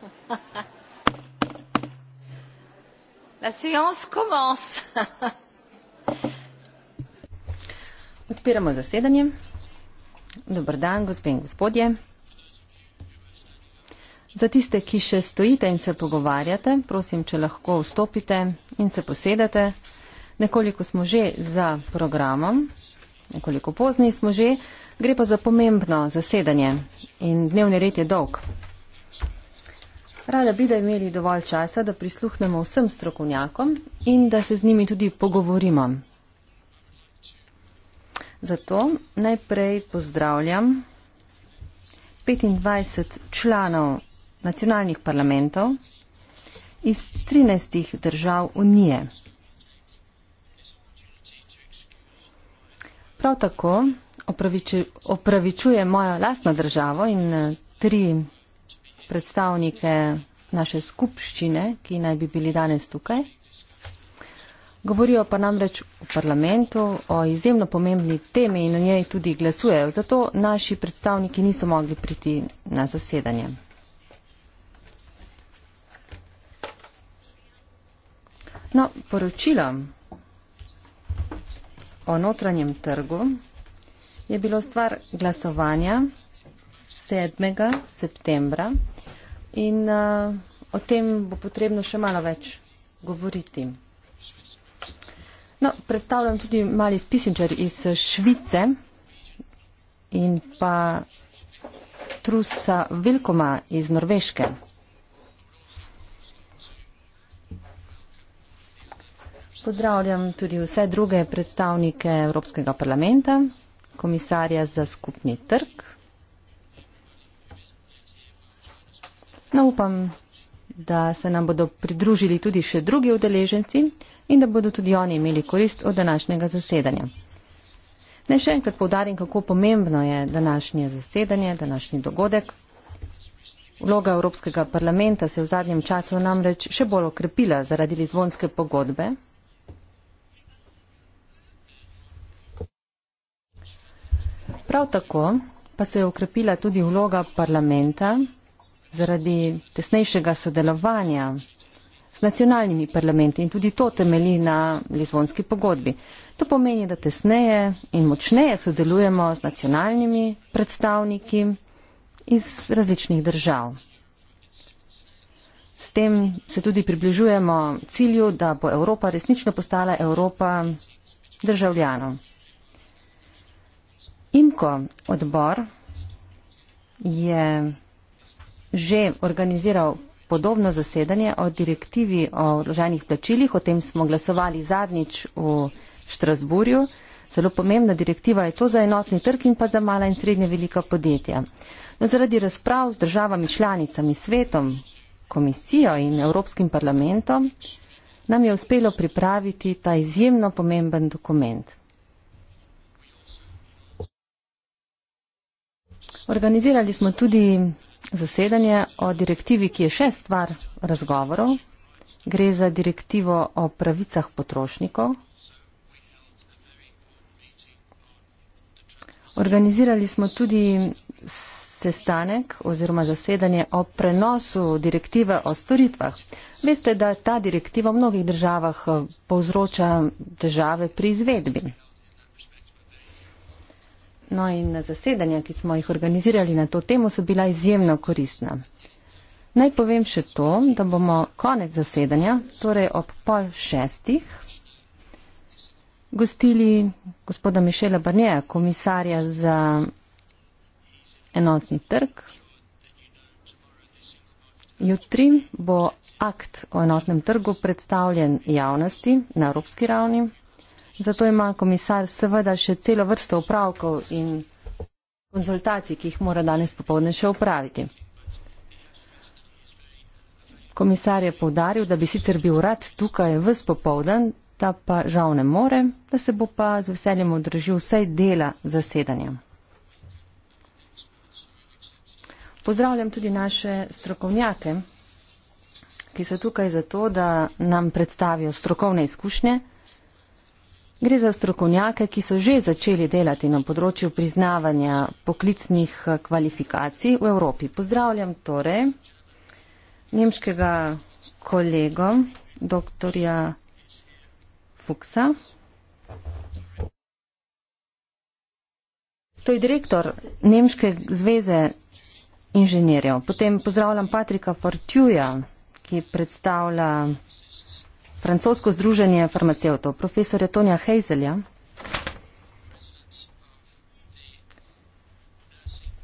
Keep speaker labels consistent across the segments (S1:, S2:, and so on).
S1: La séance commence.
S2: Odpiramo zasedanje. Dobar dan, gospe in gospodje. Za tiste, ki še stojite in se pogovarjate, prosim, če lahko vstopite in se posedete. Nekoliko smo že za programom, nekoliko pozni smo že, gre pa za pomembno zasedanje in dnevni red je dolg. Rada bi, da imeli dovolj časa, da prisluhnemo vsem strokovnjakom in da se z njimi tudi pogovorimo. Zato najprej pozdravljam 25 članov nacionalnih parlamentov iz 13 držav Unije. Prav tako opraviču, opravičuje mojo lastno državo in eh, tri predstavnike naše skupščine, ki naj bi bili danes tukaj. Govorijo pa namreč v parlamentu o izjemno pomembni temi in o njej tudi glasujejo. Zato naši predstavniki niso mogli priti na zasedanje. No, poročilo o notranjem trgu je bilo stvar glasovanja 7. septembra In uh, o tem bo potrebno še malo več govoriti. No, predstavljam tudi mali spisinčar iz uh, Švice in pa Trusa Vilkoma iz Norveške. Pozdravljam tudi vse druge predstavnike Evropskega parlamenta, komisarja za skupni trg No, upam, da se nam bodo pridružili tudi še drugi udeleženci in da bodo tudi oni imeli korist od današnjega zasedanja. Naj še enkrat povdarim, kako pomembno je današnje zasedanje, današnji dogodek. Vloga Evropskega parlamenta se je v zadnjem času namreč še bolj okrepila zaradi Lizbonske pogodbe. Prav tako pa se je okrepila tudi vloga parlamenta zaradi tesnejšega sodelovanja s nacionalnimi parlamenti in tudi to temelji na Lizbonski pogodbi. To pomeni, da tesneje in močneje sodelujemo z nacionalnimi predstavniki iz različnih držav. S tem se tudi približujemo cilju, da bo Evropa resnično postala Evropa državljanov. IMKO odbor je že organiziral podobno zasedanje o direktivi o odloženih plačilih. O tem smo glasovali zadnjič v Štrasburju. Zelo pomembna direktiva je to za enotni trg in pa za mala in srednje velika podjetja. No, zaradi razprav z državami članicami, svetom, komisijo in Evropskim parlamentom nam je uspelo pripraviti ta izjemno pomemben dokument. Organizirali smo tudi zasedanje o direktivi, ki je še stvar razgovorov. Gre za direktivo o pravicah potrošnikov. Organizirali smo tudi sestanek oziroma zasedanje o prenosu direktive o storitvah. Veste, da ta direktiva v mnogih državah povzroča težave pri izvedbi. No in zasedanja, ki smo jih organizirali na to temo, so bila izjemno koristna. Naj povem še to, da bomo konec zasedanja, torej ob pol šestih, gostili gospoda Mišela Barneja, komisarja za enotni trg. Jutri bo akt o enotnem trgu predstavljen javnosti na evropski ravni. Zato ima komisar seveda še celo vrsto upravkov in konzultacij, ki jih mora danes popovdne še upraviti. Komisar je povdaril, da bi sicer bil rad tukaj vs popovdan, da pa žal ne more, da se bo pa z veseljem odražil vsaj dela zasedanja. Pozdravljam tudi naše strokovnjake, ki so tukaj zato, da nam predstavijo strokovne izkušnje, Gre za strokovnjake, ki so že začeli delati na področju priznavanja poklicnih eh, kvalifikacij v Evropi. Pozdravljam torej nemškega kolego, doktorja Fuksa. To je direktor Nemške zveze inženirjev. Potem pozdravljam Patrika Fortjuja, ki predstavlja francosko združenje farmacevtov, profesorja Tonja Hejzelja.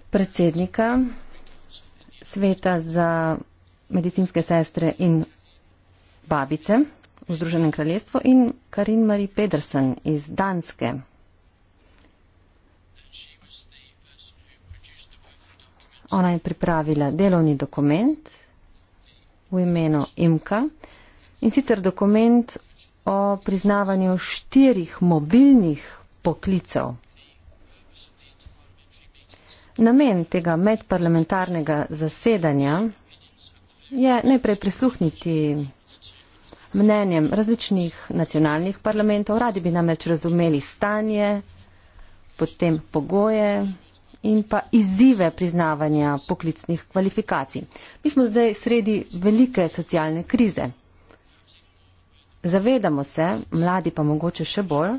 S2: predsednika Sveta za medicinske sestre in babice v Združenem kraljestvu in Karin Marie Pedersen iz Danske. Ona je pripravila delovni dokument v imenu IMKA, in sicer dokument o priznavanju štirih mobilnih poklicev. Namen tega medparlamentarnega zasedanja je najprej prisluhniti mnenjem različnih nacionalnih parlamentov. Radi bi namreč razumeli stanje, potem pogoje in pa izzive priznavanja poklicnih kvalifikacij. Mi smo zdaj sredi velike socialne krize. Zavedamo se, mladi pa mogoče še bolj,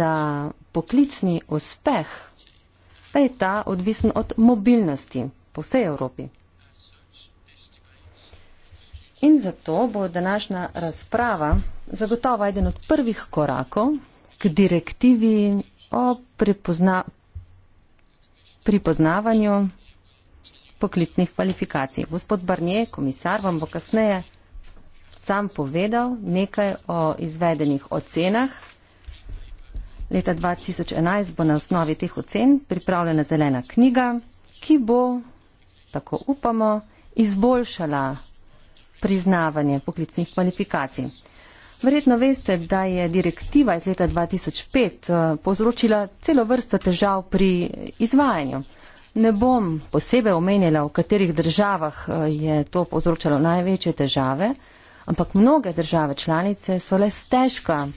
S2: da poklicni uspeh, da je ta odvisen od mobilnosti po vsej Evropi. In zato bo današnja razprava zagotovo eden od prvih korakov k direktivi o pripozna pripoznavanju poklicnih kvalifikacij. Gospod Barnier, komisar, vam bo kasneje sam povedal nekaj o izvedenih ocenah. Leta 2011 bo na osnovi teh ocen pripravljena zelena knjiga, ki bo, tako upamo, izboljšala priznavanje poklicnih kvalifikacij. Verjetno veste, da je direktiva iz leta 2005 eh, povzročila celo vrsto težav pri izvajanju. Ne bom posebej omenjala, v katerih državah eh, je to povzročalo največje težave ampak mnoge države članice so le stežka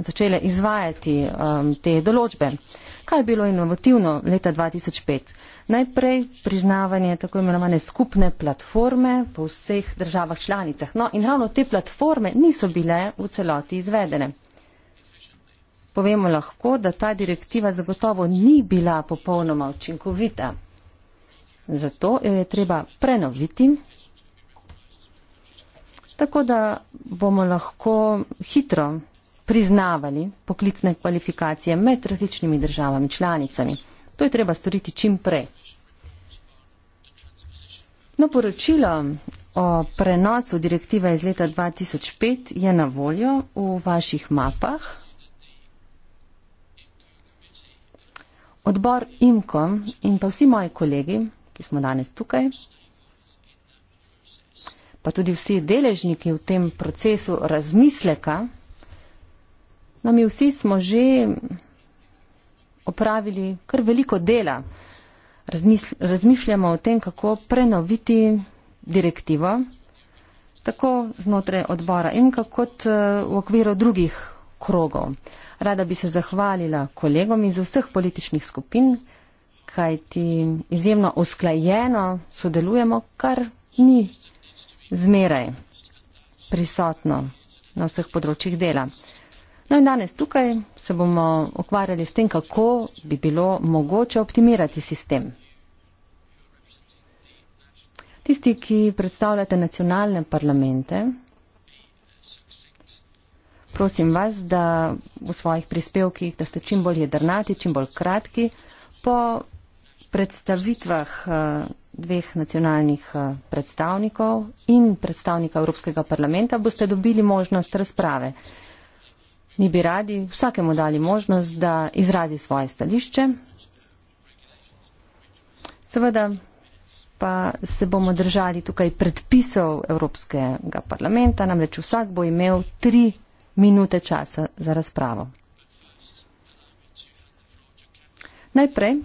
S2: začele izvajati um, te določbe. Kaj je bilo inovativno leta 2005? Najprej priznavanje tako imenovane skupne platforme po vseh državah članicah. No in ravno te platforme niso bile v celoti izvedene. Povemo lahko, da ta direktiva zagotovo ni bila popolnoma učinkovita. Zato jo je treba prenoviti tako da bomo lahko hitro priznavali poklicne kvalifikacije med različnimi državami članicami. To je treba storiti čim prej. No, poročilo o prenosu direktive iz leta 2005 je na voljo v vaših mapah. Odbor IMKO in pa vsi moji kolegi, ki smo danes tukaj, pa tudi vsi deležniki v tem procesu razmisleka, da no, mi vsi smo že opravili kar veliko dela. Razmišljamo o tem, kako prenoviti direktivo, tako znotraj odbora in kako eh, v okviru drugih krogov. Rada bi se zahvalila kolegom iz vseh političnih skupin, kajti izjemno usklajeno sodelujemo, kar ni zmeraj prisotno na vseh področjih dela. No in danes tukaj se bomo ukvarjali s tem, kako bi bilo mogoče optimirati sistem. Tisti, ki predstavljate nacionalne parlamente, prosim vas, da v svojih prispevkih, da ste čim bolj jedrnati, čim bolj kratki, po predstavitvah eh, dveh nacionalnih eh, predstavnikov in predstavnika Evropskega parlamenta, boste dobili možnost razprave. Mi bi radi vsakemu dali možnost, da izrazi svoje stališče. Seveda pa se bomo držali tukaj predpisov Evropskega parlamenta, namreč vsak bo imel tri minute časa za razpravo. Najprej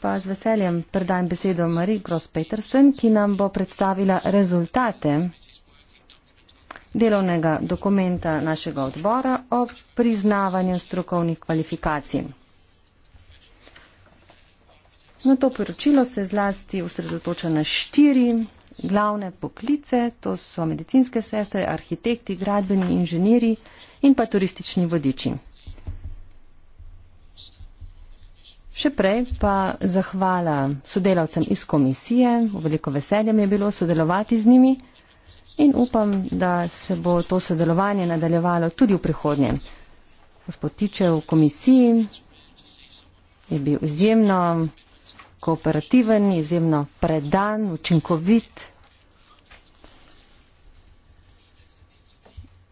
S2: Pa z veseljem predajem besedo Marie Gross-Petersen, ki nam bo predstavila rezultate delovnega dokumenta našega odbora o priznavanju strokovnih kvalifikacij. Na to poročilo se zlasti usredotoča na štiri glavne poklice, to so medicinske sestre, arhitekti, gradbeni inženiri in pa turistični vodiči. Še prej pa zahvala sodelavcem iz komisije. V veliko veselje mi je bilo sodelovati z njimi in upam, da se bo to sodelovanje nadaljevalo tudi v prihodnje. Gospod Tiče v komisiji je bil izjemno kooperativen, izjemno predan, učinkovit.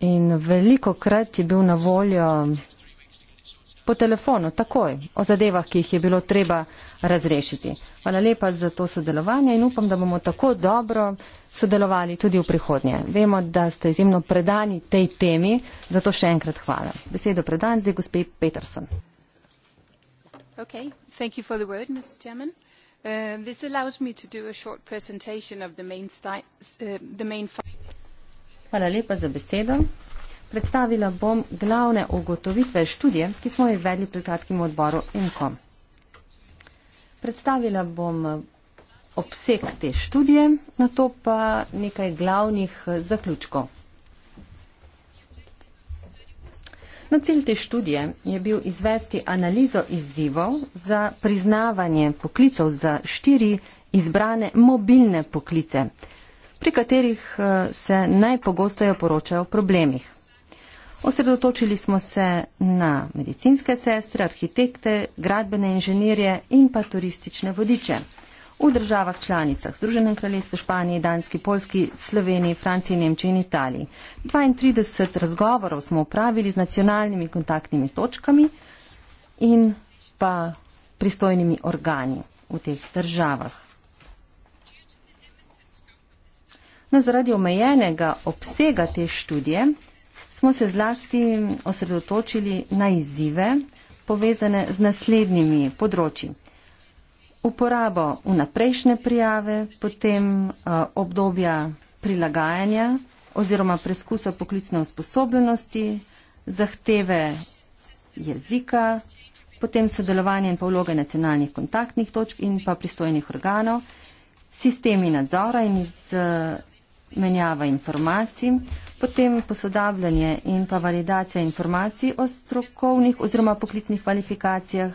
S2: In veliko krat je bil na voljo po telefonu takoj o zadevah, ki jih je bilo treba razrešiti. Hvala lepa za to sodelovanje in upam, da bomo tako dobro sodelovali tudi v prihodnje. Vemo, da ste izjemno predani tej temi, zato še enkrat hvala. Besedo predajam zdaj gospe Peterson.
S3: Okay, word, uh, uh
S2: hvala lepa za besedo. Predstavila bom glavne ugotovitve študije, ki smo jo izvedli pri kratkim odboru UNCOM. Predstavila bom obseg te študije, na to pa nekaj glavnih zaključkov. Na cilj te študije je bil izvesti analizo izzivov za priznavanje poklicov za štiri izbrane mobilne poklice, pri katerih eh, se najpogosteje poročajo o problemih. Osredotočili smo se na medicinske sestre, arhitekte, gradbene inženirje in pa turistične vodiče. V državah članicah Združenem kraljestvu Španiji, Danski, Polski, Sloveniji, Franciji, Nemčiji in Italiji. 32 razgovorov smo upravili z nacionalnimi kontaktnimi točkami in pa pristojnimi organi v teh državah. No, zaradi omejenega obsega te študije smo se zlasti osredotočili na izzive, povezane z naslednjimi področji. Uporabo vnaprejšnje prijave, potem eh, obdobja prilagajanja oziroma preskusa poklicne usposobljenosti, zahteve jezika, potem sodelovanje in pa vloge nacionalnih kontaktnih točk in pa pristojnih organov, sistemi nadzora in iz eh, menjava informacij, potem posodabljanje in pa validacija informacij o strokovnih oziroma poklicnih kvalifikacijah,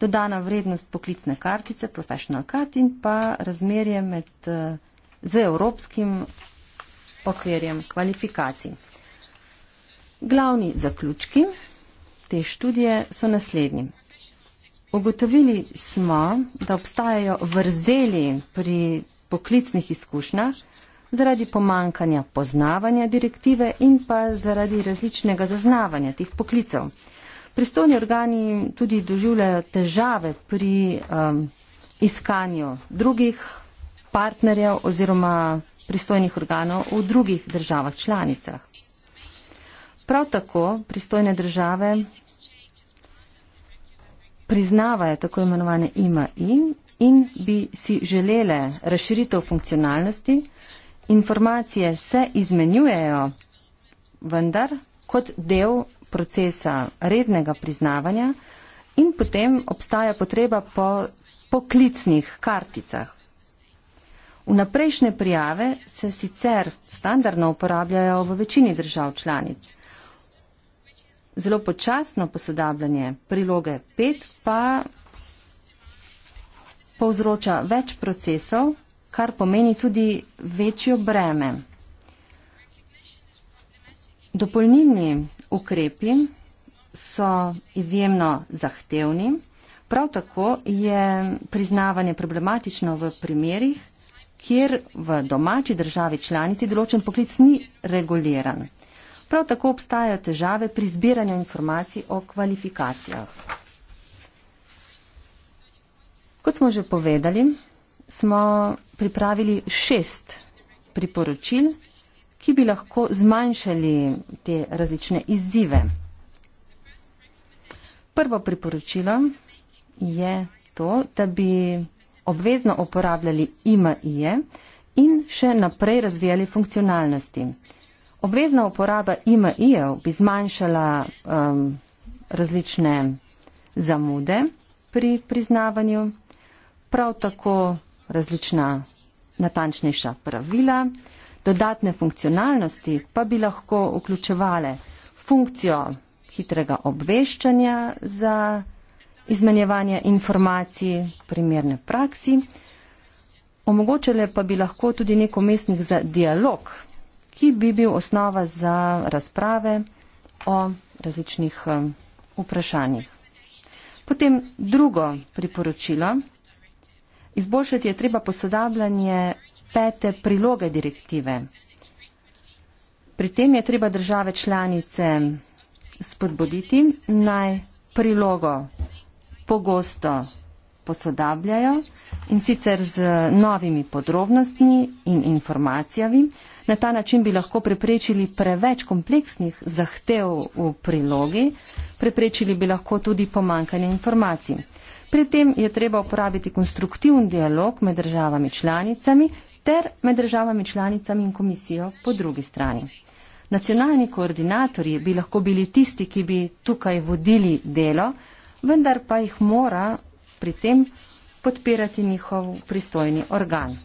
S2: dodana vrednost poklicne kartice, professional card in pa razmerje med eh, z evropskim okvirjem kvalifikacij. Glavni zaključki te študije so naslednji. Ugotovili smo, da obstajajo vrzeli pri poklicnih izkušnjah, zaradi pomankanja poznavanja direktive in pa zaradi različnega zaznavanja teh poklicev. Pristojni organi tudi doživljajo težave pri um, iskanju drugih partnerjev oziroma pristojnih organov v drugih državah članicah. Prav tako pristojne države priznavajo tako imenovane IMA-in in bi si želele razširitev funkcionalnosti, informacije se izmenjujejo, vendar kot del procesa rednega priznavanja in potem obstaja potreba po poklicnih karticah. Vnaprejšnje prijave se sicer standardno uporabljajo v večini držav članic. Zelo počasno posodabljanje priloge 5 pa povzroča več procesov kar pomeni tudi večjo breme. Dopolnilni ukrepi so izjemno zahtevni, prav tako je priznavanje problematično v primerih, kjer v domači državi članici določen poklic ni reguliran. Prav tako obstajajo težave pri zbiranju informacij o kvalifikacijah. Kot smo že povedali, smo pripravili šest priporočil, ki bi lahko zmanjšali te različne izzive. Prvo priporočilo je to, da bi obvezno uporabljali IMAIE in še naprej razvijali funkcionalnosti. Obvezna uporaba IMAIE bi zmanjšala um, različne zamude pri priznavanju, prav tako različna natančnejša pravila. Dodatne funkcionalnosti pa bi lahko vključevale funkcijo hitrega obveščanja za izmenjevanje informacij primerne praksi. Omogočile pa bi lahko tudi nek umestnik za dialog, ki bi bil osnova za razprave o različnih eh, vprašanjih. Potem drugo priporočilo Izboljšati je treba posodabljanje pete priloge direktive. Pri tem je treba države članice spodbuditi naj prilogo pogosto posodabljajo in sicer z novimi podrobnostmi in informacijami. Na ta način bi lahko preprečili preveč kompleksnih zahtev v prilogi, preprečili bi lahko tudi pomankanje informacij. Pri tem je treba uporabiti konstruktivn dialog med državami članicami ter med državami članicami in komisijo po drugi strani. Nacionalni koordinatorji bi lahko bili tisti, ki bi tukaj vodili delo, vendar pa jih mora pri tem podpirati njihov pristojni organ.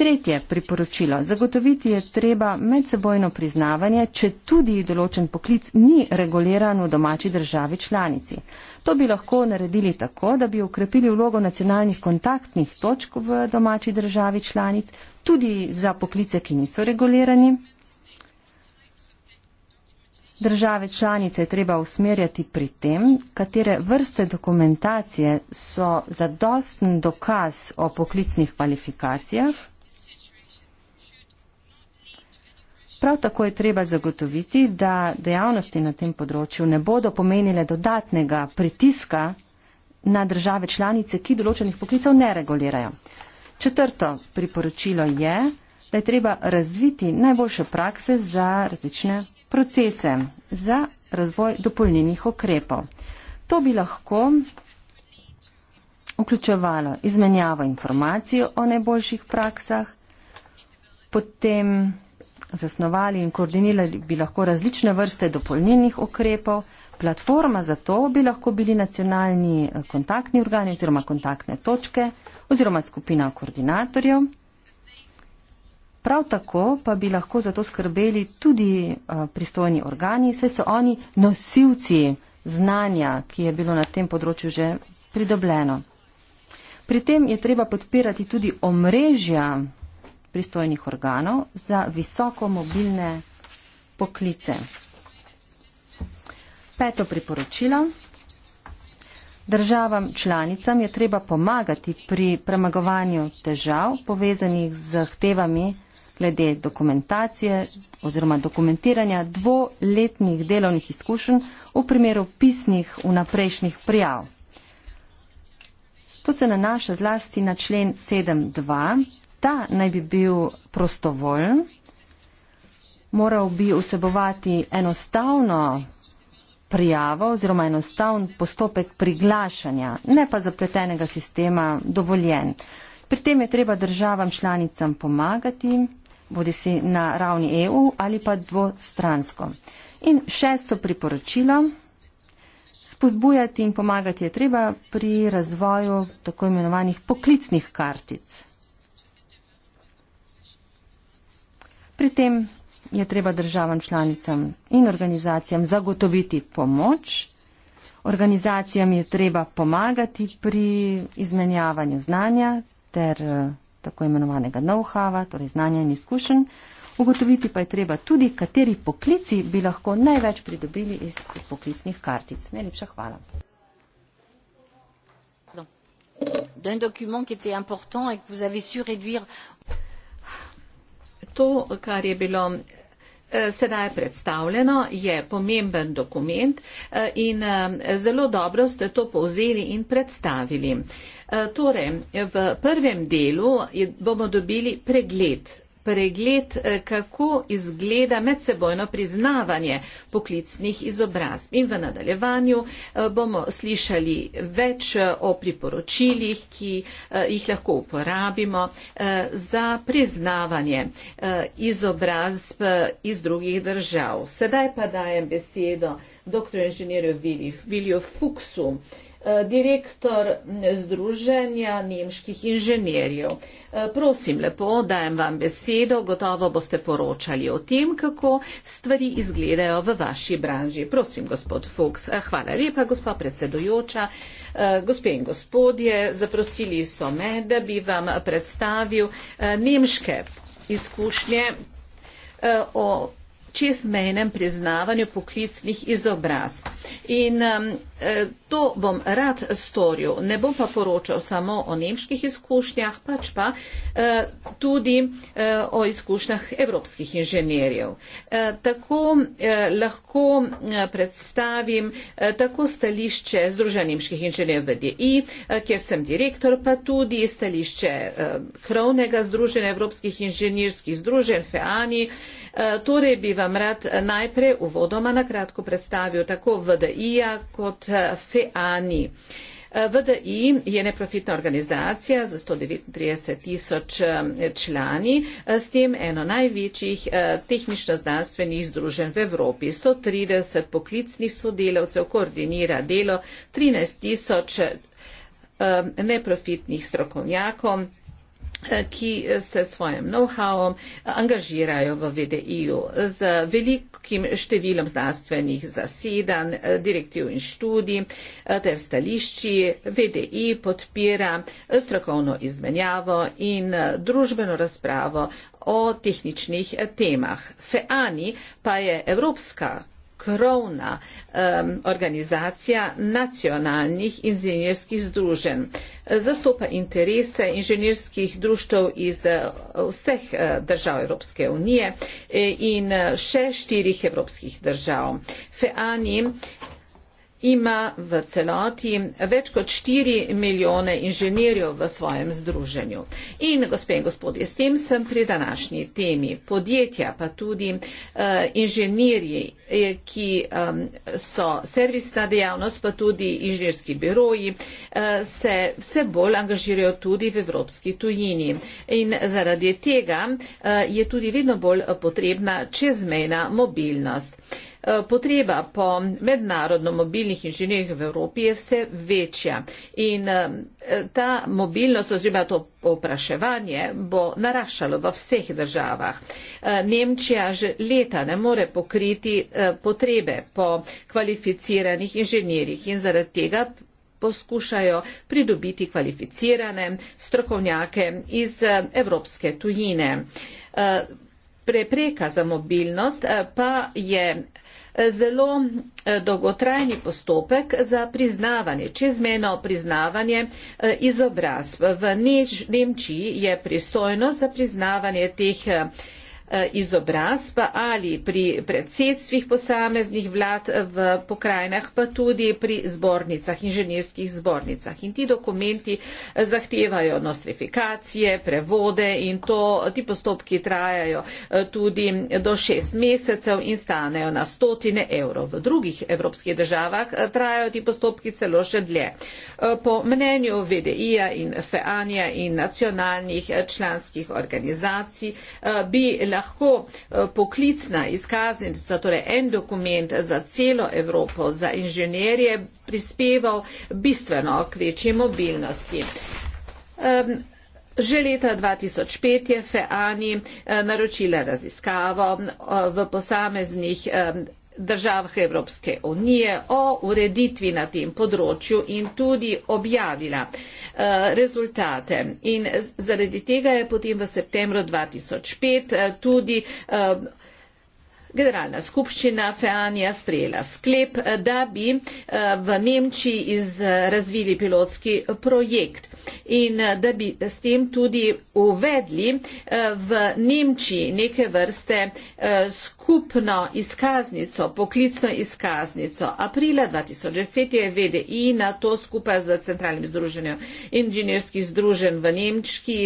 S2: Tretje priporočilo. Zagotoviti je treba medsebojno priznavanje, če tudi določen poklic ni reguliran v domači državi članici. To bi lahko naredili tako, da bi ukrepili vlogo nacionalnih kontaktnih točk v domači državi članic, tudi za poklice, ki niso regulirani. Države članice je treba usmerjati pri tem, katere vrste dokumentacije so zadosten dokaz o poklicnih kvalifikacijah Prav tako je treba zagotoviti, da dejavnosti na tem področju ne bodo pomenile dodatnega pritiska na države članice, ki določenih poklicev ne regulirajo. Četrto priporočilo je, da je treba razviti najboljše prakse za različne procese, za razvoj dopolnjenih ukrepov. To bi lahko vključevalo izmenjavo informacij o najboljših praksah, potem zasnovali in koordinirali bi lahko različne vrste dopolnilnih ukrepov. Platforma za to bi lahko bili nacionalni eh, kontaktni organi oziroma kontaktne točke oziroma skupina koordinatorjev. Prav tako pa bi lahko za to skrbeli tudi eh, pristojni organi, saj so oni nosilci znanja, ki je bilo na tem področju že pridobljeno. Pri tem je treba podpirati tudi omrežja pristojnih organov za visoko mobilne poklice. Peto priporočilo. Državam članicam je treba pomagati pri premagovanju težav povezanih z zahtevami glede dokumentacije oziroma dokumentiranja dvoletnih delovnih izkušenj v primeru pisnih vnaprejšnjih prijav. To se nanaša zlasti na člen Ta naj bi bil prostovoljen, moral bi vsebovati enostavno prijavo oziroma enostavn postopek priglašanja, ne pa zapletenega sistema dovoljen. Pri tem je treba državam članicam pomagati, bodi si na ravni EU ali pa dvostransko. In šesto priporočilo, spodbujati in pomagati je treba pri razvoju tako imenovanih poklicnih kartic. Pri tem je treba državam članicam in organizacijam zagotoviti pomoč, organizacijam je treba pomagati pri izmenjavanju znanja ter eh, tako imenovanega know-howa, torej znanja in izkušenj. Ugotoviti pa je treba tudi, kateri poklici bi lahko največ pridobili iz poklicnih kartic. Najlepša hvala.
S1: D'un document qui était important et que vous avez su réduire to, kar je bilo eh, sedaj predstavljeno,
S3: je pomemben dokument eh, in eh, zelo dobro ste to povzeli in predstavili. Torej, v prvem delu bomo dobili pregled pregled, eh, kako izgleda medsebojno priznavanje poklicnih izobrazb. In v nadaljevanju eh, bomo slišali več eh, o priporočilih, ki jih lahko uporabimo za priznavanje izobrazb iz drugih držav. Sedaj pa dajem besedo dr. inženirju Viliju Fuksu, Eh, direktor mm, Združenja nemških inženirjev. Eh, prosim lepo, dajem vam besedo, gotovo boste poročali o tem, kako stvari izgledajo v vaši branži. Prosim, gospod Fuchs. Eh, hvala lepa, gospa predsedujoča. Gospe in gospodje, zaprosili so me, da bi vam predstavil nemške izkušnje o čezmejnem priznavanju poklicnih izobrazb. In um, eh, to bom rad storil. Ne bom pa poročal samo o nemških izkušnjah, pač pa uh, tudi uh, o izkušnjah evropskih inženirjev. Uh, tako uh, lahko uh, predstavim uh, tako stališče Združenja nemških inženirjev VDI, uh, kjer sem direktor, pa tudi stališče uh, krovnega Združenja evropskih inženirskih združenj FEANI. Uh, E, torej bi vam rad najprej uvodoma na kratko predstavil tako VDI-ja kot e, FEANI. E, VDI je neprofitna organizacija z 139 tisoč člani, s tem eno največjih tehnično-zdravstvenih združenj v Evropi. 130 poklicnih sodelavcev koordinira delo 13 tisoč neprofitnih strokovnjakov. Eh, ki se svojim know-howom eh, angažirajo v VDI-ju z velikim številom znanstvenih zasedanj, eh, direktiv in študij ter stališči. VDI podpira strokovno izmenjavo in družbeno razpravo o tehničnih temah. FEANI pa je Evropska krovna um, organizacija nacionalnih inženirskih združenj. Zastopa interese inženirskih društev iz eh, vseh eh, držav Evropske unije eh, in še štirih evropskih držav. FEANI ima v celoti več kot 4 milijone inženirjev v svojem združenju. In gospe in gospodje, s tem sem pri današnji temi podjetja, pa tudi uh, inženirji, eh, ki um, so servisna dejavnost, pa tudi inženirski biroji, uh, se vse bolj angažirajo tudi v evropski tujini. In zaradi tega uh, je tudi vedno bolj potrebna čezmejna mobilnost. Uh, Eh, potreba po mednarodno mobilnih inženirjih v Evropi je vse večja in eh, ta mobilnost oziroma to popraševanje bo naraščalo v vseh državah. Eh, Nemčija že leta ne more pokriti potrebe po kvalificiranih inženirjih in zaradi tega poskušajo pridobiti kvalificirane strokovnjake iz evropske tujine. Prepreka za mobilnost pa je zelo eh, dolgotrajni postopek za priznavanje, čezmeno priznavanje eh, izobrazb. V Nemčiji je pristojnost za priznavanje teh izobrazb eh, Eh, izobrazb ali pri predsedstvih posameznih vlad eh, v pokrajinah, pa tudi pri zbornicah, inženirskih zbornicah. In ti dokumenti eh, zahtevajo nostrifikacije, prevode in to, ti postopki trajajo tudi do šest mesecev in stanejo na stotine evrov. V drugih evropskih državah trajajo ti postopki celo še dlje. Po mnenju VDI-ja in FEANIA in nacionalnih članskih organizacij bi lahko lahko eh, poklicna izkaznica, torej en dokument za celo Evropo, za inženirje, prispeval bistveno k večji mobilnosti. Um, Že leta 2005 je FEANI eh, naročila raziskavo eh, v posameznih državah Evropske unije o ureditvi na tem področju in tudi objavila uh, rezultate. In zaradi tega je potem v septembru 2005 eh, tudi uh, generalna skupščina Feanija sprejela sklep, da bi uh, v Nemčiji razvili pilotski projekt in uh, da bi s tem tudi uvedli uh, v Nemčiji neke vrste uh, skupščine skupno izkaznico, poklicno izkaznico. Aprila 2010 je VDI na to skupaj z Centralnim združenjem inženirskih združenj v Nemčki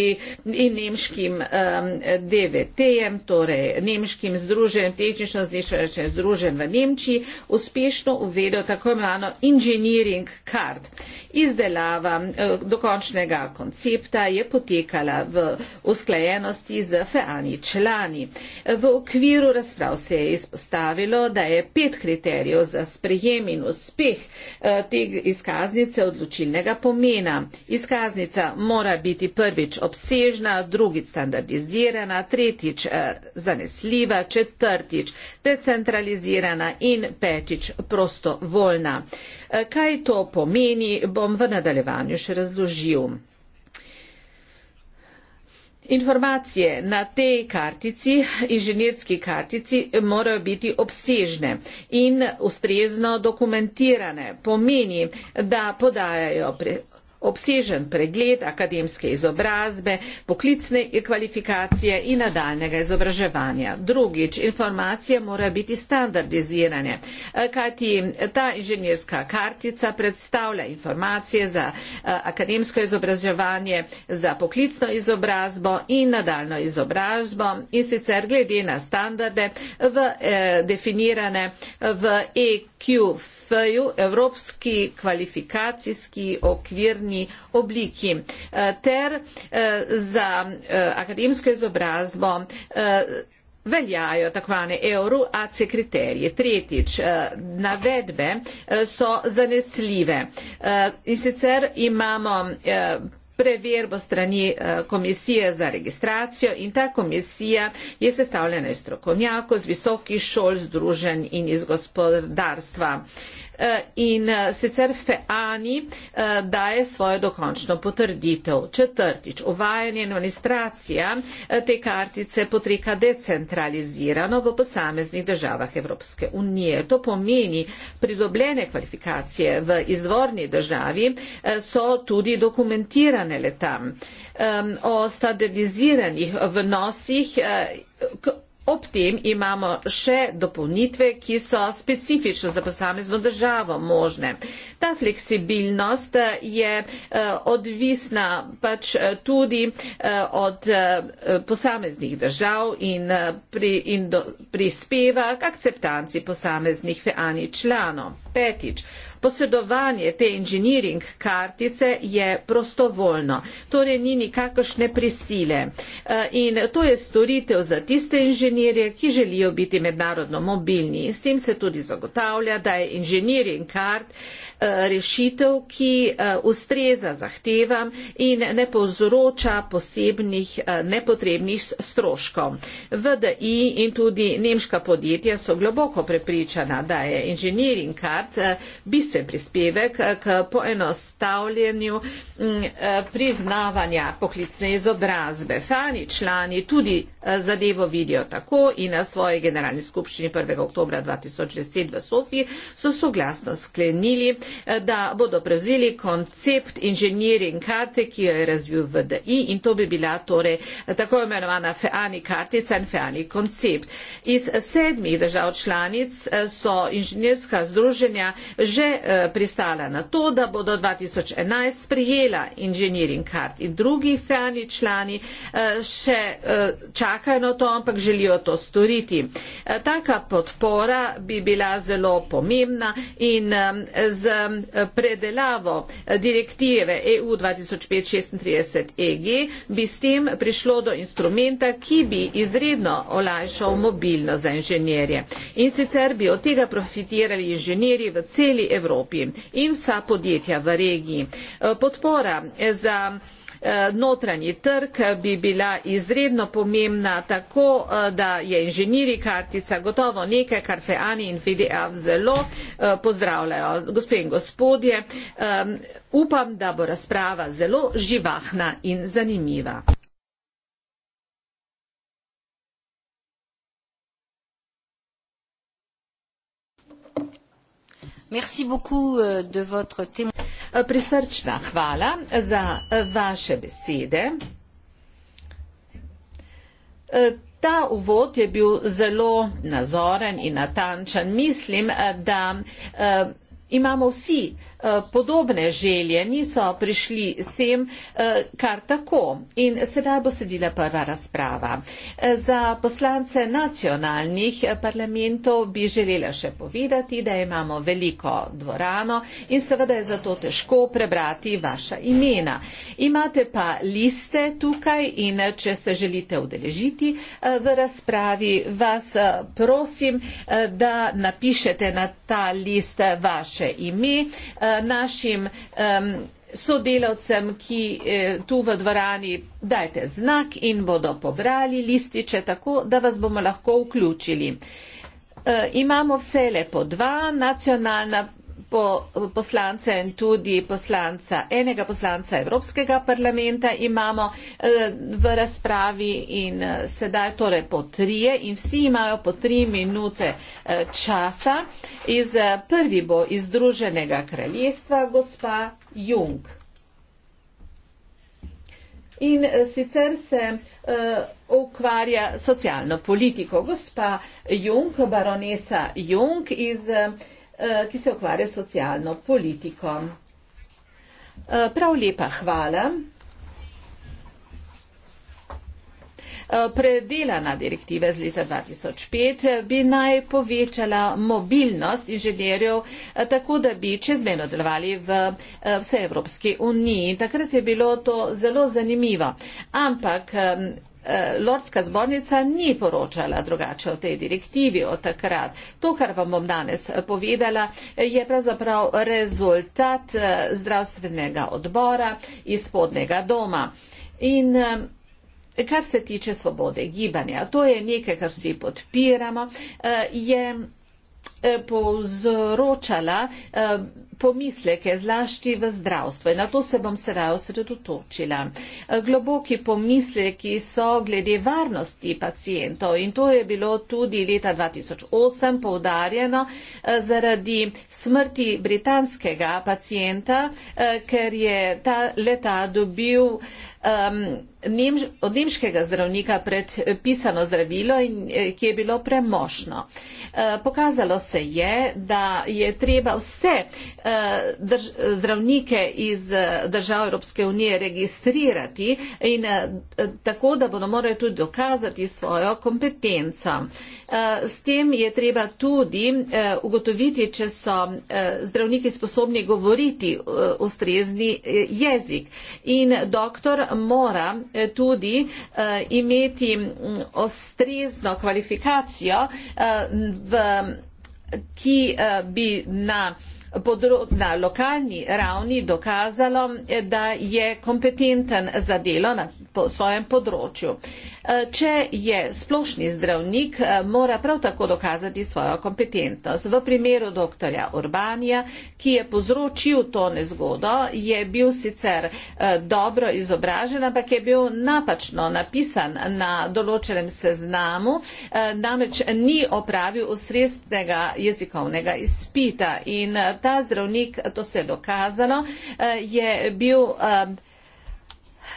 S3: in nemškim um, DVT-jem, torej nemškim združenjem, tehnično znišanje združenj v Nemčiji, uspešno uvedel tako imenovano engineering card. Izdelava uh, dokončnega koncepta je potekala v usklajenosti z FEANI člani. V okviru razprav držav se je izpostavilo, da je pet kriterijev za sprejem in uspeh eh, te izkaznice odločilnega pomena. Izkaznica mora biti prvič obsežna, drugič standardizirana, tretjič eh, zanesljiva, četrtič decentralizirana in petič prostovoljna. Eh, kaj to pomeni, bom v nadaljevanju še razložil. Informacije na tej kartici, inženirski kartici, morajo biti obsežne in ustrezno dokumentirane. Pomeni, da podajajo pre, obsežen pregled akademske izobrazbe, poklicne kvalifikacije in nadaljnega izobraževanja. Drugič, informacije morajo biti standardizirane, eh, kajti ta inženirska kartica predstavlja informacije za eh, akademsko izobraževanje, za poklicno izobrazbo in nadaljno izobrazbo in sicer glede na standarde v, eh, definirane v EQF-ju, Evropski kvalifikacijski okvirni pisni obliki eh, ter eh, za eh, akademsko izobrazbo veljajo takvane euro AC kriterije. Tretjič, navedbe so zanesljive. In sicer imamo preverbo strani komisije za registracijo in ta komisija je sestavljena iz strokovnjakov, z visokih šol, združen in iz gospodarstva. Eh, in eh, sicer Feani eh, daje svojo dokončno potrditev. Četrtič, uvajanje in administracija te kartice potreka decentralizirano v posameznih državah Evropske unije. To pomeni, pridobljene kvalifikacije v izvorni državi so tudi dokumentirane letam. O standardiziranih vnosih Ob tem imamo še dopolnitve, ki so specifično za posamezno državo možne. Ta fleksibilnost je eh, odvisna pač eh, tudi eh, od posameznih držav in, pri, in do, prispeva k akceptanci posameznih feani članov. Petič. Posedovanje te inženiring kartice je prostovoljno, torej ni nikakršne prisile. Eh, in to je storitev za tiste inženirje, ki želijo biti mednarodno mobilni. S tem se tudi zagotavlja, da je inženiring kart eh, rešitev, ki eh, ustreza zahtevam in ne povzroča posebnih nepotrebnih stroškov. VDI in tudi nemška podjetja so globoko prepričana, da je inženiring kart bistveno bistven prispevek k poenostavljenju mm, eh, priznavanja poklicne izobrazbe. Fani člani tudi zadevo vidijo tako in na svoji generalni skupščini 1. oktobra 2010 v Sofiji so soglasno sklenili, eh, da bodo prevzeli koncept inženiring karte, ki jo je razvil VDI in to bi bila torej eh, tako imenovana FEANI kartica in FEANI koncept. Iz sedmih držav članic eh, so inženirska združenja že pristala na to, da bodo 2011 sprijela inženiring kart in drugi FEANI člani še čakajo čakajo na to, ampak želijo to storiti. E, taka podpora bi bila zelo pomembna in z e, predelavo direktive EU 2536EG e bi s tem prišlo do instrumenta, ki bi izredno olajšal mobilnost za inženirje. In sicer bi od tega profitirali inženirji v celi Evropi in vsa podjetja v regiji. Podpora za Eh, notranji trg bi bila izredno pomembna, tako eh, da je inženiri kartica gotovo nekaj, kar FEANI in FDAV zelo eh, pozdravljajo. Gospe in gospodje, upam, da bo razprava zelo živahna in zanimiva.
S1: Merci beaucoup euh, de votre euh, Prisrčna
S3: hvala za euh, vaše besede. Ta uvod je bil zelo nazoren in natančen. Mislim, da imamo vsi eh, podobne želje, niso prišli sem eh, kar tako. In sedaj bo sedila prva razprava. Eh, za poslance nacionalnih parlamentov bi želela še povedati, da imamo veliko dvorano in seveda je zato težko prebrati vaša imena. Imate pa liste tukaj in če se želite udeležiti v razpravi, vas prosim, da napišete na ta list vaš vaše ime. Eh, našim sodelavcem, ki eh, tu v dvorani dajte znak in bodo pobrali lističe tako, da vas bomo lahko vključili. Eh, imamo vse lepo dva nacionalna poslance in tudi poslanca, enega poslanca Evropskega parlamenta imamo eh, v razpravi in eh, sedaj torej po trije in vsi imajo po tri minute eh, časa. Iz prvi bo iz Združenega kraljestva gospa Jung. In sicer se uh, ukvarja socialno politiko. Gospa Jung, baronesa Jung iz uh, Eh, ki se ukvarja s socialno politiko. Eh, prav lepa hvala. Eh, predelana direktiva z leta 2005 bi naj povečala mobilnost inženirjev tako, da bi čezmeno delovali v vse Evropske unije. Takrat je bilo to zelo zanimivo. Ampak Eh, Lordska zbornica ni poročala drugače o tej direktivi od takrat. To, kar vam bom danes eh, povedala, eh, je pravzaprav rezultat zdravstvenega odbora iz spodnega doma. In kar se tiče svobode gibanja, to je nekaj, kar vsi podpiramo, je povzročala pomisleke, zlašti v zdravstvo. In na to se bom sedaj osredotočila. Globoki pomisleki so glede varnosti pacijentov in to je bilo tudi leta 2008 poudarjeno eh, zaradi smrti britanskega pacijenta, eh, ker je ta leta dobil. Um, nemž, od nemškega zdravnika predpisano zdravilo, in, eh, ki je bilo premošno. Uh, pokazalo se je, da je treba vse uh, drž, zdravnike iz eh, držav Evropske unije registrirati in eh, tako, da bodo morali tudi dokazati svojo kompetenco. Eh, s tem je treba tudi ugotoviti, če so zdravniki sposobni govoriti ustrezni jezik. In doktor mora tudi imeti mm, ustrezno kvalifikacijo, v, ki bi na na lokalni ravni dokazalo, eh, da je kompetenten za delo na po svojem področju. Eh, če je splošni zdravnik, eh, mora prav tako dokazati svojo kompetentnost. V primeru dr. Urbanija, ki je povzročil to nezgodo, je bil sicer dobro izobražen, ampak je bil napačno napisan na določenem seznamu, namreč ni opravil ustreznega jezikovnega izpita in ta zdravnik, to se je dokazano, eh, je bil eh,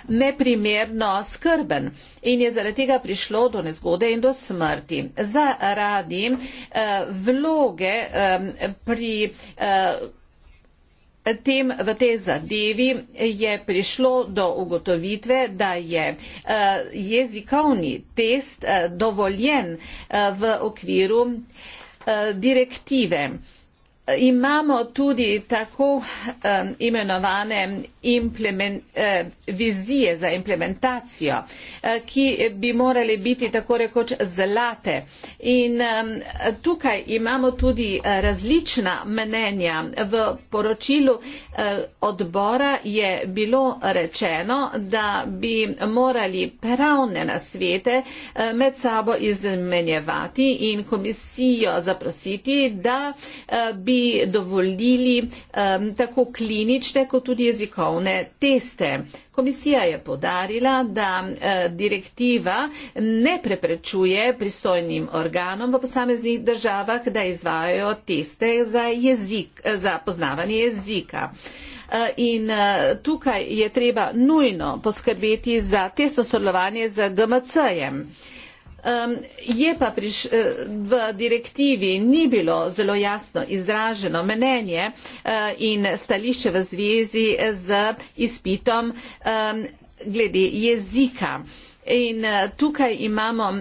S3: neprimerno skrben in je zaradi tega prišlo do nezgode in do smrti. Zaradi eh, vloge pri tem v tej zadevi je prišlo do ugotovitve, da je jezikovni test dovoljen v okviru direktive imamo tudi tako um, imenovane implement, uh, vizije za implementacijo, uh, ki bi morali biti tako rekoč zlate. In um, tukaj imamo tudi uh, različna mnenja. V poročilu uh, odbora je bilo rečeno, da bi morali pravne nasvete uh, med sabo izmenjevati in komisijo zaprositi, da uh, bi dovolili um, tako klinične kot tudi jezikovne teste. Komisija je podarila, da e, direktiva ne preprečuje pristojnim organom v posameznih državah, da izvajajo teste za, jezik, e, za poznavanje jezika. E, in tukaj je treba nujno poskrbeti za tesno sodelovanje z GMC-jem. Um, je pa priš, eh, v direktivi ni bilo zelo jasno izraženo mnenje uh, in stališče v zvezi z izpitom um, glede jezika. In uh, tukaj imamo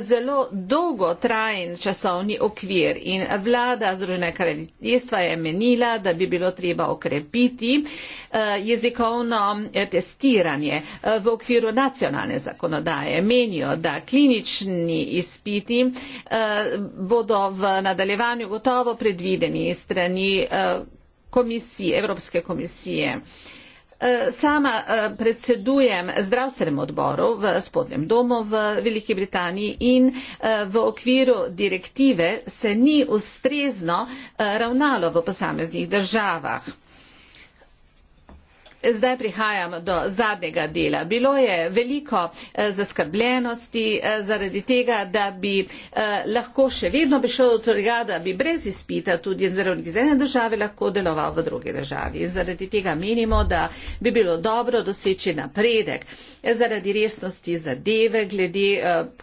S3: zelo dolgotrajen časovni okvir in vlada Združene kraljestva je menila, da bi bilo treba okrepiti eh, jezikovno eh, testiranje eh, v okviru nacionalne zakonodaje. Menijo, da klinični izpiti bodo v nadaljevanju gotovo predvideni strani komisije, Evropske komisije. E, sama e, predsedujem zdravstvenem odboru v spodnjem domu v Veliki Britaniji in e, v okviru direktive se ni ustrezno ravnalo v posameznih državah. Zdaj prihajam do zadnjega dela. Bilo je veliko eh, zaskrbljenosti eh, zaradi tega, da bi eh, lahko še vedno bi šel do tega, da bi brez izpita tudi zdravnik iz ene države lahko deloval v druge državi. Zaradi tega menimo, da bi bilo dobro doseči napredek zaradi resnosti zadeve, glede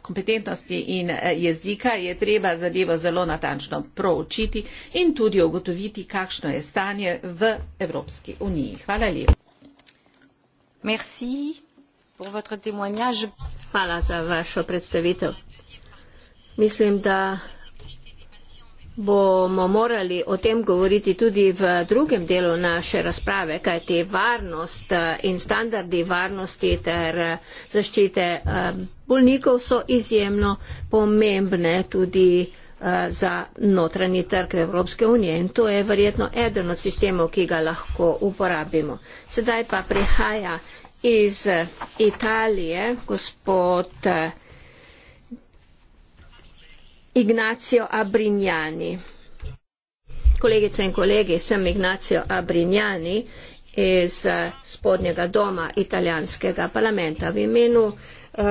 S3: kompetentnosti in jezika je treba zadevo zelo natančno proučiti in tudi ugotoviti, kakšno je stanje v Evropski
S4: uniji. Hvala lepa. Merci pour votre témoignage. Hvala za vašo predstavitev. Mislim, da bomo morali o tem govoriti tudi v drugem delu naše razprave, kajti varnost eh, in standardi varnosti ter eh, zaščite eh, bolnikov so izjemno pomembne tudi. Eh, za notranji trg Evropske unije in to je verjetno eden od sistemov, ki ga lahko uporabimo. Sedaj pa prihaja iz eh, Italije gospod eh, Ignacio Abrignani. Kolegice in kolegi, sem Ignacio Abrignani iz spodnjega doma italijanskega parlamenta v imenu uh,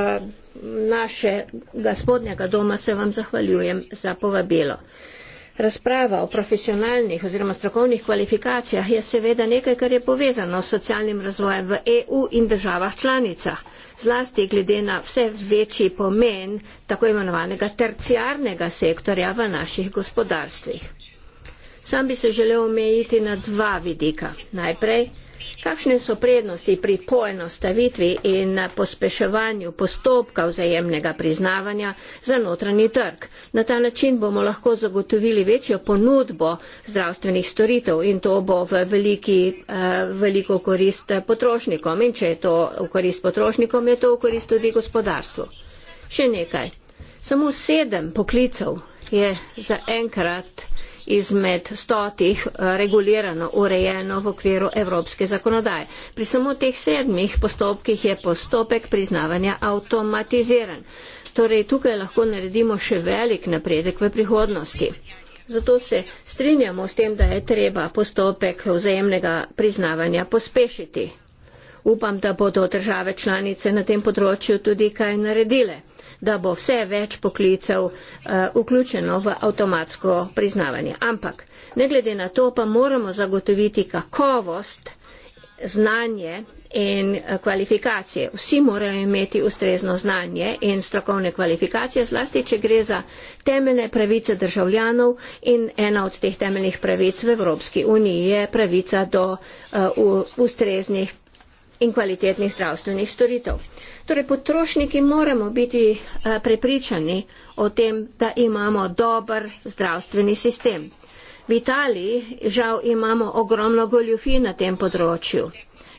S4: našega spodnjega doma se vam zahvaljujem za povabilo. Razprava o profesionalnih oziroma strokovnih kvalifikacijah je seveda nekaj, kar je povezano s socialnim razvojem v EU in državah članicah, zlasti glede na vse večji pomen tako imenovanega terciarnega sektorja v naših gospodarstvih. Sam bi se želel omejiti na dva vidika. Najprej Kakšne so prednosti pri poenostavitvi in pospeševanju postopka vzajemnega priznavanja za notranji trg? Na ta način bomo lahko zagotovili večjo ponudbo zdravstvenih storitev in to bo v veliki, eh, veliko korist potrošnikom. In če je to v korist potrošnikom, je to v korist tudi gospodarstvu. Še nekaj. Samo sedem poklicov je zaenkrat izmed stotih eh, regulirano, urejeno v okviru evropske zakonodaje. Pri samo teh sedmih postopkih je postopek priznavanja avtomatiziran. Torej, tukaj lahko naredimo še velik napredek v prihodnosti. Zato se strinjamo s tem, da je treba postopek vzajemnega priznavanja pospešiti. Upam, da bodo države članice na tem področju tudi kaj naredile da bo vse več poklicev eh, vključeno v avtomatsko priznavanje. Ampak ne glede na to pa moramo zagotoviti kakovost, znanje in eh, kvalifikacije. Vsi morajo imeti ustrezno znanje in strokovne kvalifikacije, zlasti, če gre za temeljne pravice državljanov in ena od teh temeljnih pravic v Evropski uniji je pravica do uh, ustreznih in kvalitetnih zdravstvenih storitev. Uh, Torej, potrošniki moramo biti eh, prepričani o tem, da imamo dober zdravstveni sistem. V Italiji žal imamo ogromno goljufi na tem področju.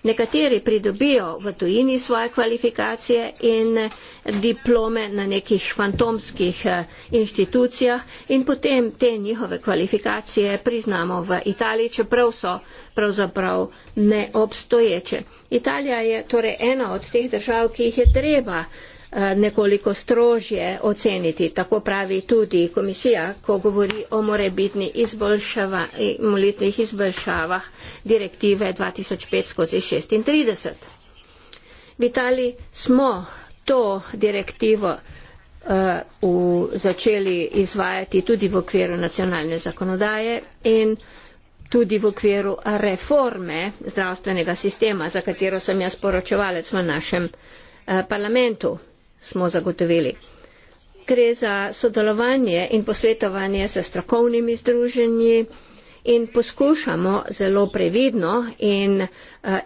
S4: Nekateri pridobijo v tujini svoje kvalifikacije in diplome na nekih fantomskih eh, inštitucijah in potem te njihove kvalifikacije priznamo v Italiji, čeprav so pravzaprav neobstoječe. Italija je torej ena od teh držav, ki jih je treba Eh, nekoliko strožje oceniti. Tako pravi tudi komisija, ko govori o morebitni izboljšava, molitnih izboljšavah direktive 2005-36. V Italiji smo to direktivo uh, v, začeli izvajati tudi v okviru nacionalne zakonodaje in tudi v okviru reforme zdravstvenega sistema, za katero sem jaz poročevalec v našem eh, parlamentu smo zagotovili. Gre za sodelovanje in posvetovanje s strokovnimi združenji in poskušamo zelo previdno in uh,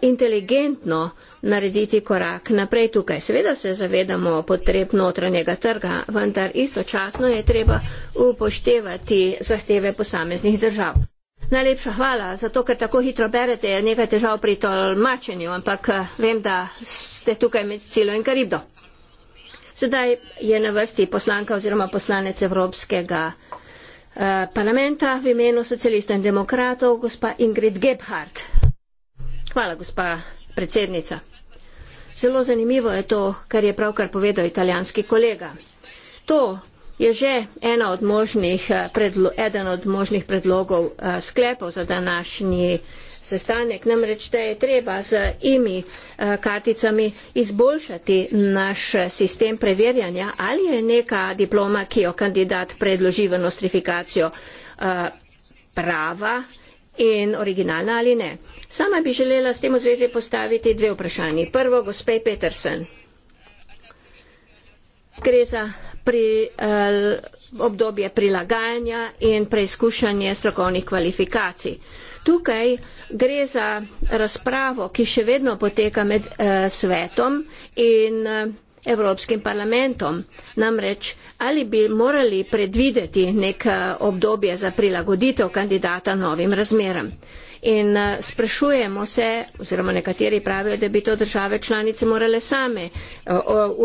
S4: inteligentno narediti korak naprej tukaj. Seveda se zavedamo potreb notranjega trga, vendar istočasno je treba upoštevati zahteve posameznih držav. Najlepša hvala za to, ker tako hitro berete, je nekaj težav pri tolmačenju, ampak eh, vem, da ste tukaj med Cilo in Karibdo. Sedaj je na vrsti poslanka oziroma poslanec Evropskega eh, parlamenta v imenu socialistov in demokratov, gospa Ingrid Gebhardt. Hvala, gospa predsednica. Zelo zanimivo je to, kar je pravkar povedal italijanski kolega. To je že ena od eh, predlo eden od možnih predlogov eh, sklepov za današnji. Eh, sestanek. Namreč te je treba z imi eh, karticami izboljšati naš sistem preverjanja, ali je neka diploma, ki jo kandidat predloži v nostrifikacijo, eh, prava in originalna ali ne. Sama bi želela s tem v zvezi postaviti dve vprašanje. Prvo, gospe Petersen. Gre za pri, el, eh, obdobje prilagajanja in preizkušanje strokovnih kvalifikacij. Tukaj gre za razpravo, ki še vedno poteka med eh, svetom in eh, Evropskim parlamentom. Namreč, ali bi morali predvideti nek eh, obdobje za prilagoditev kandidata novim razmeram. In eh, sprašujemo se, oziroma nekateri pravijo, da bi to države članice morale same eh,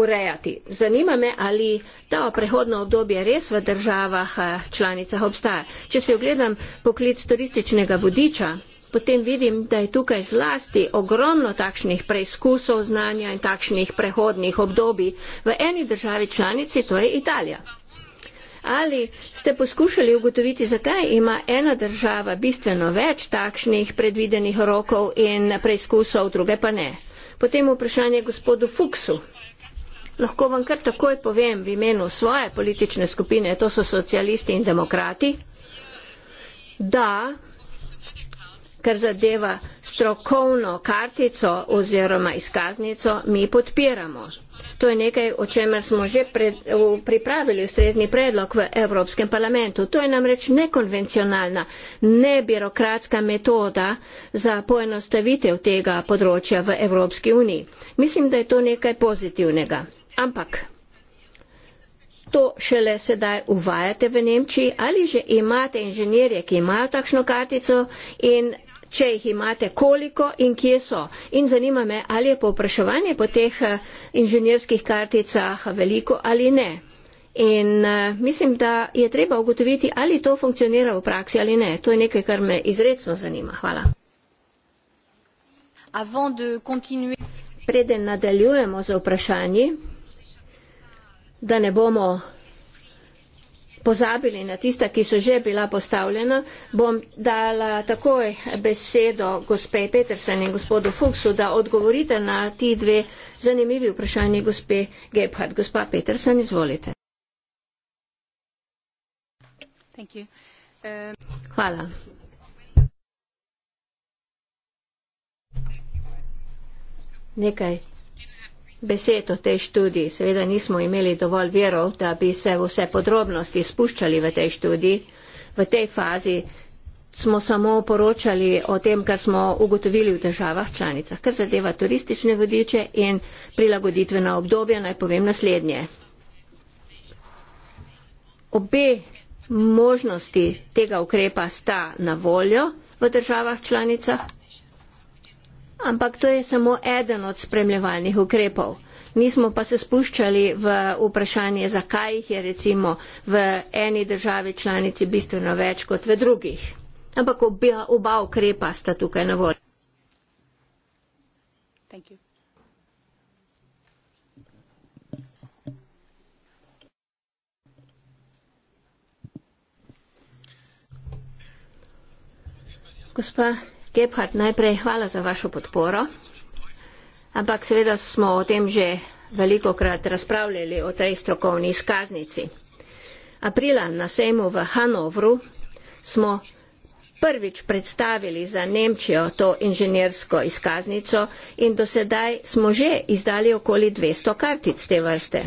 S4: urejati. Zanima me, ali ta prehodno obdobje res v državah eh, članicah obstaja. Če se ogledam poklic turističnega vodiča, potem vidim, da je tukaj zlasti ogromno takšnih preizkusov znanja in takšnih prehodnih obdobij v eni državi članici, to je Italija. Ali ste poskušali ugotoviti, zakaj ima ena država bistveno več takšnih predvidenih rokov in preizkusov, druge pa ne? Potem vprašanje gospodu Fuksu. Lahko vam kar takoj povem v imenu svoje politične skupine, to so socialisti in demokrati, da kar zadeva strokovno kartico oziroma izkaznico, mi podpiramo. To je nekaj, o čemer smo že pred, v, pripravili ustrezni predlog v Evropskem parlamentu. To je namreč nekonvencionalna, nebirokratska metoda za poenostavitev tega področja v Evropski uniji. Mislim, da je to nekaj pozitivnega. Ampak to šele sedaj uvajate v Nemčiji ali že imate inženirje, ki imajo takšno kartico in če jih imate, koliko in kje so. In zanima me, ali je povpraševanje po teh eh, inženirskih karticah veliko ali ne. In uh, mislim, da je treba ugotoviti, ali to funkcionira v praksi ali ne. To je nekaj, kar me izredno zanima. Hvala. Preden nadaljujemo z vprašanji, da ne bomo pozabili na tista, ki so že bila postavljena, bom dala takoj besedo gospe Petersen in gospodu Fuksu, da odgovorite na ti dve zanimivi vprašanje gospe Gebhardt. Gospa Petersen, izvolite. Thank you. Um... Hvala. Nekaj besed o tej študiji. Seveda nismo imeli dovolj verov, da bi se vse podrobnosti spuščali v tej študiji. V tej fazi smo samo poročali o tem, kar smo ugotovili v državah članicah, kar zadeva turistične vodiče in prilagoditvena obdobja. Naj povem naslednje. Obe možnosti tega ukrepa sta na voljo v državah članicah, ampak to je samo eden od spremljevalnih ukrepov. Nismo pa se spuščali v vprašanje, zakaj jih je recimo v eni državi članici bistveno več kot v drugih. Ampak oba, oba ukrepa sta tukaj na voljo. Gospa Gebhardt, najprej hvala za vašo podporo, ampak seveda smo o tem že veliko krat razpravljali o tej strokovni izkaznici. Aprila na sejmu v Hanovru smo prvič predstavili za Nemčijo to inženjersko izkaznico in do sedaj smo že izdali okoli 200 kartic te vrste.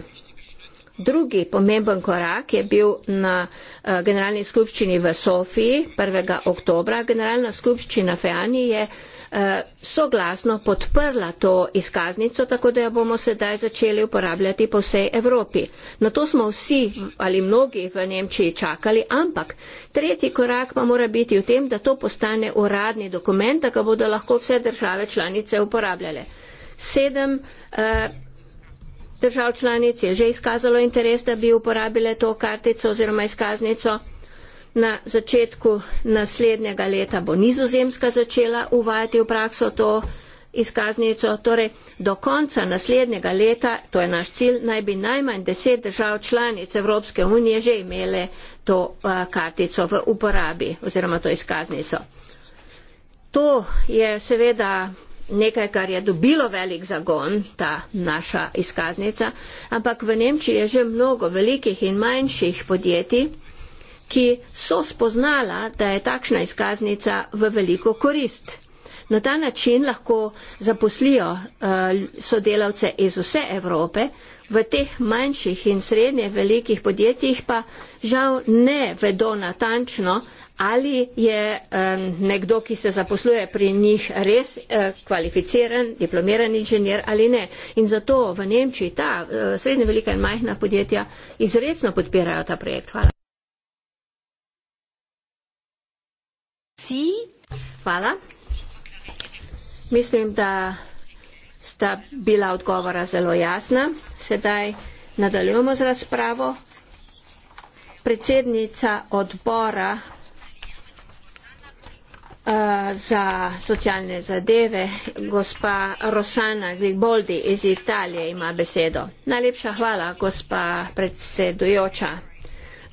S4: Drugi pomemben korak je bil na eh, generalni skupščini v Sofiji 1. oktobra. Generalna skupščina Fejani je eh, soglasno podprla to izkaznico, tako da jo bomo sedaj začeli uporabljati po vsej Evropi. Na to smo vsi ali mnogi v Nemčiji čakali, ampak tretji korak pa mora biti v tem, da to postane uradni dokument, da ga bodo lahko vse države članice uporabljale. Sedem, eh, držav članic je že izkazalo interes, da bi uporabile to kartico oziroma izkaznico. Na začetku naslednjega leta bo nizozemska začela uvajati v prakso to izkaznico. Torej, do konca naslednjega leta, to je naš cilj, naj bi najmanj deset držav članic Evropske unije že imele to kartico v uporabi oziroma to izkaznico. To je seveda nekaj, kar je dobilo velik zagon, ta naša izkaznica, ampak v Nemčiji je že mnogo velikih in manjših podjetij, ki so spoznala, da je takšna izkaznica v veliko korist. Na ta način lahko zaposlijo eh, sodelavce iz vse Evrope, v teh manjših in srednje velikih podjetjih pa žal ne vedo natančno, ali je um, nekdo, ki se zaposluje pri njih, res uh, kvalificiran, diplomiran inženir ali ne. In zato v Nemčiji ta uh, e, srednja velika in majhna podjetja izredno podpirajo ta projekt. Hvala. Si? Hvala. Mislim, da sta bila odgovora zelo jasna. Sedaj nadaljujemo z razpravo. Predsednica odbora Eh, za socialne zadeve. Gospa Rosana Griboldi iz Italije ima besedo. Najlepša hvala, gospa predsedujoča.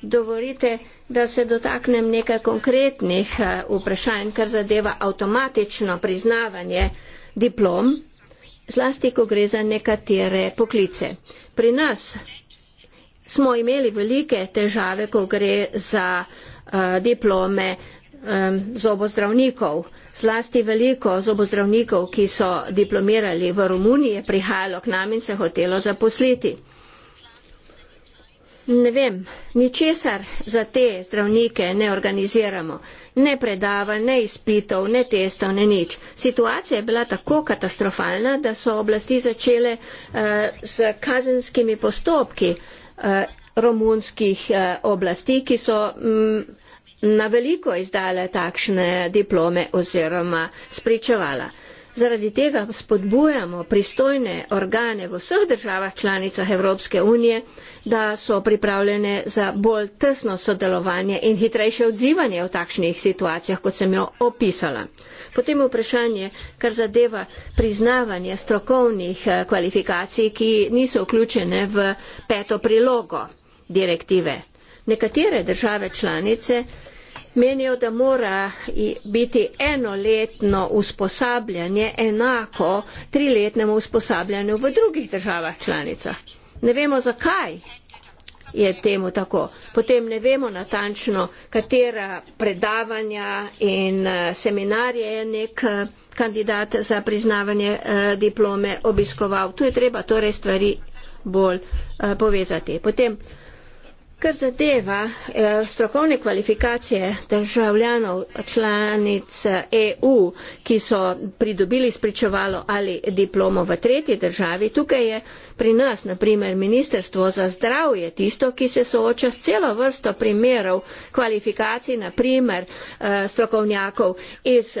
S4: Dovolite, da se dotaknem nekaj konkretnih eh, vprašanj, kar zadeva avtomatično priznavanje diplom, zlasti, ko gre za nekatere poklice. Pri nas smo imeli velike težave, ko gre za uh, diplome uh, um, zobozdravnikov, zlasti veliko zobozdravnikov, ki so diplomirali v Romuniji, je prihajalo k nam in se hotelo zaposliti. Ne vem, ničesar za te zdravnike ne organiziramo. Ne predava, ne izpitov, ne testov, ne nič. Situacija je bila tako katastrofalna, da so oblasti začele uh, s kazenskimi postopki uh, romunskih uh, oblasti, ki so um, na veliko izdala takšne diplome oziroma spričevala. Zaradi tega spodbujamo pristojne organe v vseh državah članicah Evropske unije, da so pripravljene za bolj tesno sodelovanje in hitrejše odzivanje v takšnih situacijah, kot sem jo opisala. Potem vprašanje, kar zadeva priznavanje strokovnih eh, kvalifikacij, ki niso vključene v peto prilogo direktive. Nekatere države članice menijo, da mora biti enoletno usposabljanje enako triletnemu usposabljanju v drugih državah članicah. Ne vemo, zakaj je temu tako. Potem ne vemo natančno, katera predavanja in eh, seminarje je nek eh, kandidat za priznavanje eh, diplome obiskoval. Tu je treba torej stvari bolj povezati. Potem Kar zadeva eh, strokovne kvalifikacije državljanov članic EU, eh, e ki so pridobili spričevalo ali diplomo v tretji državi, tukaj je pri nas, naprimer, Ministrstvo za zdravje tisto, ki se sooča s celo vrsto primerov kvalifikacij, naprimer eh, strokovnjakov iz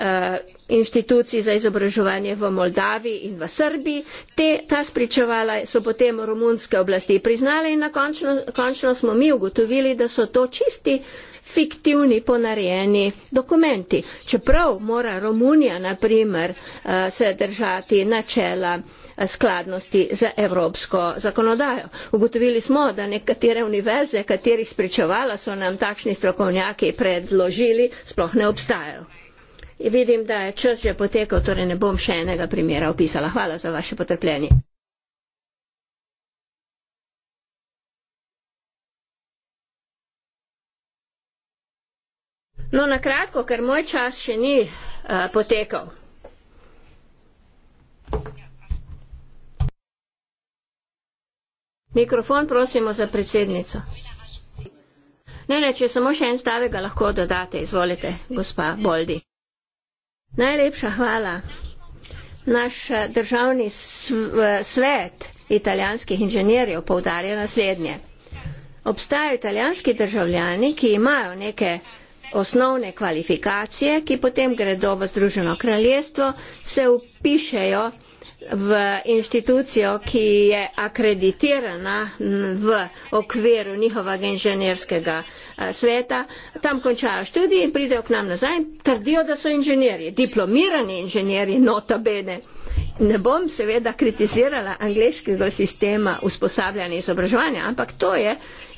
S4: uh, eh, inštitucij za izobraževanje v Moldaviji in v Srbiji. Te, ta spričevala so potem romunske oblasti priznale in na končno, končno smo mi ugotovili, da so to čisti fiktivni ponarejeni dokumenti. Čeprav mora Romunija, na primer, eh, se držati načela eh, skladnosti za evropsko zakonodajo. Ugotovili smo, da nekatere univerze, katerih spričevala so nam takšni strokovnjaki predložili, sploh ne obstajajo. Vidim, da je čas že potekal, torej ne bom še enega primera opisala. Hvala za vaše potrpljenje. No, na kratko, ker moj čas še ni uh, eh, potekal. Mikrofon prosimo za predsednico. Ne, ne, če samo še en stavek ga lahko dodate, izvolite, gospa Boldi. Najlepša hvala. Naš eh, državni eh, svet italijanskih inženirjev povdarja naslednje. Obstajajo italijanski državljani, ki imajo neke osnovne kvalifikacije, ki potem gredo v Združeno kraljestvo, se upišejo v inštitucijo, ki je akreditirana v okviru njihovega inženirskega eh, sveta, tam končajo študij in pridejo k nam nazaj in trdijo, da so inženirji, diplomirani inženirji, nota bene. Ne bom seveda kritizirala angliškega sistema usposabljanja in izobraževanja, ampak to je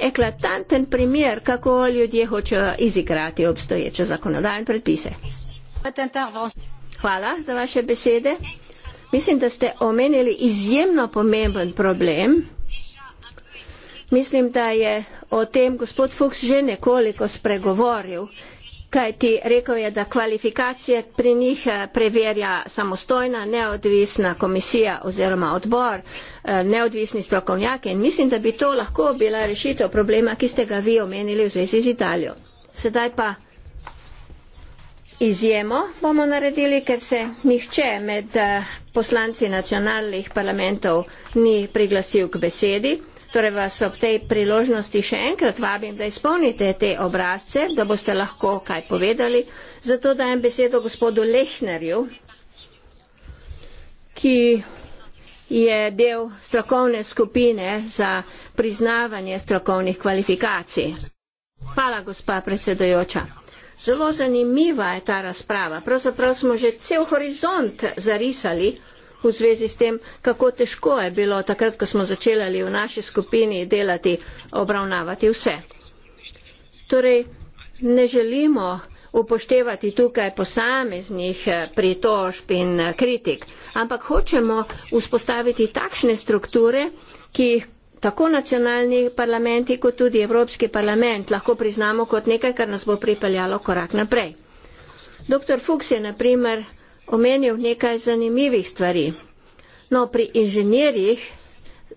S4: eklatanten primer, kako ljudje hočejo izigrati obstoječe zakonodajne predpise.
S1: Hvala za vaše
S4: besede. Mislim, da ste omenili izjemno pomemben problem. Mislim, da je o tem gospod Fuchs že nekoliko spregovoril, kaj ti rekel je, da kvalifikacije pri njih eh, preverja samostojna, neodvisna komisija oziroma odbor, eh, neodvisni strokovnjaki. In mislim, da bi to lahko bila rešitev problema, ki ste ga vi omenili v zvezi z Italijo. Sedaj pa izjemo bomo naredili, ker se nihče med eh, poslanci nacionalnih parlamentov ni priglasil k besedi. Torej vas ob tej priložnosti še enkrat vabim, da izpolnite te obrazce, da boste lahko kaj povedali. Zato dajem besedo gospodu Lehnerju, ki je del strokovne skupine za priznavanje strokovnih kvalifikacij. Hvala, gospa predsedojoča. Zelo zanimiva je ta razprava. Pravzaprav smo že cel horizont zarisali v zvezi s tem, kako težko je bilo takrat, ko smo začeli v naši skupini delati, obravnavati vse. Torej, ne želimo upoštevati tukaj posameznih eh, pritožb in eh, kritik, ampak hočemo vzpostaviti takšne strukture, ki jih tako nacionalni parlamenti kot tudi Evropski parlament lahko priznamo kot nekaj, kar nas bo pripeljalo korak naprej. Dr. Fuchs je naprimer omenil nekaj zanimivih stvari. No, pri inženirjih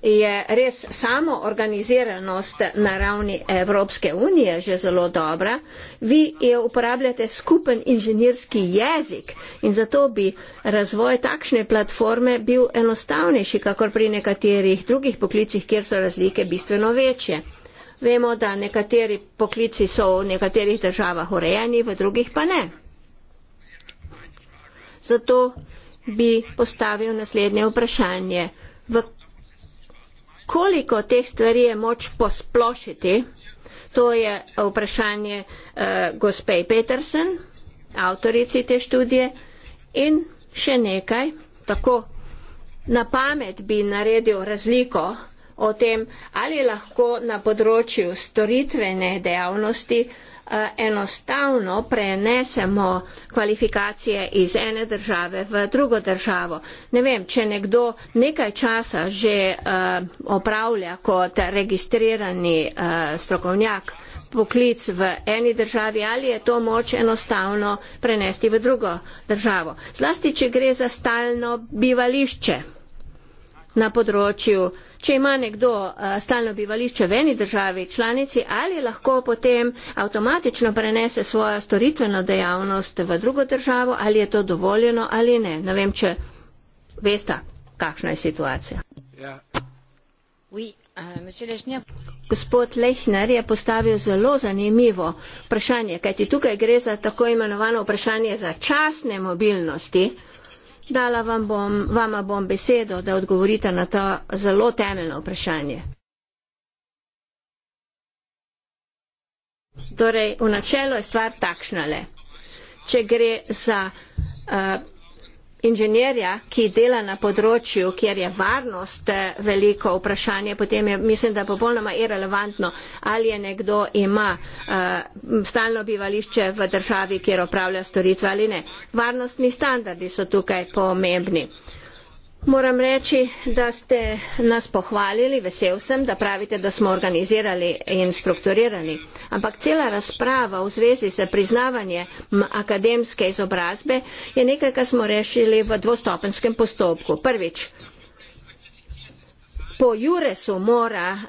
S4: je res samo organiziranost na ravni Evropske unije že zelo dobra. Vi je uporabljate skupen inženirski jezik in zato bi razvoj takšne platforme bil enostavnejši, kakor pri nekaterih drugih poklicih, kjer so razlike bistveno večje. Vemo, da nekateri poklici so v nekaterih državah urejeni, v drugih pa ne. Zato bi postavil naslednje vprašanje. V koliko teh stvari je moč posplošiti, to je vprašanje uh, gospe Petersen, avtorici te študije. In še nekaj, tako na pamet bi naredil razliko o tem, ali lahko na področju storitvene dejavnosti uh, Eh, enostavno prenesemo kvalifikacije iz ene države v drugo državo. Ne vem, če nekdo nekaj časa že eh, opravlja kot registrirani eh, strokovnjak poklic v eni državi ali je to moč enostavno prenesti v drugo državo. Zlasti, če gre za stalno bivališče na področju Če ima nekdo eh, stalno bivališče v eni državi članici, ali lahko potem avtomatično prenese svojo storitveno dejavnost v drugo državo, ali je to dovoljeno ali ne. Ne vem, če veste, kakšna je situacija.
S1: Ja. Euh,
S4: Gospod Lehner je postavil zelo zanimivo vprašanje, kajti tukaj gre za tako imenovano vprašanje začasne mobilnosti. Dala vam bom, vama bom besedo, da odgovorite na to zelo temeljno vprašanje. Torej, v načelu je stvar takšna le. Če gre za uh, inženirja, ki dela na področju, kjer je varnost eh, veliko vprašanje, potem je, mislim, da popolnoma irrelevantno, ali je nekdo ima uh, stalno bivališče v državi, kjer opravlja storitve ali ne. Varnostni standardi so tukaj pomembni. Uh, Moram reči, da ste nas pohvalili, vesel sem, da pravite, da smo organizirali in strukturirali. Ampak cela razprava v zvezi s priznavanjem akademske izobrazbe je nekaj, kar smo rešili v dvostopenskem postopku. Prvič, po Juresu mora uh,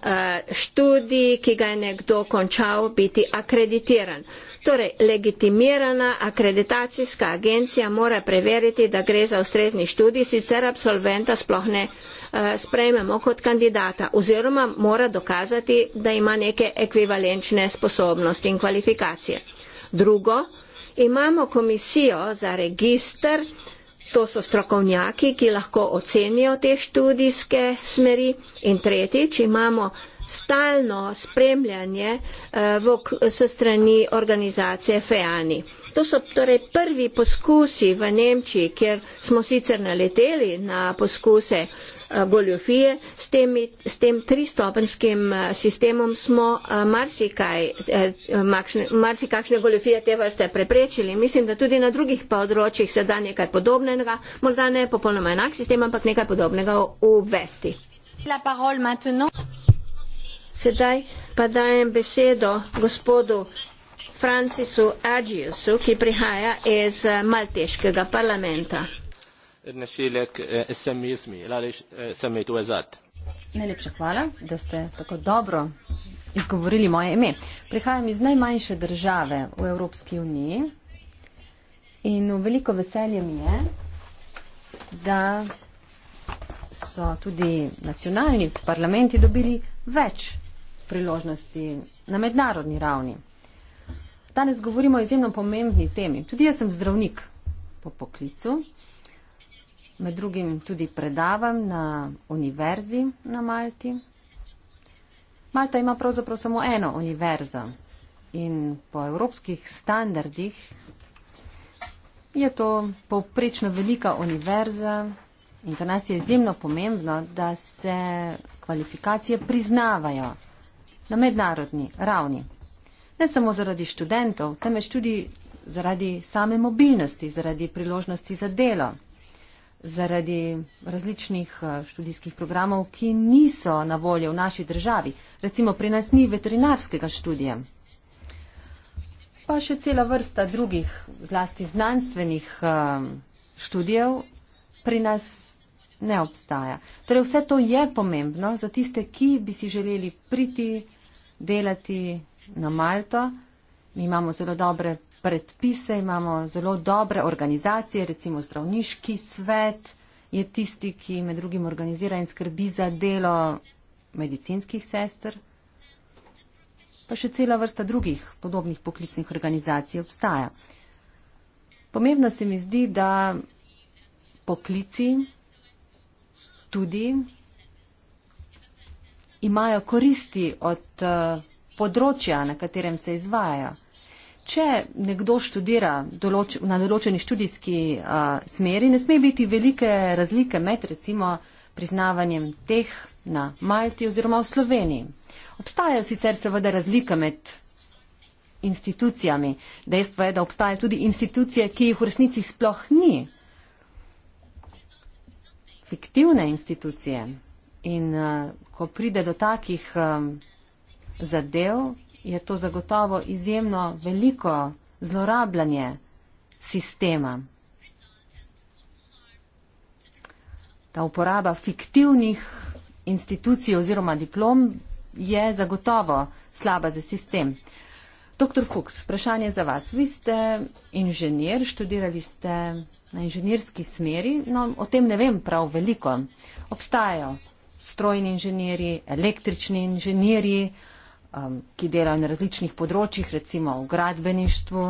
S4: študij, ki ga je nekdo končal, biti akreditiran. Torej, legitimirana akreditacijska agencija mora preveriti, da gre za ustrezni študij, sicer absolventa sploh ne uh, sprejmemo kot kandidata oziroma mora dokazati, da ima neke ekvivalenčne sposobnosti in kvalifikacije. Drugo, imamo komisijo za registr, uh, To so strokovnjaki, ki lahko ocenijo te študijske smeri. In tretjič, imamo stalno spremljanje uh, vok, so strani organizacije FEANI. To so torej prvi poskusi v Nemčiji, kjer smo sicer naleteli na poskuse uh, Eh, goljofije. S, temi, s tem tristopenskim eh, sistemom smo eh, marsikakšne goljofije te vrste preprečili. Mislim, da tudi na drugih področjih se da nekaj podobnega, morda ne popolnoma enak sistem, ampak nekaj podobnega uvesti. Sedaj pa dajem besedo gospodu Francisu Agiusu, ki prihaja iz Malteškega parlamenta
S1: nešiljek esemizmi eh, ali semitu ezat.
S2: Eh, Najlepša hvala, da ste tako dobro izgovorili moje ime. Prihajam iz najmanjše države v Evropski uniji in v veliko veselje mi je, da so tudi nacionalni parlamenti dobili več priložnosti na mednarodni ravni. Danes govorimo o izjemno pomembni temi. Tudi jaz sem zdravnik po poklicu Med drugim tudi predavam na univerzi na Malti. Malta ima pravzaprav samo eno univerzo in po evropskih standardih je to povprečno velika univerza in za nas je izjemno pomembno, da se kvalifikacije priznavajo na mednarodni ravni. Ne samo zaradi študentov, temveč tudi zaradi same mobilnosti, zaradi priložnosti za delo zaradi različnih eh, študijskih programov, ki niso na voljo v naši državi. Recimo pri nas ni veterinarskega študija. Pa še cela vrsta drugih, zlasti znanstvenih eh, študijev, pri nas ne obstaja. Torej vse to je pomembno za tiste, ki bi si želeli priti delati na Malto. Mi imamo zelo dobre predpise, imamo zelo dobre organizacije, recimo zdravniški svet je tisti, ki med drugim organizira in skrbi za delo medicinskih sester, pa še cela vrsta drugih podobnih poklicnih organizacij obstaja. Pomembno se mi zdi, da poklici tudi imajo koristi od eh, področja, na katerem se izvajajo. Če nekdo študira določ, na določeni študijski uh, smeri, ne sme biti velike razlike med recimo priznavanjem teh na Malti oziroma v Sloveniji. Obstaja sicer seveda razlika med institucijami. Dejstvo je, da obstajajo tudi institucije, ki jih v resnici sploh ni. Fiktivne institucije. In uh, ko pride do takih um, zadev, je to zagotovo izjemno veliko zlorabljanje sistema. Ta uporaba fiktivnih institucij oziroma diplom je zagotovo slaba za sistem. Doktor Fuchs, vprašanje za vas. Vi ste inženir, študirali ste na inženirski smeri, no o tem ne vem prav veliko. Obstajajo strojni inženirji, električni inženirji, uh, um, ki delajo na različnih področjih, recimo v gradbeništvu.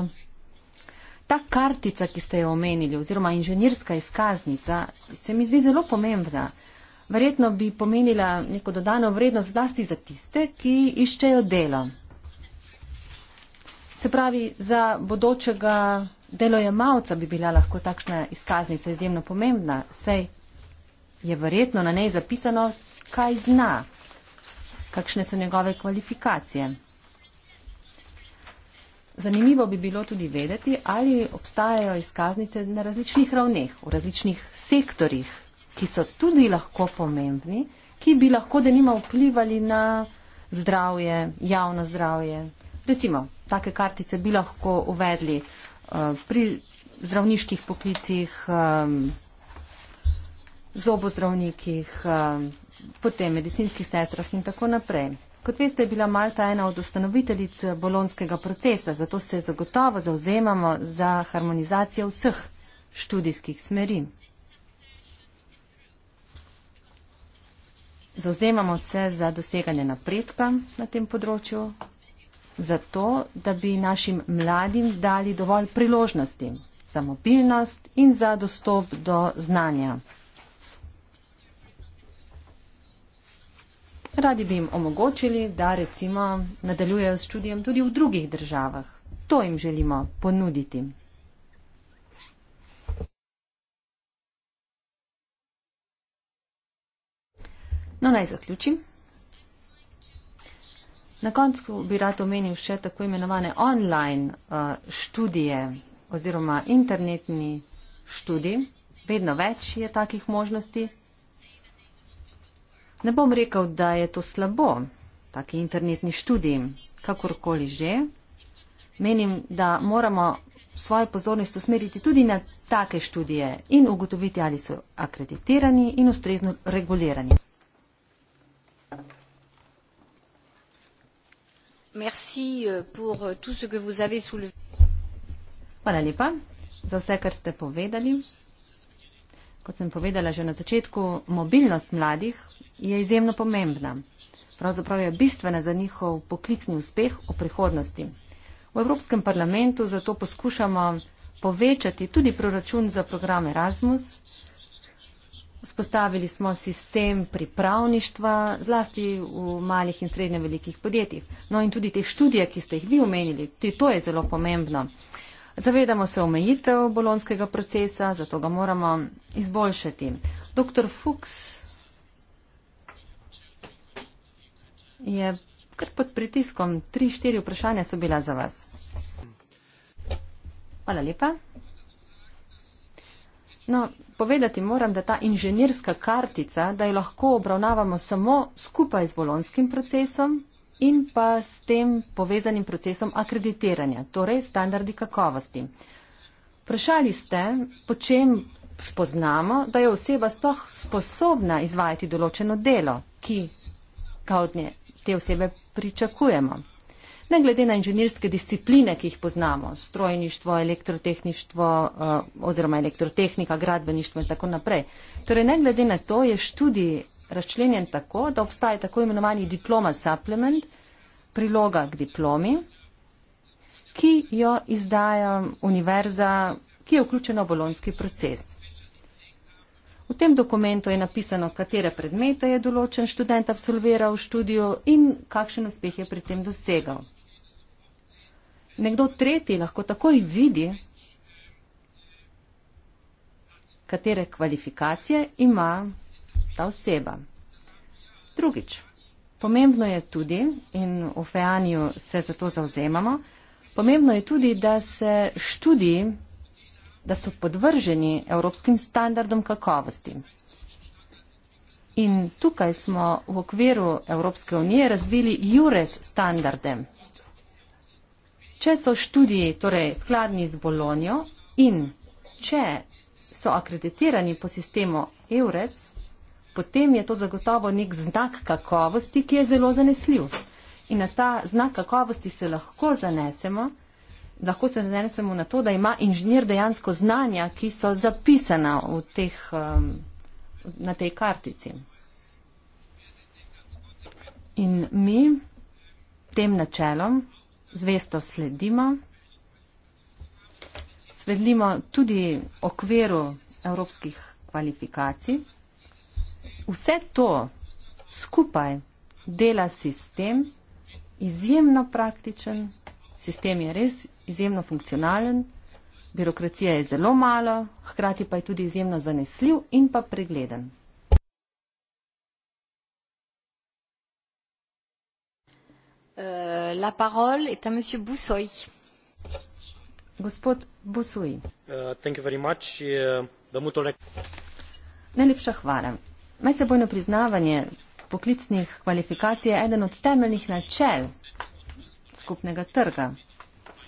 S2: Ta kartica, ki ste jo omenili, oziroma inženirska izkaznica, se mi zdi zelo pomembna. Verjetno bi pomenila neko dodano vrednost zlasti za tiste, ki iščejo delo. Se pravi, za bodočega delojemalca bi bila lahko takšna izkaznica izjemno pomembna, saj je verjetno na njej zapisano, kaj zna, kakšne so njegove kvalifikacije. Zanimivo bi bilo tudi vedeti, ali obstajajo izkaznice na različnih ravneh, v različnih sektorjih, ki so tudi lahko pomembni, ki bi lahko denima vplivali na zdravje, javno zdravje. Recimo, take kartice bi lahko uvedli uh, pri zdravniških poklicih, um, zobozdravnikih. Um, potem medicinskih sestrah in tako naprej. Kot veste, je bila Malta ena od ustanoviteljic bolonskega procesa, zato se zagotovo zauzemamo za harmonizacijo vseh študijskih smeri. Zauzemamo se za doseganje napredka na tem področju, zato da bi našim mladim dali dovolj priložnosti za mobilnost in za dostop do znanja. Radi bi jim omogočili, da recimo nadaljujejo s študijem tudi v drugih državah. To jim želimo ponuditi. No, naj zaključim. Na koncu bi rad omenil še tako imenovane online uh, študije oziroma internetni študij. Vedno več je takih možnosti, Ne bom rekel, da je to slabo, taki internetni študij, kakorkoli že. Menim, da moramo svojo pozornost usmeriti tudi na take študije in ugotoviti, ali so akreditirani in ustrezno regulirani.
S1: Euh, euh,
S2: Hvala lepa za vse, kar ste povedali. Kot sem povedala že na začetku, mobilnost mladih je izjemno pomembna. Pravzaprav je bistvena za njihov poklicni uspeh v prihodnosti. V Evropskem parlamentu zato poskušamo povečati tudi proračun za program Erasmus. Vzpostavili smo sistem pripravništva, zlasti v malih in srednje velikih podjetjih. No in tudi te študije, ki ste jih vi omenili, tudi to je zelo pomembno. Zavedamo se omejitev bolonskega procesa, zato ga moramo izboljšati. Doktor Fuchs. je kar pod pritiskom. Tri, štiri vprašanja so bila za vas. Hvala lepa. No, povedati moram, da ta inženirska kartica, da jo lahko obravnavamo samo skupaj z bolonskim procesom in pa s tem povezanim procesom akreditiranja, torej standardi kakovosti. Vprašali ste, po čem spoznamo, da je oseba sploh sposobna izvajati določeno delo, ki ga od nje te osebe pričakujemo. Ne glede na inženirske discipline, ki jih poznamo, strojništvo, elektrotehništvo eh, oziroma elektrotehnika, gradbeništvo in tako naprej. Torej, ne glede na to, je študij razčlenjen tako, da obstaja tako imenovani diploma supplement, priloga k diplomi, ki jo izdaja univerza, ki je vključena v bolonski proces. V tem dokumentu je napisano, katere predmete je določen študent absolviral v študiju in kakšen uspeh je pri tem dosegal. Nekdo tretji lahko takoj vidi, katere kvalifikacije ima ta oseba. Drugič, pomembno je tudi, in v Feanju se za to zauzemamo, pomembno je tudi, da se študij da so podvrženi evropskim standardom kakovosti. In tukaj smo v okviru Evropske unije razvili JURES standarde. Če so študiji torej, skladni z Bolonjo in če so akreditirani po sistemu EURES, potem je to zagotovo nek znak kakovosti, ki je zelo zanesljiv. In na ta znak kakovosti se lahko zanesemo lahko se nanesemo na to, da ima inženir dejansko znanja, ki so zapisana v teh, um, na tej kartici. In mi tem načelom zvesto sledimo, sledimo tudi okviru evropskih kvalifikacij. Vse to skupaj dela sistem, izjemno praktičen, sistem je res izjemno funkcionalen, birokracije je zelo malo, hkrati pa je tudi izjemno zanesljiv in pa pregleden.
S1: Euh, la parole est à M. Boussoy.
S2: Gospod Boussoy.
S1: Uh, thank you very much. Uh,
S2: Najlepša hvala. Medsebojno priznavanje poklicnih kvalifikacij je eden od temeljnih načel skupnega trga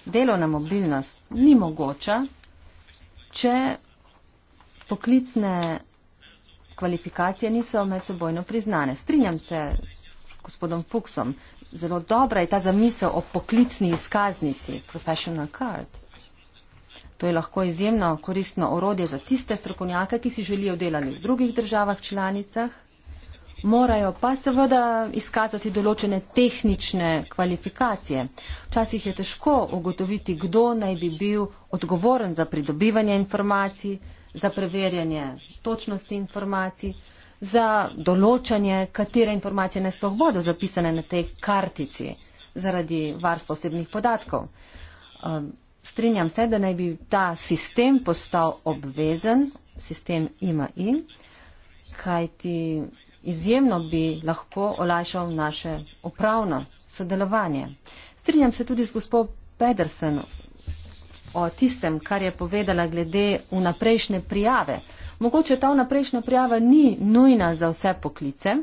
S2: delovna mobilnost ni mogoča, če poklicne kvalifikacije niso medsebojno priznane. Strinjam se gospodom Fuksom, zelo dobra je ta zamisel o poklicni izkaznici, professional card. To je lahko izjemno koristno orodje za tiste strokovnjake, ki si želijo delati v drugih državah članicah, Morajo pa seveda izkazati določene tehnične kvalifikacije. Včasih je težko ugotoviti, kdo naj bi bil odgovoren za pridobivanje informacij, za preverjanje točnosti informacij, za določanje, katere informacije ne sploh bodo zapisane na tej kartici zaradi varstva osebnih podatkov. Ehm, strinjam se, da naj bi ta sistem postal obvezen, sistem IMAI, kajti izjemno bi lahko olajšal naše upravno sodelovanje. Strinjam se tudi z gospod Pedersen o tistem, kar je povedala glede vnaprejšnje prijave. Mogoče ta vnaprejšnja prijava ni nujna za vse poklice.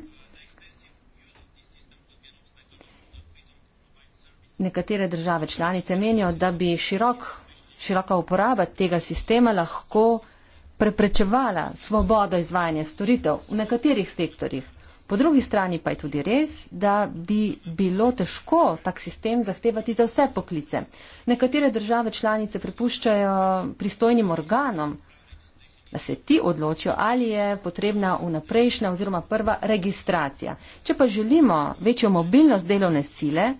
S2: Nekatere države članice menijo, da bi širok, široka uporaba tega sistema lahko preprečevala svobodo izvajanja storitev v nekaterih sektorjih. Po drugi strani pa je tudi res, da bi bilo težko tak sistem zahtevati za vse poklice. Nekatere države članice prepuščajo pristojnim organom, da se ti odločijo, ali je potrebna vnaprejšnja oziroma prva registracija. Če pa želimo večjo mobilnost delovne sile,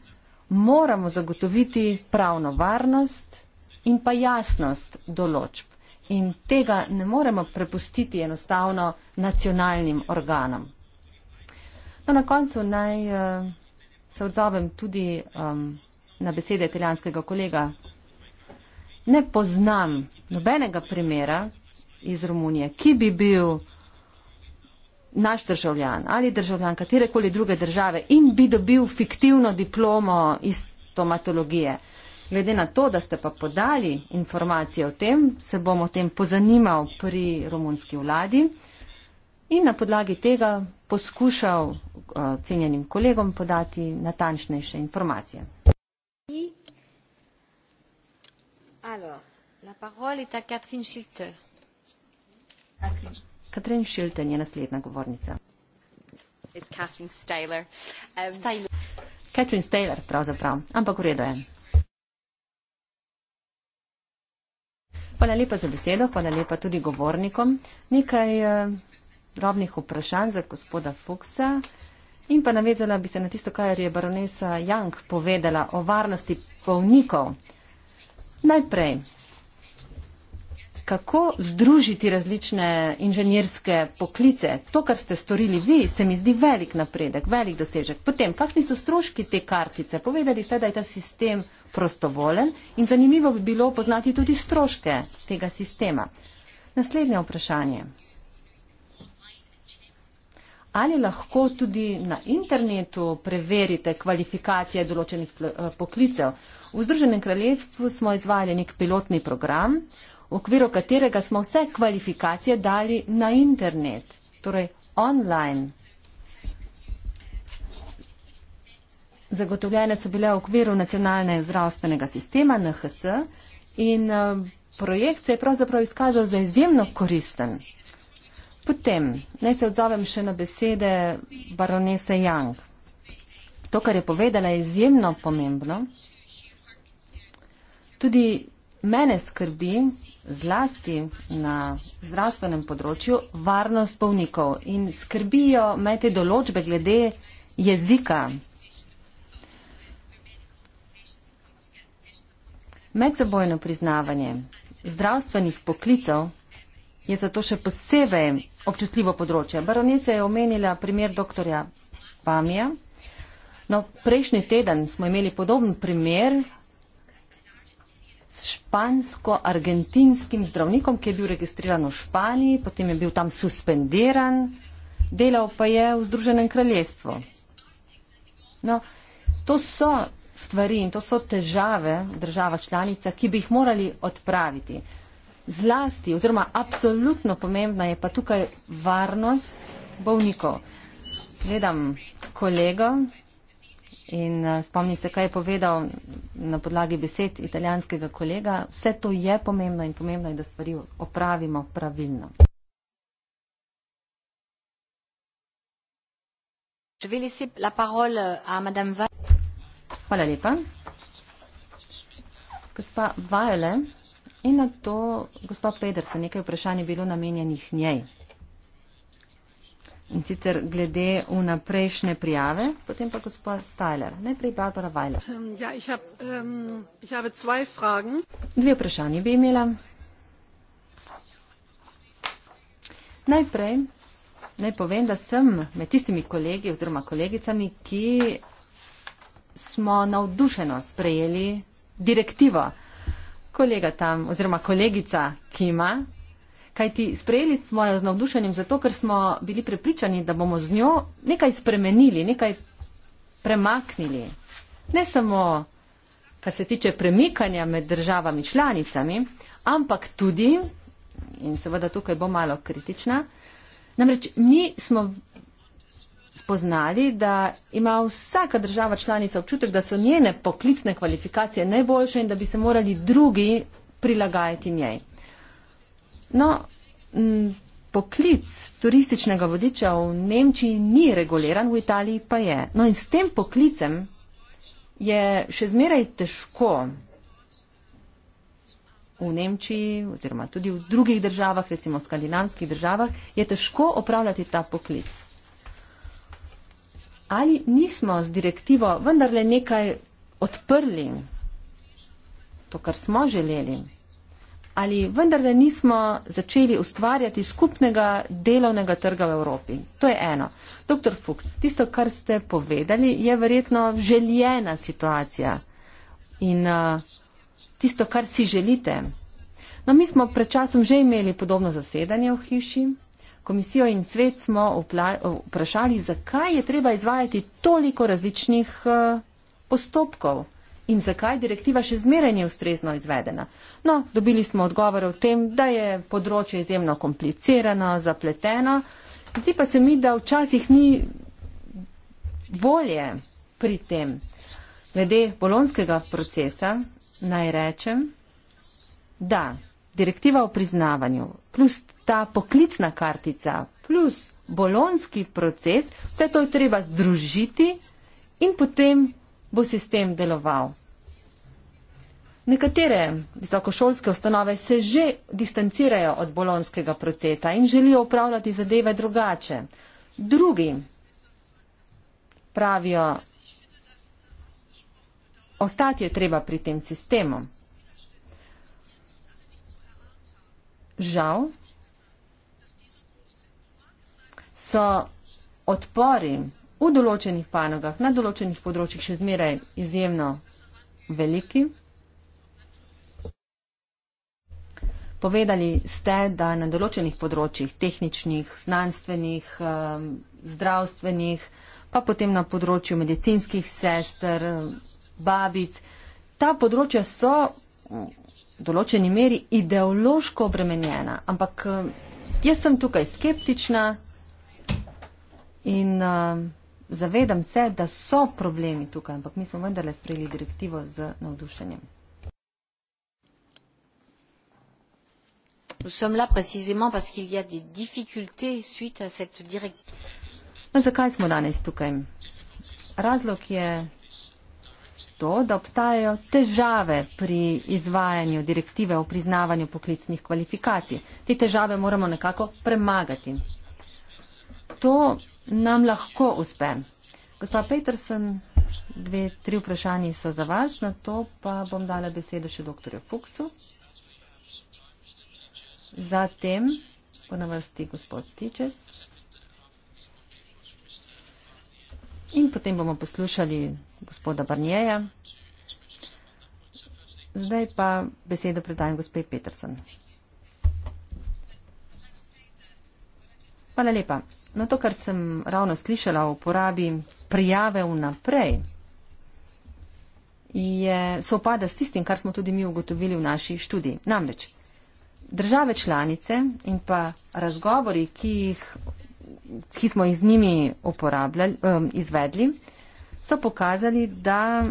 S2: moramo zagotoviti pravno varnost in pa jasnost določb in tega ne moremo prepustiti enostavno nacionalnim organom. No, na koncu naj eh, se odzovem tudi um, na besede italijanskega kolega. Ne poznam nobenega primera iz Romunije, ki bi bil naš državljan ali državljan katerekoli druge države in bi dobil fiktivno diplomo iz stomatologije. Uh, Glede na to, da ste pa podali informacije o tem, se bom o tem pozanimal pri romunski vladi in na podlagi tega poskušal uh, cenjenim kolegom podati natančnejše informacije. Katrin Šilten je naslednja govornica. Katrin Stajler, um, pravzaprav, ampak v redu je. Hvala lepa za besedo, hvala lepa tudi govornikom. Nekaj eh, drobnih vprašanj za gospoda Fuksa in pa navezala bi se na tisto, kar je baronesa Jank povedala o varnosti polnikov. Najprej, kako združiti različne inženirske poklice? To, kar ste storili vi, se mi zdi velik napredek, velik dosežek. Potem, kakšni so stroški te kartice? Povedali ste, da je ta sistem prostovolen in zanimivo bi bilo poznati tudi stroške tega sistema. Naslednje vprašanje. Ali lahko tudi na internetu preverite kvalifikacije določenih eh, poklicev? V Združenem kraljevstvu smo izvali nek pilotni program, v okviru katerega smo vse kvalifikacije dali na internet, torej online. zagotovljene so bile v okviru nacionalnega zdravstvenega sistema NHS in eh, projekt se je pravzaprav izkazal za izjemno koristen. Potem naj se odzovem še na besede baronese Young. To, kar je povedala, je izjemno pomembno. Tudi mene skrbi zlasti na zdravstvenem področju varnost bolnikov in skrbijo me te določbe glede jezika Medsebojno priznavanje zdravstvenih poklicov je zato še posebej občutljivo področje. Baronisa je omenila primer dr. Bamija. No, prejšnji teden smo imeli podoben primer s špansko-argentinskim zdravnikom, ki je bil registriran v Španiji, potem je bil tam suspendiran, delal pa je v Združenem kraljestvu. No, to so stvari in to so težave država članica, ki bi jih morali odpraviti. Zlasti oziroma apsolutno pomembna je pa tukaj varnost bolnikov. Gledam kolego in eh, spomni se, kaj je povedal na podlagi besed italijanskega kolega. Vse to je pomembno in pomembno je, da stvari opravimo pravilno.
S1: Je vais laisser la parole à
S2: Madame Val. Hvala lepa. Gospa Vajele in na to gospa Pedersen, nekaj vprašanj je bilo namenjenih njej. In sicer glede vnaprejšnje prijave, potem pa gospod Stajler. Najprej Barbara Vajle. Ähm,
S3: ja, ich hab, um, ich habe zwei fragen.
S2: Dve vprašanje bi imela. Najprej naj povem, da sem med tistimi kolegi oziroma kolegicami, ki smo navdušeno sprejeli direktivo. Kolega tam, oziroma kolegica Kima, kajti sprejeli smo jo z navdušenjem zato, ker smo bili prepričani, da bomo z njo nekaj spremenili, nekaj premaknili. Ne samo, kar se tiče premikanja med državami članicami, ampak tudi, in seveda tukaj bo malo kritična, namreč mi smo spoznali, da ima vsaka država članica občutek, da so njene poklicne kvalifikacije najboljše in da bi se morali drugi prilagajati njej. No, poklic turističnega vodiča v Nemčiji ni reguliran, v Italiji pa je. No in s tem poklicem je še zmeraj težko v Nemčiji oziroma tudi v drugih državah, recimo skandinavskih državah, je težko opravljati ta poklic ali nismo z direktivo vendarle nekaj odprli, to, kar smo želeli, ali vendarle nismo začeli ustvarjati skupnega delovnega trga v Evropi. To je eno. Doktor Fuchs, tisto, kar ste povedali, je verjetno željena situacija in uh, tisto, kar si želite. No, mi smo pred časom že imeli podobno zasedanje v hiši komisijo in svet smo vprašali, zakaj je treba izvajati toliko različnih eh, postopkov in zakaj direktiva še zmeraj ni ustrezno izvedena. No, dobili smo odgovore o tem, da je področje izjemno komplicirano, zapleteno. Zdi pa se mi, da včasih ni volje pri tem. Glede bolonskega procesa naj rečem, da direktiva o priznavanju plus ta poklicna kartica, plus bolonski proces, vse to je treba združiti in potem bo sistem deloval. Nekatere visokošolske ustanove se že distancirajo od bolonskega procesa in želijo upravljati zadeve drugače. Drugi pravijo, ostati je treba pri tem sistemu. žal so odpori v določenih panogah, na določenih področjih še zmeraj izjemno veliki. Povedali ste, da na določenih področjih, tehničnih, znanstvenih, um, zdravstvenih, pa potem na področju medicinskih sester, babic, ta področja so določeni meri ideološko obremenjena, ampak eh, jaz sem tukaj skeptična in uh, zavedam se, da so problemi tukaj, ampak mi smo vendarle sprejeli direktivo z navdušenjem. No, zakaj smo danes tukaj? Razlog je to, da obstajajo težave pri izvajanju direktive o priznavanju poklicnih kvalifikacij. Te težave moramo nekako premagati. To nam lahko uspe. Gospa Petersen, dve, tri vprašanje so za vas, na to pa bom dala besedo še dr. Fuksu. Zatem bo na vrsti gospod Tičes. In potem bomo poslušali gospoda Barnjeja. Zdaj pa besedo predajam gospe Petersen. Hvala lepa. No, to, kar sem ravno slišala o uporabi prijave vnaprej, je sopada s tistim, kar smo tudi mi ugotovili v naši študiji. Namreč, države članice in pa razgovori, ki, jih, ki smo jih z njimi eh, izvedli, eh, so pokazali, da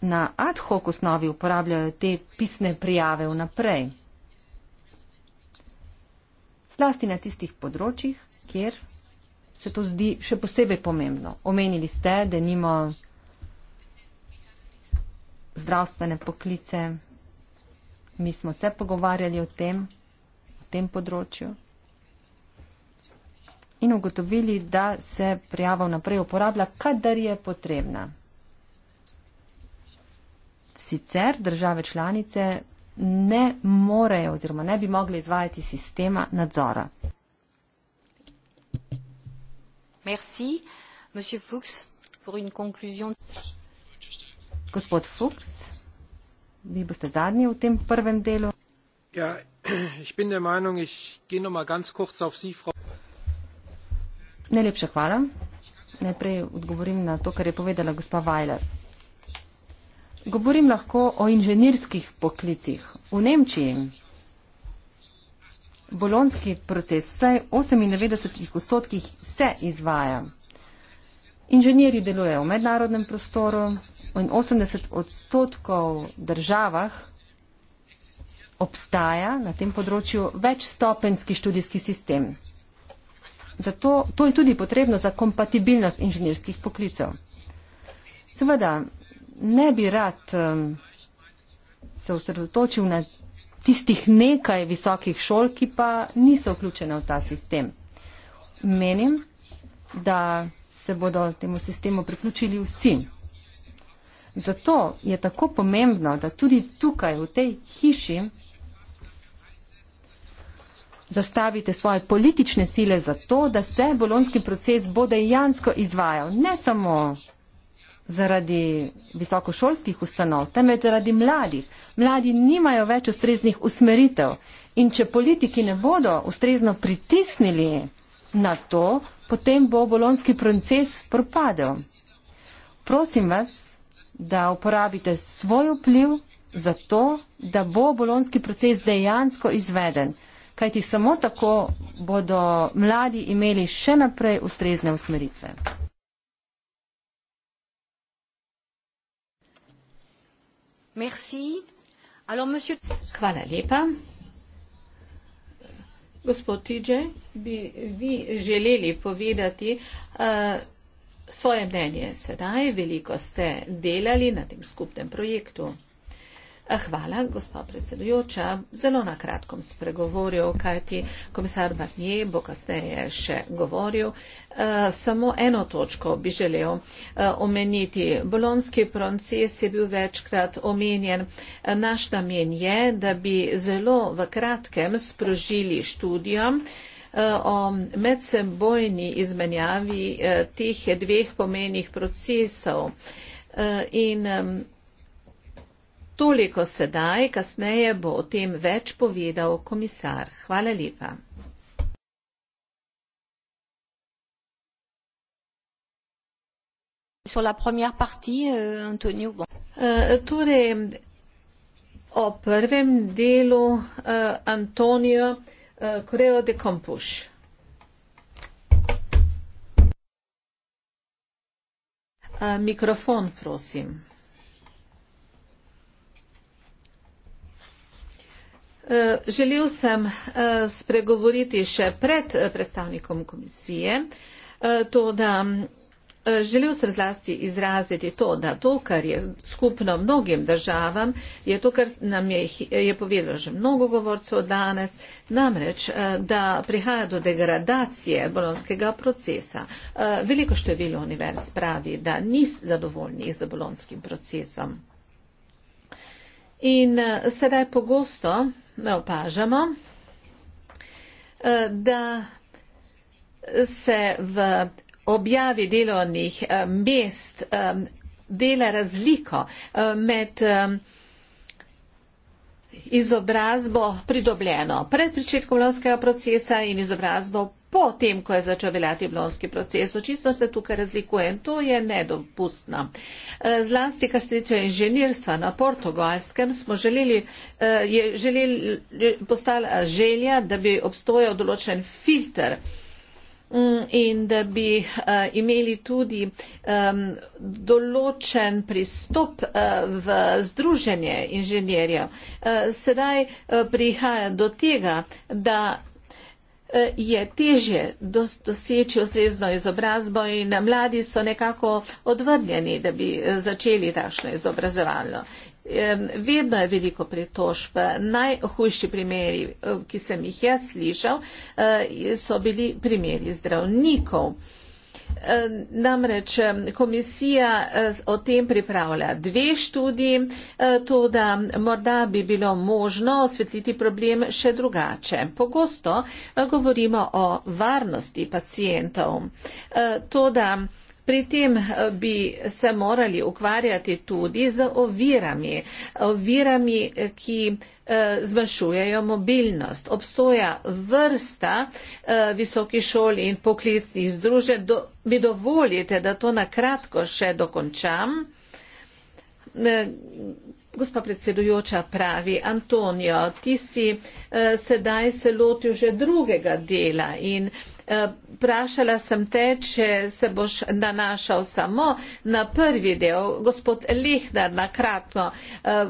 S2: na ad hoc osnovi uporabljajo te pisne prijave vnaprej. Zlasti na tistih področjih, kjer se to zdi še posebej pomembno. Omenili ste, da nimo zdravstvene poklice. Mi smo se pogovarjali o tem, o tem področju in ugotovili, da se prijava naprej uporablja, kadar je potrebna. Sicer države članice ne morejo oziroma ne bi mogli izvajati sistema nadzora.
S1: Merci, monsieur Fuchs, pour une conclusion.
S2: Gospod Fuchs, vi boste zadnji v tem prvem delu.
S1: Ja, ich bin der Meinung, ich gehe noch mal ganz kurz auf Sie, Frau.
S2: Najlepša hvala. Najprej odgovorim na to, kar je povedala gospa Weiler. Govorim lahko o inženirskih poklicih. V Nemčiji bolonski proces vsaj 98 odstotkih se izvaja. Inženirji delujejo v mednarodnem prostoru in 80 odstotkov državah obstaja na tem področju večstopenski študijski sistem. Zato to je tudi potrebno za kompatibilnost inženirskih poklicev. Seveda, ne bi rad um, se osredotočil na tistih nekaj visokih šol, ki pa niso vključene v ta sistem. Menim, da se bodo temu sistemu priključili vsi. Zato je tako pomembno, da tudi tukaj, v tej hiši, zastavite svoje politične sile za to, da se bolonski proces bo dejansko izvajal, ne samo zaradi visokošolskih ustanov, temveč zaradi mladih. Mladi nimajo več ustreznih usmeritev in če politiki ne bodo ustrezno pritisnili na to, potem bo bolonski proces propadel. Prosim vas, da uporabite svoj vpliv za to, da bo bolonski proces dejansko izveden kajti samo tako bodo mladi imeli še naprej ustrezne usmeritve.
S1: Merci. Alors, monsieur... Hvala lepa. Gospod Tiđe, bi
S3: vi želeli povedati uh, svoje mnenje sedaj, veliko ste delali na tem skupnem projektu. Eh, hvala, gospod predsedujoča. Zelo na kratkom spregovoril, kajti komisar Barnier bo kasneje še govoril. Eh, samo eno točko bi želel eh, omeniti. Bolonski proces je bil večkrat omenjen. Naš namen je, da bi zelo v kratkem sprožili študijo o medsebojni izmenjavi teh dveh pomenih procesov. In Toliko sedaj, kasneje bo o tem več povedal komisar. Hvala lepa.
S1: Euh, eh, torej, o
S3: prvem delu uh, eh, Antonijo Koreo eh, uh, de Kompuš. Uh, mikrofon, prosim. Eh, želel sem eh, spregovoriti še pred eh, predstavnikom komisije, to, da želel sem zlasti izraziti to, da to, kar je skupno mnogim državam, je to, kar nam je, je povedalo že mnogo govorcev danes, namreč, da prihaja do degradacije bolonskega procesa. Veliko število univerz pravi, da ni zadovoljnih z bolonskim procesom. In sedaj pogosto, me opažamo, eh, da se v objavi delovnih eh, mest eh, dela razliko med izobrazbo pridobljeno pred pričetkom lovskega procesa in izobrazbo potem, ko je začel veljati blonski proces. Očitno se tukaj razlikuje in to je nedopustno. E, zlasti, kar se tiče inženirstva na portugalskem, smo želeli, e, je želeli, postala želja, da bi obstojal določen filter mm, in da bi e, imeli tudi določen pristop v združenje inženirjev. Sedaj prihaja do tega, da Eh, je težje doseči ustrezno izobrazbo in mladi so nekako odvrnjeni, da bi eh, začeli takšno izobrazovanje. Vedno je veliko pritožb. Najhujši primeri, eh, ki sem jih jaz slišal, so bili primeri zdravnikov. Eh, namreč eh, komisija eh, o tem pripravlja dve študiji, to, da morda bi bilo možno osvetliti problem še drugače. Pogosto govorimo o varnosti pacijentov. To, da Pri tem eh, bi se morali ukvarjati tudi z ovirami, ovirami, eh, ki eh, zmanjšujejo mobilnost. Obstoja vrsta visoki šoli in poklicnih združenj, do, mi dovolite, da to nakratko še dokončam. Gospa predsedujoča pravi, Antonijo, ti si eh, sedaj se lotil že drugega dela in eh, Eh, Prašala sem te, če se boš nanašal samo na prvi del, gospod Lihdar, nakratno. Eh,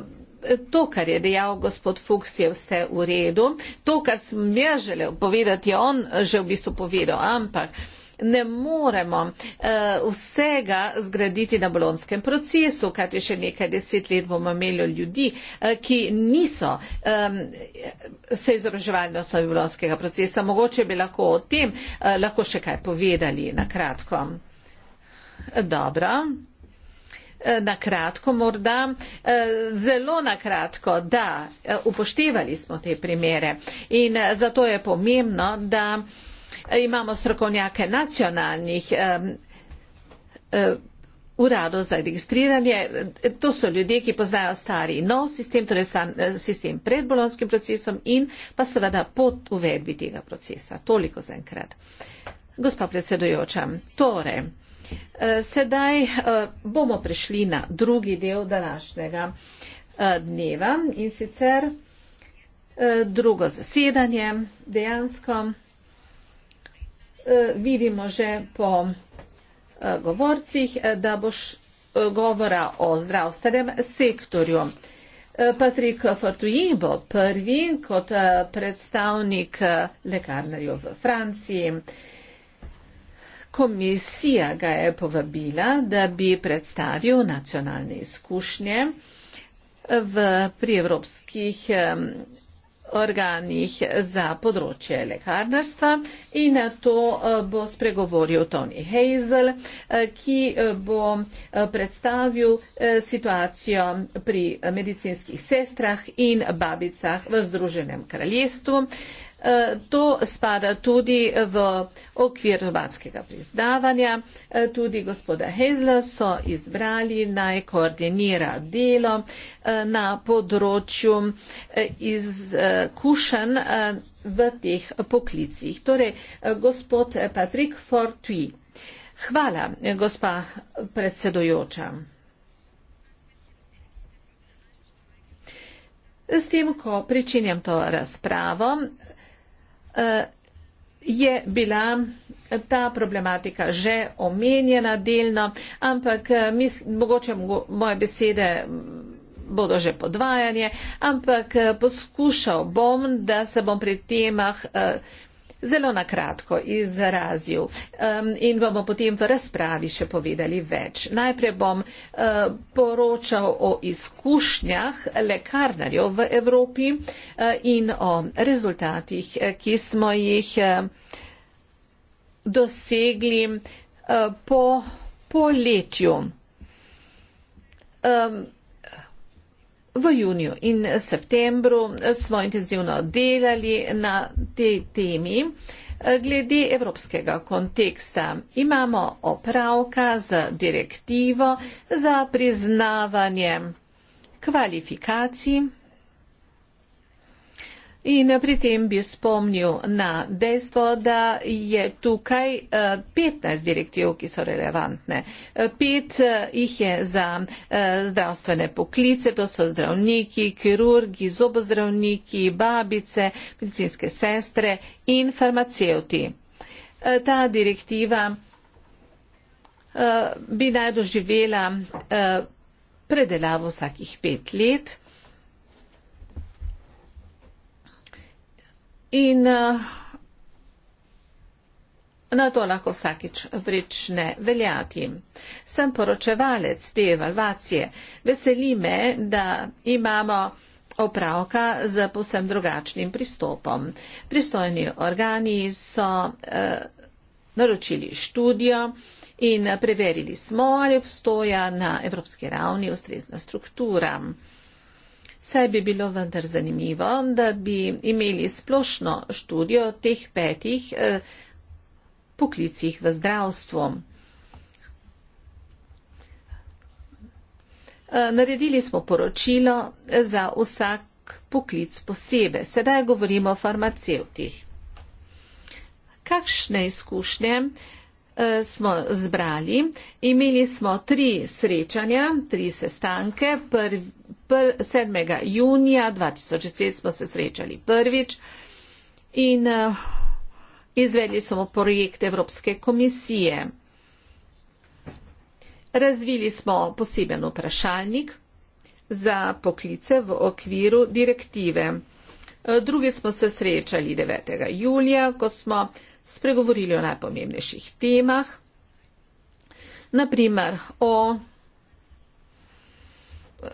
S3: to, kar je dejal gospod Fuchs, je vse v redu. To, kar sem jaz želel povedati, je on že v bistvu povedal, ampak uh, ne moremo uh, vsega zgraditi na bolonskem procesu, kajti še nekaj deset let bomo imeli ljudi, uh, ki niso um, se izobraževali na osnovi bolonskega procesa. Mogoče bi lahko o tem uh, lahko še kaj povedali na kratko. Dobro. Na kratko morda, zelo na kratko, da upoštevali smo te primere in zato je pomembno, da E, imamo strokovnjake nacionalnih e, uradov za registriranje. E, to so ljudje, ki poznajo stari in nov sistem, torej sistem pred bolonskim procesom in pa seveda po uvedbi tega procesa. Toliko za enkrat. Gospa predsedujoča, torej, sedaj bomo prišli na drugi del današnjega dneva in sicer drugo zasedanje dejansko. Eh, vidimo že po eh, govorcih, eh, da boš govora o zdravstvenem sektorju. Patrik Fortuji bo prvi kot predstavnik lekarnarjev v Franciji. Komisija ga je povabila, da bi predstavil nacionalne izkušnje v prievropskih organih za področje lekarnarstva in na to eh, bo spregovoril Tony Hazel, eh, ki eh, bo predstavil situacijo pri medicinskih sestrah in babicah v Združenem kraljestvu. Eh, to spada tudi v okvir hrvatskega priznavanja. Eh, tudi gospoda Hezla so izbrali naj koordinira delo eh, na področju izkušenj v teh poklicih. Torej, gospod Patrik Fortui. Hvala, gospa predsedujoča. S tem, ko pričinjam to razpravo, Eh, je bila ta problematika že omenjena delno, ampak eh, mis, mogoče moje besede bodo že podvajanje, ampak eh, poskušal bom, da se bom pri temah zelo na kratko izrazil um, in bomo potem v razpravi še povedali več. Najprej bom uh, poročal o izkušnjah lekarnarjev v Evropi uh, in o rezultatih, eh, ki smo jih uh, dosegli uh, po poletju. Um, V juniju in septembru smo intenzivno delali na tej temi. Glede evropskega konteksta imamo opravka z direktivo za priznavanje kvalifikacij. In pri tem bi spomnil na dejstvo, da je tukaj 15 eh, direktiv, ki so relevantne. Eh, pet eh, jih je za zdravstvene poklice, to so zdravniki, kirurgi, zobozdravniki, babice, medicinske sestre in farmacevti. Ta direktiva bi naj doživela predelavo vsakih pet let. In eh, na to lahko vsakič prične veljati. Sem poročevalec te evalvacije. Veseli me, da imamo opravka z posem drugačnim pristopom. Pristojni organi so eh, naročili študijo in preverili smo, ali obstoja na evropski ravni ustrezna struktura saj bi bilo vendar zanimivo, da bi imeli splošno študijo teh petih eh, poklicih v zdravstvu. Eh, naredili smo poročilo za vsak poklic posebej. Sedaj govorimo o farmacevtih. Kakšne izkušnje Eh, smo zbrali. Imeli smo tri srečanja, tri sestanke. Pr, pr, 7. junija 2010 smo se srečali prvič in eh, izvedli smo projekt Evropske komisije. Razvili smo poseben vprašalnik za poklice v okviru direktive. Eh, Drugi smo se srečali 9. julija, ko smo spregovorili o najpomembnejših temah, naprimer o eh,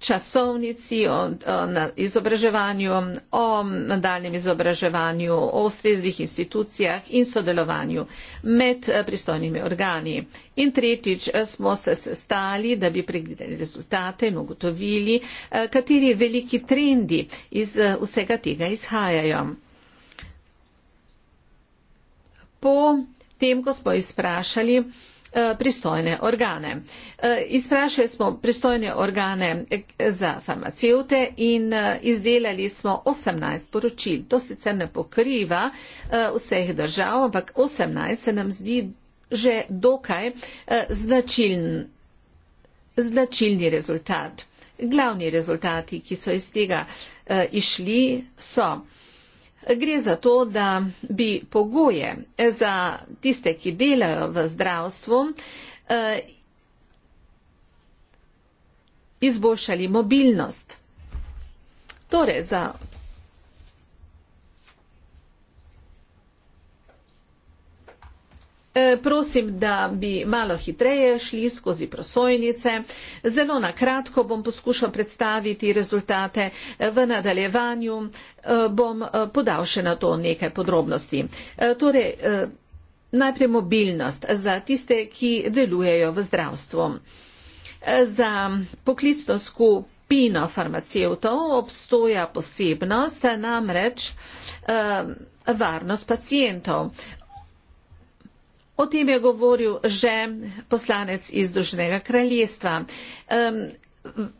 S3: časovnici, o, o izobraževanju, o nadaljem izobraževanju, o ustrezlih institucijah in sodelovanju med eh, pristojnimi organi. In tretjič eh, smo se sestali, da bi pregledali rezultate in ugotovili, kateri veliki trendi iz vsega tega izhajajo po tem, ko smo izprašali eh, pristojne organe. Eh, izprašali smo pristojne organe eh, za farmacevte in izdelali smo 18 poročil. To sicer ne pokriva vseh držav, ampak 18 se nam zdi že dokaj značiln, značilni rezultat. Glavni rezultati, ki so iz tega išli, so Gre za to, da bi pogoje za tiste, ki delajo v zdravstvu, eh, izboljšali mobilnost. Torej, za Eh, prosim, da bi malo hitreje šli skozi prosojnice. Zelo na kratko bom poskušal predstaviti rezultate. Eh, v nadaljevanju eh, bom podal še na to nekaj podrobnosti. Torej, najprej mobilnost za tiste, ki delujejo v zdravstvu. Za poklicno skupino farmacevtov obstoja posebnost, namreč varnost pacijentov. O tem je govoril že poslanec iz Združenega kraljestva. Um,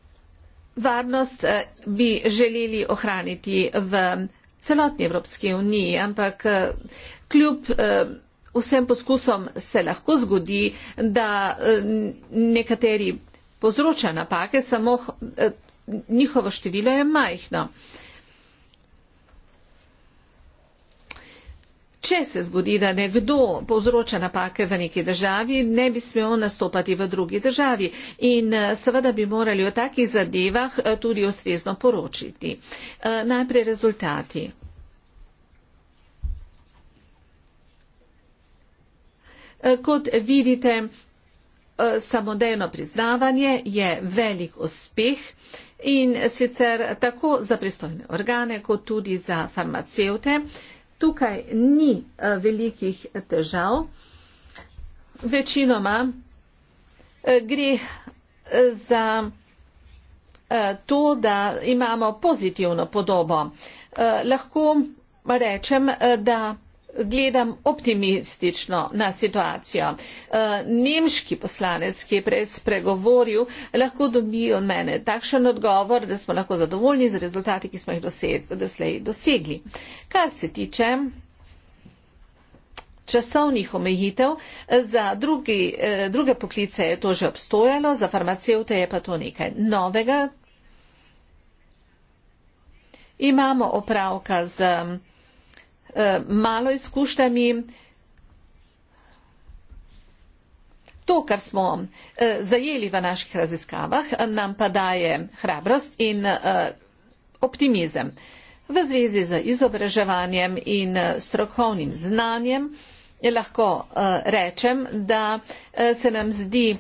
S3: varnost eh, bi želeli ohraniti v celotni Evropski uniji, ampak eh, kljub eh, vsem poskusom se lahko zgodi, da nekateri povzročajo napake, samo njihovo število je majhno. Um, Če se zgodi, da nekdo povzroča napake v neki državi, ne bi smel nastopati v drugi državi in eh, seveda bi morali o takih zadevah eh, tudi ustrezno poročiti. Eh, najprej rezultati. Kot vidite, samodejno priznavanje je velik uspeh in sicer tako za pristojne organe kot tudi za farmacevte tukaj ni eh, velikih eh, težav. Večinoma eh, gre za to, da imamo pozitivno podobo. Lahko rečem, da gledam optimistično na situacijo. Eh, nemški poslanec, ki je prej spregovoril, lahko dobi od mene takšen odgovor, da smo lahko zadovoljni z rezultati, ki smo jih doslej dosegli. Kar se tiče časovnih omejitev, eh, za drugi, eh, druge poklice je to že obstojalo, za farmacevte je pa to nekaj novega. Imamo opravka z. Eh, malo izkušnjami. To, kar smo eh, zajeli v naših raziskavah, nam pa daje hrabrost in eh, optimizem. V zvezi z izobraževanjem in strokovnim znanjem lahko rečem, da se nam zdi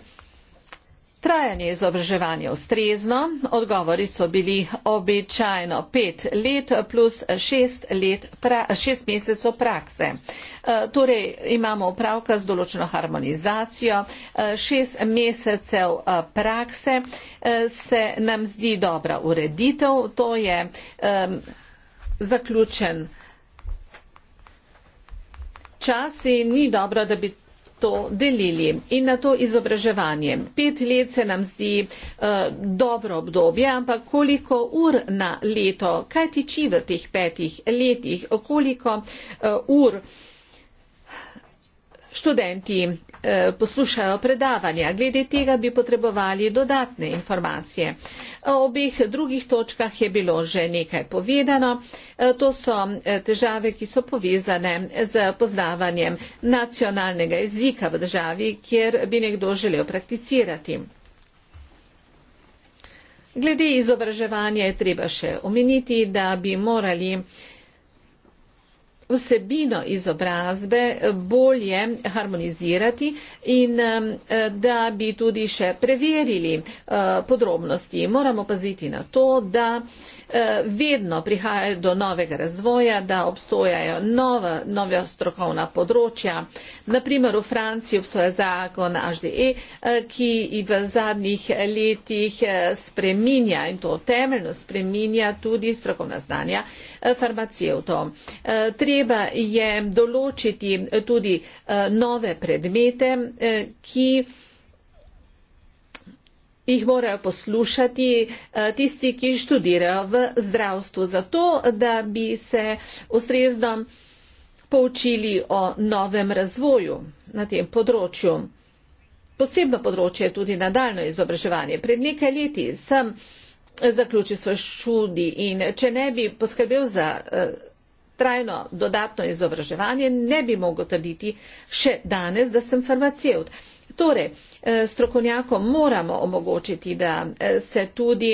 S3: Trajanje izobraževanja ustrezno, odgovori so bili običajno pet let plus šest, let pra, šest mesecov prakse. E, torej imamo upravka z določeno harmonizacijo, e, šest mesecev e, prakse e, se nam zdi dobra ureditev, to je e, zaključen čas in ni dobro, da bi to delili in na to izobraževanje. Pet let se nam zdi uh, dobro obdobje, ampak koliko ur na leto, kaj tiči v teh petih letih, koliko uh, ur študenti Eh, poslušajo predavanja. Glede tega bi potrebovali dodatne informacije. O obeh drugih točkah je bilo že nekaj povedano. Eh, to so eh, težave, ki so povezane z poznavanjem nacionalnega jezika v državi, kjer bi nekdo želel prakticirati. Glede izobraževanja je treba še omeniti, da bi morali vsebino izobrazbe bolje harmonizirati in um, da bi tudi še preverili uh, podrobnosti. Moramo paziti na to, da uh, vedno prihaja do novega razvoja, da obstojajo nova, nova strokovna področja. Naprimer, v Franciji obstoja zakon HDE, uh, ki v zadnjih letih spreminja in to temeljno spreminja tudi strokovna znanja farmacijev treba je določiti eh, tudi eh, nove predmete, eh, ki jih morajo poslušati tisti, ki študirajo v zdravstvu, zato da bi se ustrezno poučili o novem razvoju na tem področju. Posebno področje je tudi nadaljno izobraževanje. Pred nekaj leti sem zaključil svoj študij in če ne bi poskrbel za trajno dodatno izobraževanje, ne bi mogel trditi še danes, da sem farmacevt. Torej, eh, strokovnjakom moramo omogočiti, da eh, se tudi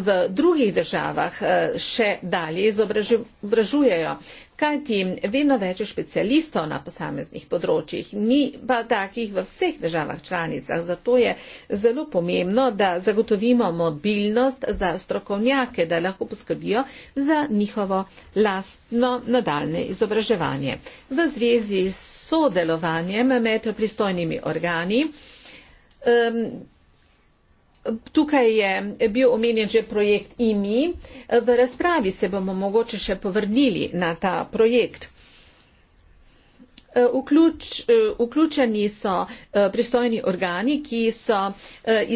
S3: v drugih državah eh, še dalje izobražujejo kajti vedno več je specialistov na posameznih področjih, ni pa takih v vseh državah članicah. Zato je zelo pomembno, da zagotovimo mobilnost za strokovnjake, da lahko poskrbijo za njihovo lastno nadaljne izobraževanje. V zvezi s sodelovanjem med pristojnimi organi. Um, Tukaj je bil omenjen že projekt IMI. V razpravi se bomo mogoče še povrnili na ta projekt. Eh, vključ, eh, vključeni so eh, pristojni organi, ki so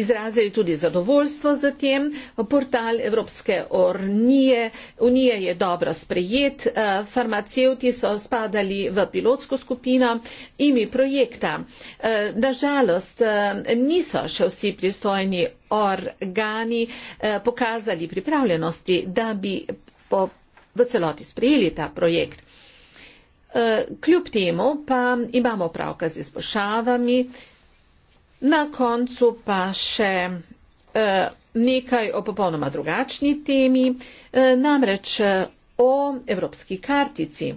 S3: izrazili tudi zadovoljstvo za tem. Portal Evropske Ornije, unije je dobro sprejet, farmacevti so spadali v pilotsko skupino imi projekta. Nažalost, niso še vsi pristojni organi pokazali pripravljenosti, da bi po v celoti sprejeli ta projekt. E, kljub temu pa imamo pravka z izboljšavami, na koncu pa še e, nekaj o popolnoma drugačni temi, e, namreč o evropski kartici.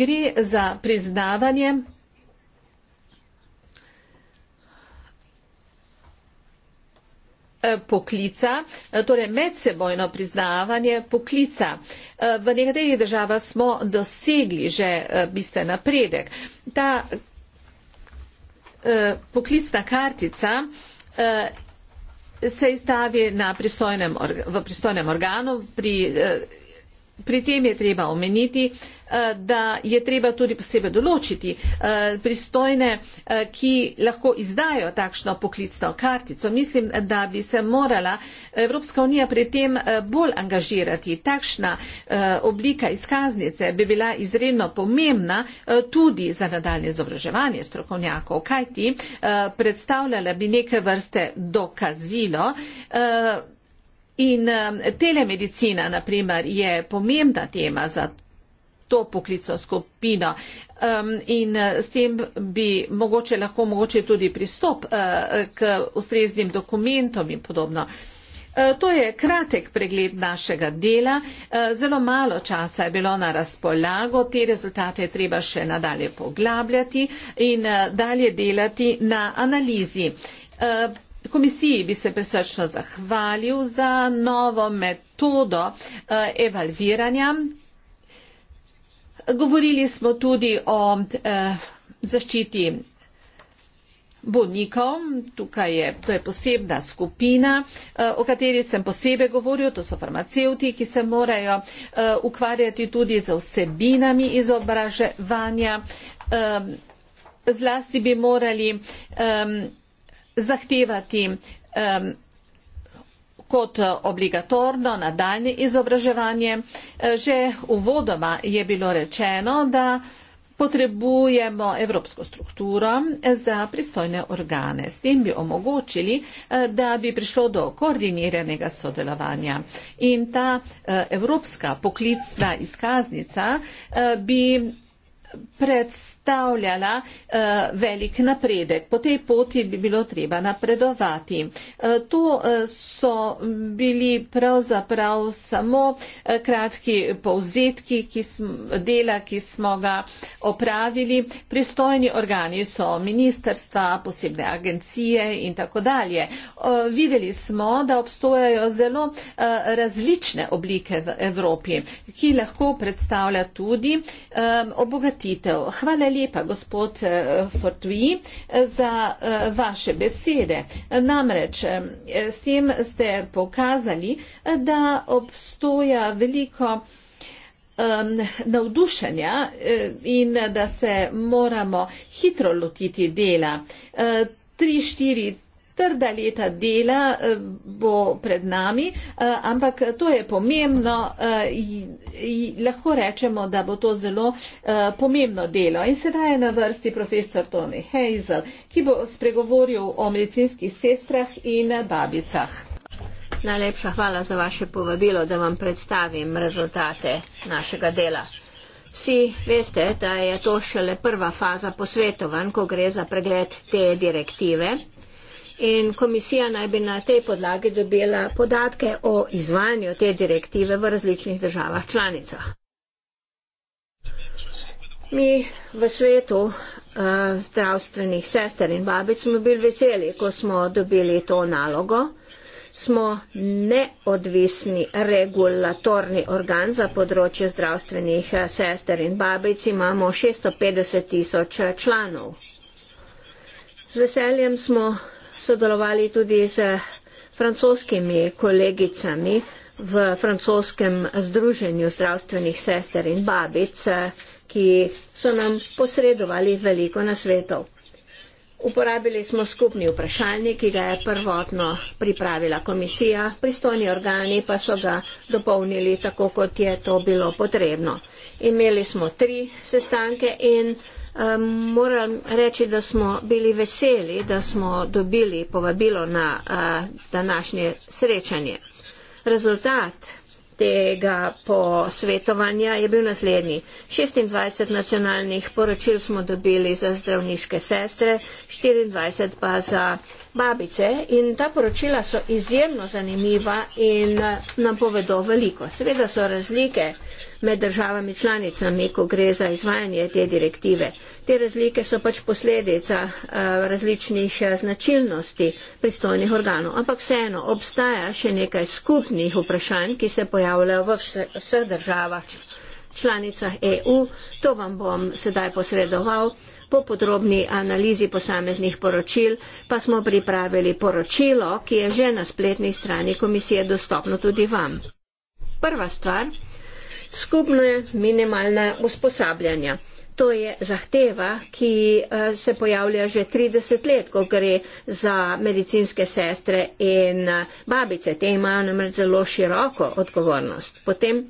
S3: Gre za priznavanje Eh, poklica, eh, torej medsebojno priznavanje poklica. Eh, v nekaterih državah smo dosegli že bistven napredek. Ta poklicna kartica se izstavi v pristojnem organu pri Pri tem je treba omeniti, eh, da je treba tudi posebej določiti eh, pristojne, eh, ki lahko izdajo takšno poklicno kartico. Mislim, da bi se morala Evropska unija pri tem bolj angažirati. Takšna oblika izkaznice bi bila izredno pomembna tudi za nadaljne izobraževanje strokovnjakov, kajti predstavljala bi neke vrste dokazilo In um, telemedicina, naprimer, je pomembna tema za to poklico skupino um, in uh, s tem bi mogoče lahko mogoče tudi pristop uh, k ustreznim dokumentom in podobno. Uh, to je kratek pregled našega dela. Uh, zelo malo časa je bilo na razpolago, te rezultate je treba še nadalje poglabljati in dalje delati na analizi. Komisiji bi se presrečno zahvalil za novo metodo eh, evalviranja. Govorili smo tudi o eh, zaščiti bolnikov, tukaj je, to je posebna skupina, eh, o kateri sem posebej govoril, to so farmacevti, ki se morajo ukvarjati tudi z vsebinami izobraževanja. Zlasti bi morali um, zahtevati um, kot eh, obligatorno nadaljne izobraževanje. Eh, že uvodoma je bilo rečeno, da potrebujemo evropsko strukturo eh, za pristojne organe. S tem bi omogočili, da bi prišlo do koordiniranega sodelovanja. In ta evropska poklicna izkaznica bi predstavljala predstavljala eh, velik napredek. Po tej poti bi bilo treba napredovati. Eh, to eh, so bili pravzaprav samo kratki povzetki ki smo, dela, ki smo ga opravili. Pristojni organi so ministerstva, posebne agencije in tako dalje. Videli smo, da obstojajo zelo različne oblike v Evropi, ki lahko predstavlja tudi obogatitev. Hvala lepa, gospod eh, Fortui, eh, za eh, vaše besede. Namreč, s tem ste pokazali, da obstoja veliko navdušenja in da se moramo hitro lotiti dela. 3, 4, trda leta dela eh, bo pred nami, eh, ampak to je pomembno. Eh, lahko rečemo, da bo to zelo pomembno delo. In sedaj je na vrsti profesor Tony Hazel, ki
S4: bo spregovoril o medicinskih sestrah in babicah. Najlepša hvala za vaše povabilo, da vam predstavim rezultate našega dela. Vsi veste, da je to šele prva faza posvetovanj, ko gre za pregled te direktive in komisija naj bi na tej podlagi dobila podatke o izvanju te direktive v različnih državah članicah. Mi v svetu uh, zdravstvenih sester in babic smo bili veseli, ko smo dobili to nalogo. Smo neodvisni regulatorni organ za področje zdravstvenih eh, sester in babic. Imamo 650 tisoč eh, članov. Z veseljem smo sodelovali tudi z francoskimi kolegicami v francoskem združenju zdravstvenih sester in babic, ki so nam posredovali veliko nasvetov. Uporabili smo skupni vprašalnik, ki ga je prvotno pripravila komisija, pristojni organi pa so ga dopolnili tako, kot je to bilo potrebno. Imeli smo tri sestanke in Um, moram reči, da smo bili veseli, da smo dobili povabilo na uh, današnje srečanje. Rezultat tega posvetovanja je bil naslednji. 26 nacionalnih poročil smo dobili za zdravniške sestre, 24 pa za babice in ta poročila so izjemno zanimiva in eh, nam povedo veliko. Seveda so razlike med državami članicami, ko gre za izvajanje te direktive. Te razlike so pač posledica eh, različnih eh, značilnosti pristojnih organov, ampak vseeno obstaja še nekaj skupnih vprašanj, ki se pojavljajo v vseh državah članicah EU. To vam bom sedaj posredoval. Po podrobni analizi posameznih poročil pa smo pripravili poročilo, ki je že na spletni strani komisije dostopno tudi vam. Prva stvar, skupne minimalne usposabljanja. To je zahteva, ki eh, se pojavlja že 30 let, ko gre za medicinske sestre in eh, babice. Te imajo namreč zelo široko odgovornost. Potem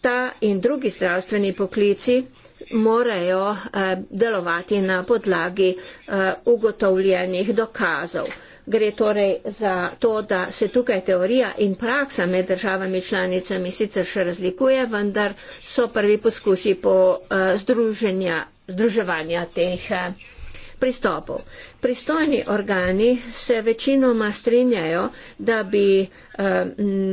S4: ta in drugi zdravstveni poklici morajo eh, delovati na podlagi ugotovljenih dokazov. Gre torej za to, da se tukaj teorija in praksa med državami članicami sicer še razlikuje, vendar so prvi poskusi po eh, združenja, združevanja teh eh, pristopov. Pristojni organi se večinoma strinjajo, da bi eh,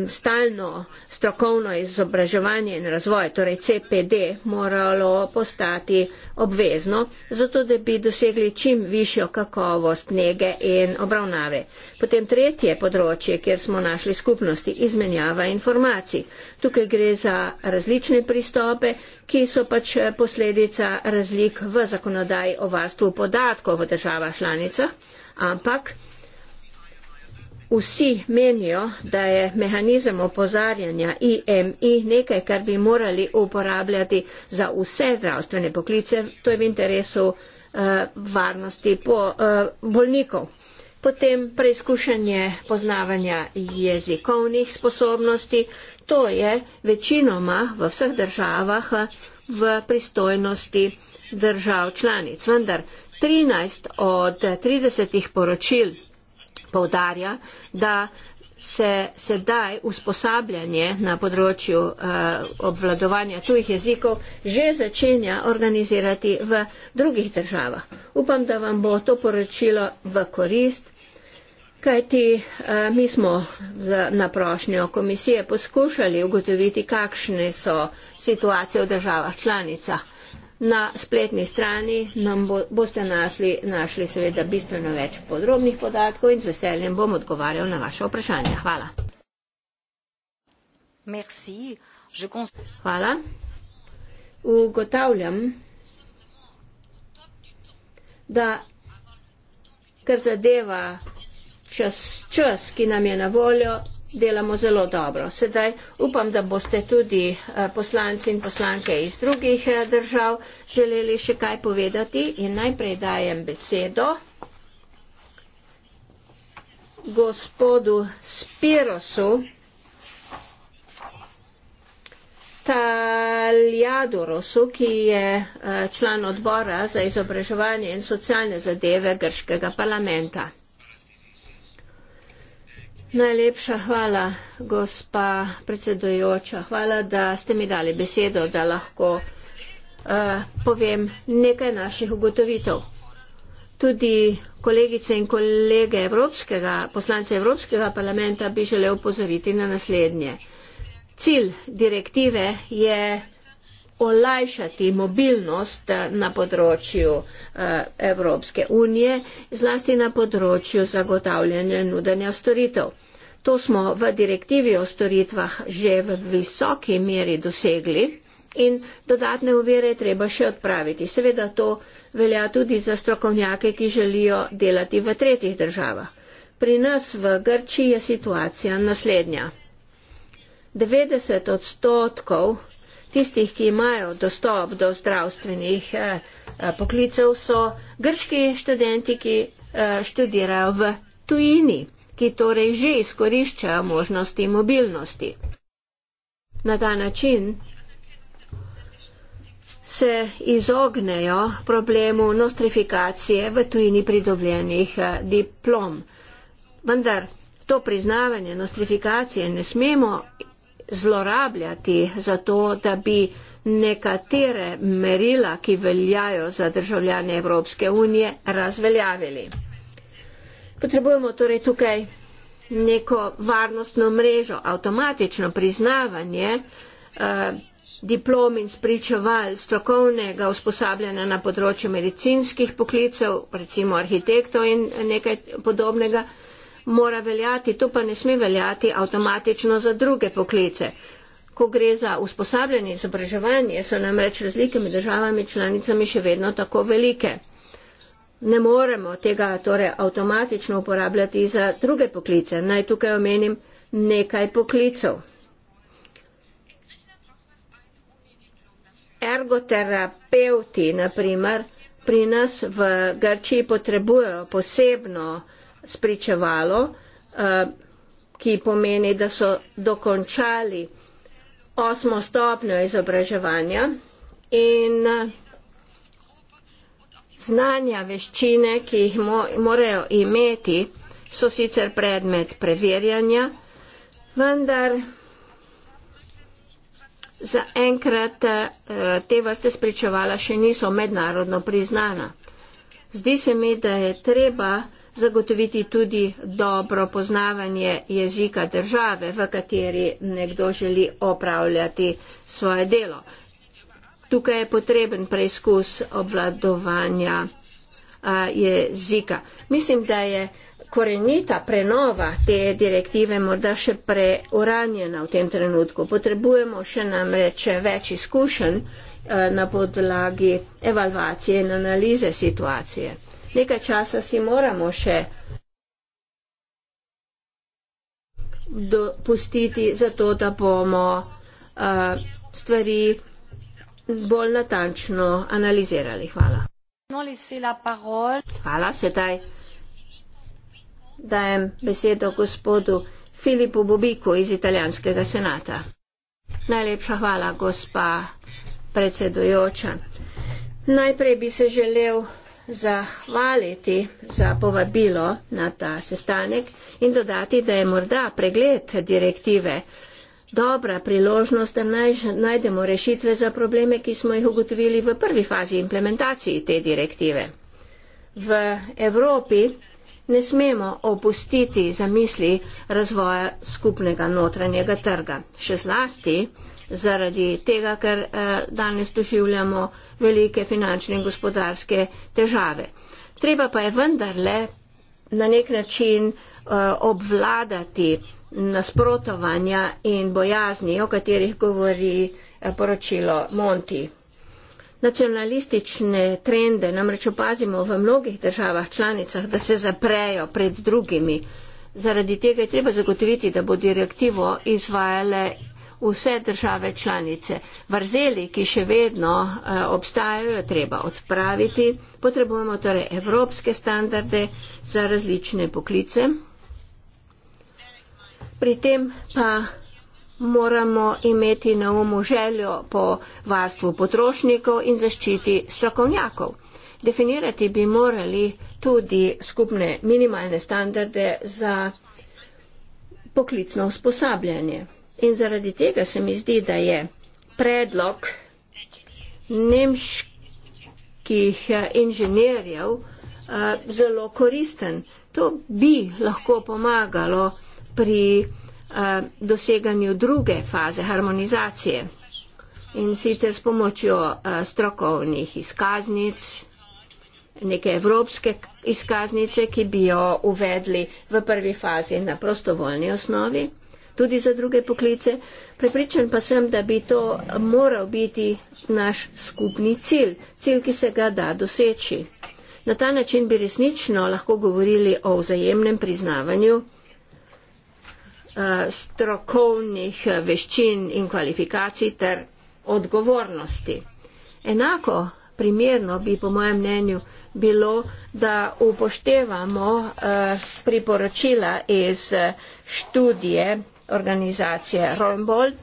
S4: stalno strokovno izobraževanje in razvoj, torej CPD, moralo postati obvezno, zato da bi dosegli čim višjo kakovost nege in obravnave. Potem tretje področje, kjer smo našli skupnosti, izmenjava informacij. Tukaj gre za različne pristope, ki so pač eh, posledica razlik v zakonodaji o varstvu podatkov v državah članicah članicah, ampak vsi menijo, da je mehanizem opozarjanja IMI nekaj, kar bi morali uporabljati za vse zdravstvene poklice, to je v interesu uh, varnosti po, uh, bolnikov. Potem preizkušanje poznavanja jezikovnih sposobnosti, to je večinoma v vseh državah eh, v pristojnosti držav članic. Vendar 13 od 30 poročil povdarja, da se sedaj usposabljanje na področju uh, obvladovanja tujih jezikov že začenja organizirati v drugih državah. Upam, da vam bo to poročilo v korist, kajti uh, mi smo za, na prošnjo komisije poskušali ugotoviti, kakšne so situacije v državah članicah. Na spletni strani nam bo, boste nasli, našli seveda bistveno več podrobnih podatkov in z veseljem bom odgovarjal na vaše vprašanje. Hvala.
S1: Merci. Je const...
S4: Hvala. Ugotavljam, da kar zadeva čas, čas, ki nam je na voljo, delamo zelo dobro. Sedaj upam, da boste tudi eh, poslanci in poslanke iz drugih eh, držav želeli še kaj povedati in najprej dajem besedo gospodu Spirosu Taljadorosu, ki je eh, član odbora za izobraževanje in socialne zadeve Grškega parlamenta. Najlepša hvala, gospa predsedujoča. Hvala, da ste mi dali besedo, da lahko uh, povem nekaj naših ugotovitev. Tudi kolegice in kolege Evropskega, poslance Evropskega parlamenta bi želel upozoriti na naslednje. Cilj direktive je olajšati mobilnost eh, na področju eh, Evropske unije, zlasti na področju zagotavljanja in nudanja storitev. To smo v direktivi o storitvah že v visoki meri dosegli in dodatne uvere treba še odpraviti. Seveda to velja tudi za strokovnjake, ki želijo delati v tretjih državah. Pri nas v Grčiji je situacija naslednja. 90 odstotkov tistih, ki imajo dostop do zdravstvenih eh, eh, poklicev, so grški študenti, ki eh, študirajo v tujini, ki torej že izkoriščajo možnosti mobilnosti. Na ta način se izognejo problemu nostrifikacije v tujini pridobljenih diplom. Vendar to priznavanje nostrifikacije ne smemo zlorabljati za to, da bi nekatere merila, ki veljajo za državljanje Evropske unije, razveljavili. Potrebujemo torej tukaj neko varnostno mrežo, avtomatično priznavanje eh, diplom in spričeval strokovnega usposabljanja na področju medicinskih poklicev, recimo arhitektov in nekaj podobnega mora veljati, to pa ne sme veljati avtomatično za druge poklice. Ko gre za usposabljanje in izobraževanje, so namreč razlike med državami članicami še vedno tako velike. Ne moremo tega torej avtomatično uporabljati za druge poklice. Naj tukaj omenim nekaj poklicev. Ergoterapeuti, naprimer, pri nas v Grčiji potrebujejo posebno spričevalo, eh, ki pomeni, da so dokončali osmo stopnjo izobraževanja in eh, znanja veščine, ki jih morajo imeti, so sicer predmet preverjanja, vendar za enkrat eh, te vrste spričevala še niso mednarodno priznana. Zdi se mi, da je treba zagotoviti tudi dobro poznavanje jezika države, v kateri nekdo želi opravljati svoje delo. Tukaj je potreben preizkus obvladovanja a, jezika. Mislim, da je korenita prenova te direktive morda še preuranjena v tem trenutku. Potrebujemo še namreč več izkušenj a, na podlagi evalvacije in analize situacije. Nekaj časa si moramo še dopustiti za to, da bomo uh, stvari bolj natančno analizirali. Hvala. Hvala, sedaj dajem besedo gospodu Filipu Bobiku iz italijanskega senata. Najlepša hvala, gospa predsedujoča. Najprej bi se želel zahvaliti za povabilo na ta sestanek in dodati, da je morda pregled direktive dobra priložnost, da najdemo rešitve za probleme, ki smo jih ugotovili v prvi fazi implementaciji te direktive. V Evropi ne smemo opustiti zamisli razvoja skupnega notranjega trga. Še zlasti zaradi tega, ker eh, danes doživljamo velike finančne in gospodarske težave. Treba pa je vendarle na nek način eh, obvladati nasprotovanja in bojazni, o katerih govori eh, poročilo Monti. Nacionalistične trende namreč opazimo v mnogih državah članicah, da se zaprejo pred drugimi. Zaradi tega je treba zagotoviti, da bo direktivo izvajale vse države članice. Vrzeli, ki še vedno eh, obstajajo, treba odpraviti. Potrebujemo torej evropske standarde za različne poklice. Pri tem pa moramo imeti na umu željo po varstvu potrošnikov in zaščiti strokovnjakov. Definirati bi morali tudi skupne minimalne standarde za poklicno usposabljanje. In zaradi tega se mi zdi, da je predlog nemških eh, inženirjev eh, zelo koristen. To bi lahko pomagalo pri eh, doseganju druge faze harmonizacije in sicer s pomočjo strokovnih izkaznic, neke evropske izkaznice, ki bi jo uvedli v prvi fazi na prostovoljni osnovi tudi za druge poklice. Prepričan pa sem, da bi to moral biti naš skupni cilj, cilj, ki se ga da doseči. Na ta način bi resnično lahko govorili o vzajemnem priznavanju eh, strokovnih veščin in kvalifikacij ter odgovornosti. Enako primerno bi po mojem mnenju bilo, da upoštevamo eh, priporočila iz eh, študije organizacije Rombold,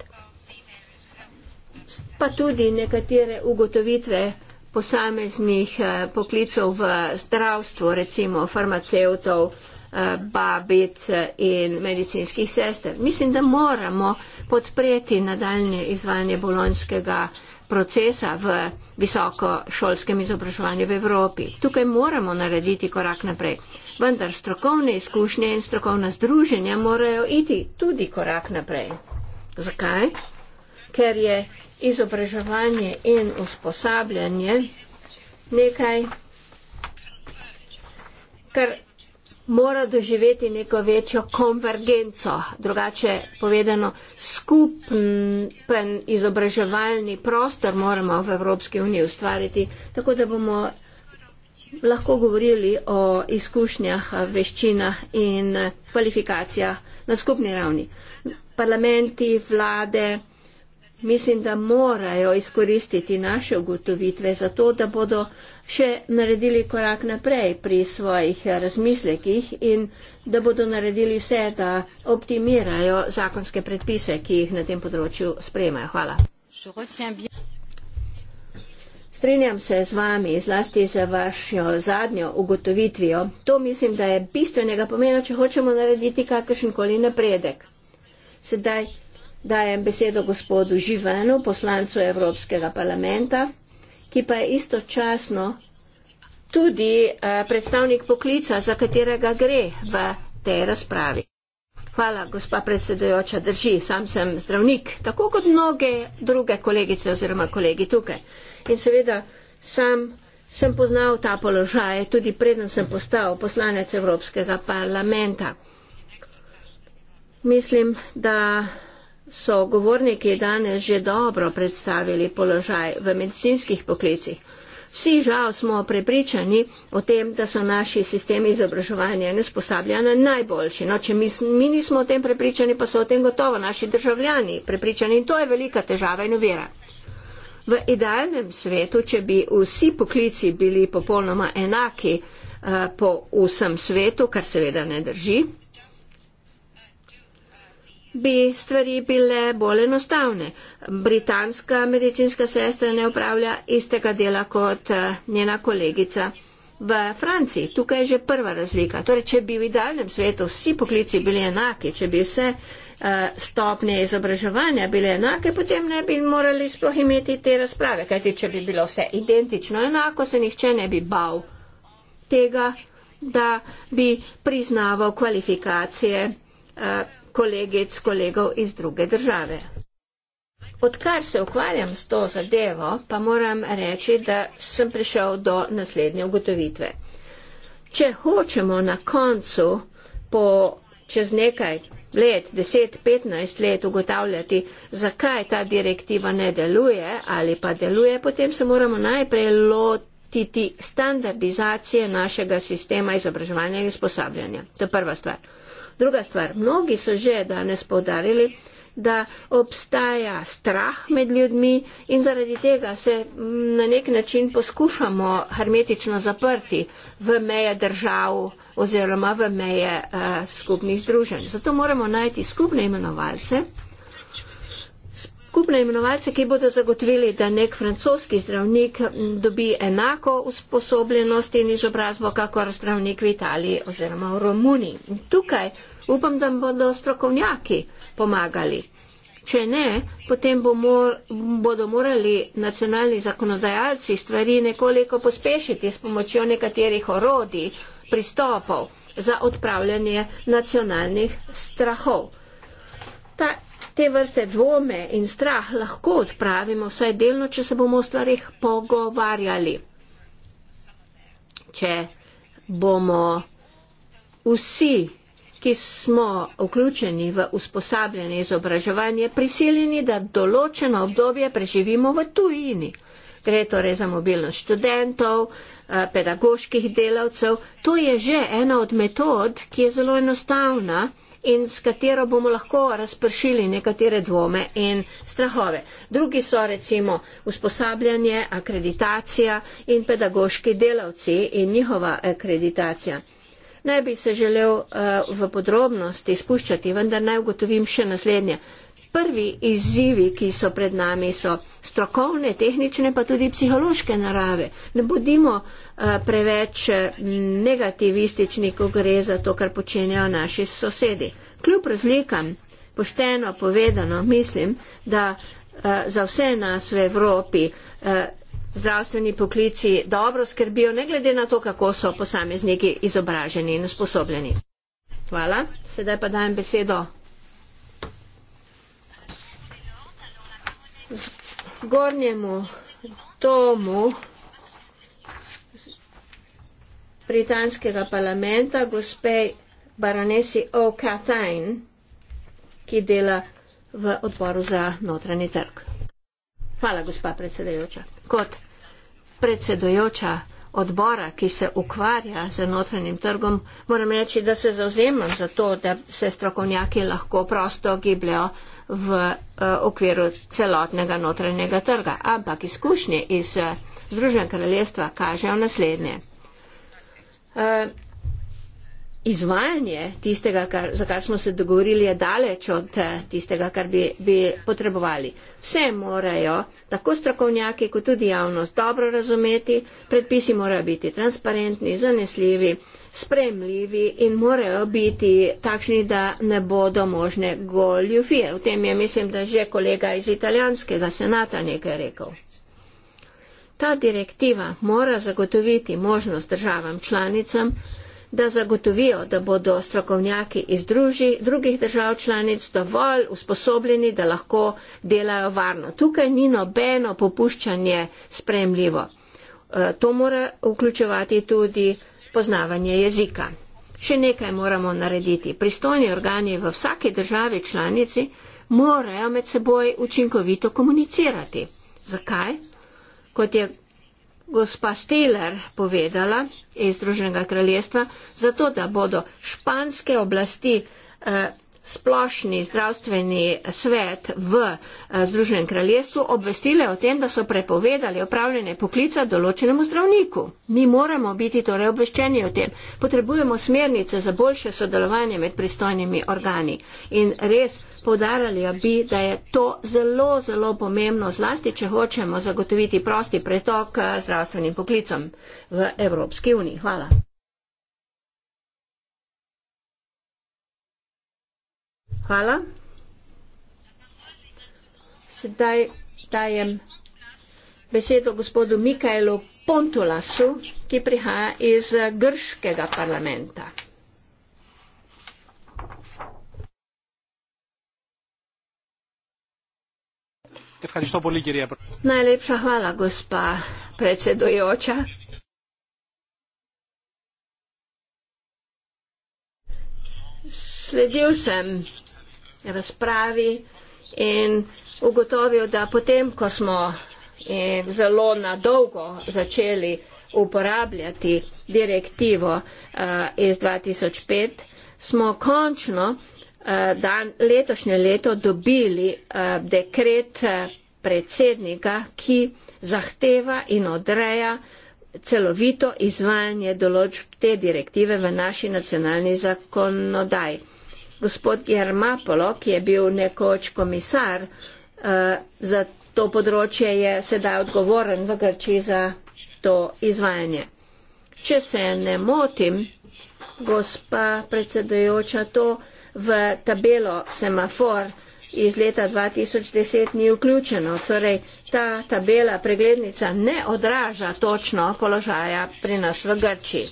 S4: pa tudi nekatere ugotovitve posameznih eh, poklicov v zdravstvu, recimo farmacevtov, eh, babic eh, in medicinskih sester. Mislim, da moramo podpreti nadaljne izvajanje bolonskega procesa v visokošolskem izobraževanju v Evropi. Tukaj moramo narediti korak naprej. Vendar strokovne izkušnje in strokovna združenja morajo iti tudi korak naprej. Zakaj? Ker je izobraževanje in usposabljanje nekaj, kar mora doživeti neko večjo konvergenco, drugače povedano, skupen izobraževalni prostor moramo v Evropski uniji ustvariti, tako da bomo lahko govorili o izkušnjah, veščinah in kvalifikacijah na skupni ravni. Parlamenti, vlade, mislim, da morajo izkoristiti naše ugotovitve za to, da bodo še naredili korak naprej pri svojih eh, razmislekih in da bodo naredili vse, da optimirajo zakonske predpise, ki jih na tem področju sprejemajo. Hvala. Strenjam se z vami, zlasti za vašo zadnjo ugotovitvijo. To mislim, da je bistvenega pomena, če hočemo narediti kakršenkoli napredek. Sedaj dajem besedo gospodu Živanu, poslancu Evropskega parlamenta, ki pa je istočasno tudi eh, predstavnik poklica, za katerega gre v tej razpravi. Hvala, gospa predsedojoča, drži, sam sem zdravnik, tako kot mnoge druge kolegice oziroma kolegi tukaj. In seveda sam sem poznal ta položaj, tudi preden sem postal poslanec Evropskega parlamenta. Mislim, da so govorniki danes že dobro predstavili položaj v medicinskih poklicih. Vsi žal smo prepričani o tem, da so naši sistemi izobraževanja in usposabljanja najboljši. No, če mi, mi nismo o tem prepričani, pa so o tem gotovo naši državljani prepričani in to je velika težava in uvira. V idealnem svetu, če bi vsi poklici bili popolnoma enaki eh, po vsem svetu, kar seveda ne drži, bi stvari bile bolj enostavne. Britanska medicinska sestra ne upravlja istega dela kot eh, njena kolegica v Franciji. Tukaj je že prva razlika. Torej, če bi v idealnem svetu vsi poklici bili enaki, če bi vse eh, stopnje izobraževanja bile enake, potem ne bi morali sploh imeti te razprave, kajti če bi bilo vse identično enako, se nihče ne bi bal tega, da bi priznaval kvalifikacije eh, kolegic, kolegov iz druge države. Odkar se ukvarjam s to zadevo, pa moram reči, da sem prišel do naslednje ugotovitve. Če hočemo na koncu, po čez nekaj let, 10-15 let ugotavljati, zakaj ta direktiva ne deluje ali pa deluje, potem se moramo najprej lotiti standardizacije našega sistema izobraževanja in izposabljanja. To je prva stvar. Druga stvar, mnogi so že danes povdarili, da obstaja strah med ljudmi in zaradi tega se mm, na nek način poskušamo hermetično zaprti v meje držav oziroma v meje uh, skupnih združenj. Zato moramo najti skupne imenovalce skupne imenovalce, ki bodo zagotovili, da nek francoski zdravnik dobi enako usposobljenost in izobrazbo, kakor zdravnik v Italiji oziroma v Romuniji. Tukaj upam, da bodo strokovnjaki pomagali. Če ne, potem bo mor, bodo morali nacionalni zakonodajalci stvari nekoliko pospešiti s pomočjo nekaterih orodij, pristopov za odpravljanje nacionalnih strahov. Ta Te vrste dvome in strah lahko odpravimo vsaj delno, če se bomo o stvarih pogovarjali. Če bomo vsi, ki smo vključeni v usposabljanje izobraževanje, prisiljeni, da določeno obdobje preživimo v tujini. Gre torej za mobilnost študentov, eh, pedagoških delavcev. To je že ena od metod, ki je zelo enostavna in s katero bomo lahko razpršili nekatere dvome in strahove. Drugi so recimo usposabljanje, akreditacija in pedagoški delavci in njihova akreditacija. Ne bi se želel uh, v podrobnosti spuščati, vendar naj ugotovim še naslednje prvi izzivi, ki so pred nami, so strokovne, tehnične, pa tudi psihološke narave. Ne bodimo eh, preveč eh, negativistični, ko gre za to, kar počenjajo naši sosedi. Kljub razlikam, pošteno povedano, mislim, da eh, za vse nas v Evropi zdravstveni poklici dobro skrbijo, ne glede na to, kako so posamezniki izobraženi in usposobljeni. Hvala. Sedaj pa dajem besedo zgornjemu domu britanskega parlamenta, gospe baronesi O'Cathain, ki dela v odboru za notranji trg. Hvala, gospa predsedujoča. Kot predsedujoča odbora, ki se ukvarja z notranjim trgom, moram reči, da se zauzemam za to, da se strokovnjaki lahko prosto gibljajo v eh, okviru celotnega notranjega trga. Ampak izkušnje iz eh, Združenega kraljestva kažejo naslednje. Eh, izvajanje tistega, kar, za kar smo se dogovorili, je daleč od eh, tistega, kar bi, bi potrebovali. Vse morajo, tako strokovnjaki, kot tudi javnost, dobro razumeti, predpisi morajo biti transparentni, zanesljivi, spremljivi in morajo biti takšni, da ne bodo možne goljufije. V tem je, mislim, da že kolega iz italijanskega senata nekaj rekel. Ta direktiva mora zagotoviti možnost državam članicam, da zagotovijo, da bodo strokovnjaki iz druži, drugih držav članic dovolj usposobljeni, da lahko delajo varno. Tukaj ni nobeno popuščanje spremljivo. E, to mora vključevati tudi poznavanje jezika. Še nekaj moramo narediti. Pristojni organi v vsaki državi članici morajo med seboj učinkovito komunicirati. Zakaj? Kot je gospa Steler povedala iz Združenega kraljestva, zato da bodo španske oblasti eh, splošni zdravstveni svet v eh, Združenem kraljestvu obvestile o tem, da so prepovedali opravljanje poklica določenemu zdravniku. Mi moramo biti torej obveščeni o tem. Potrebujemo smernice za boljše sodelovanje med pristojnimi organi. In res, podarali bi, da je to zelo, zelo pomembno, zlasti, če hočemo zagotoviti prosti pretok eh, zdravstvenim poklicom v Evropski uniji. Hvala. Hvala. Sedaj dajem besedo gospodu Mikaelu Pontulasu, ki prihaja iz grškega parlamenta.
S1: Ευχαριστώ πολύ κυρία
S4: Πρόεδρε. Sledil sem razpravi in ugotovil, da potem, ko smo eh, zelo na dolgo začeli uporabljati direktivo eh, iz 2005, smo končno Eh, dan letošnje leto dobili eh, dekret eh, predsednika, ki zahteva in odreja celovito izvajanje določb te direktive v naši nacionalni zakonodaj. Gospod Germapolo, ki je bil nekoč komisar za to področje, je sedaj odgovoren v Grči za to izvajanje. Če se ne motim, gospa predsedajoča, to v tabelo semafor iz leta 2010 ni vključeno. Torej, ta tabela preglednica ne odraža točno položaja pri nas v Grčiji.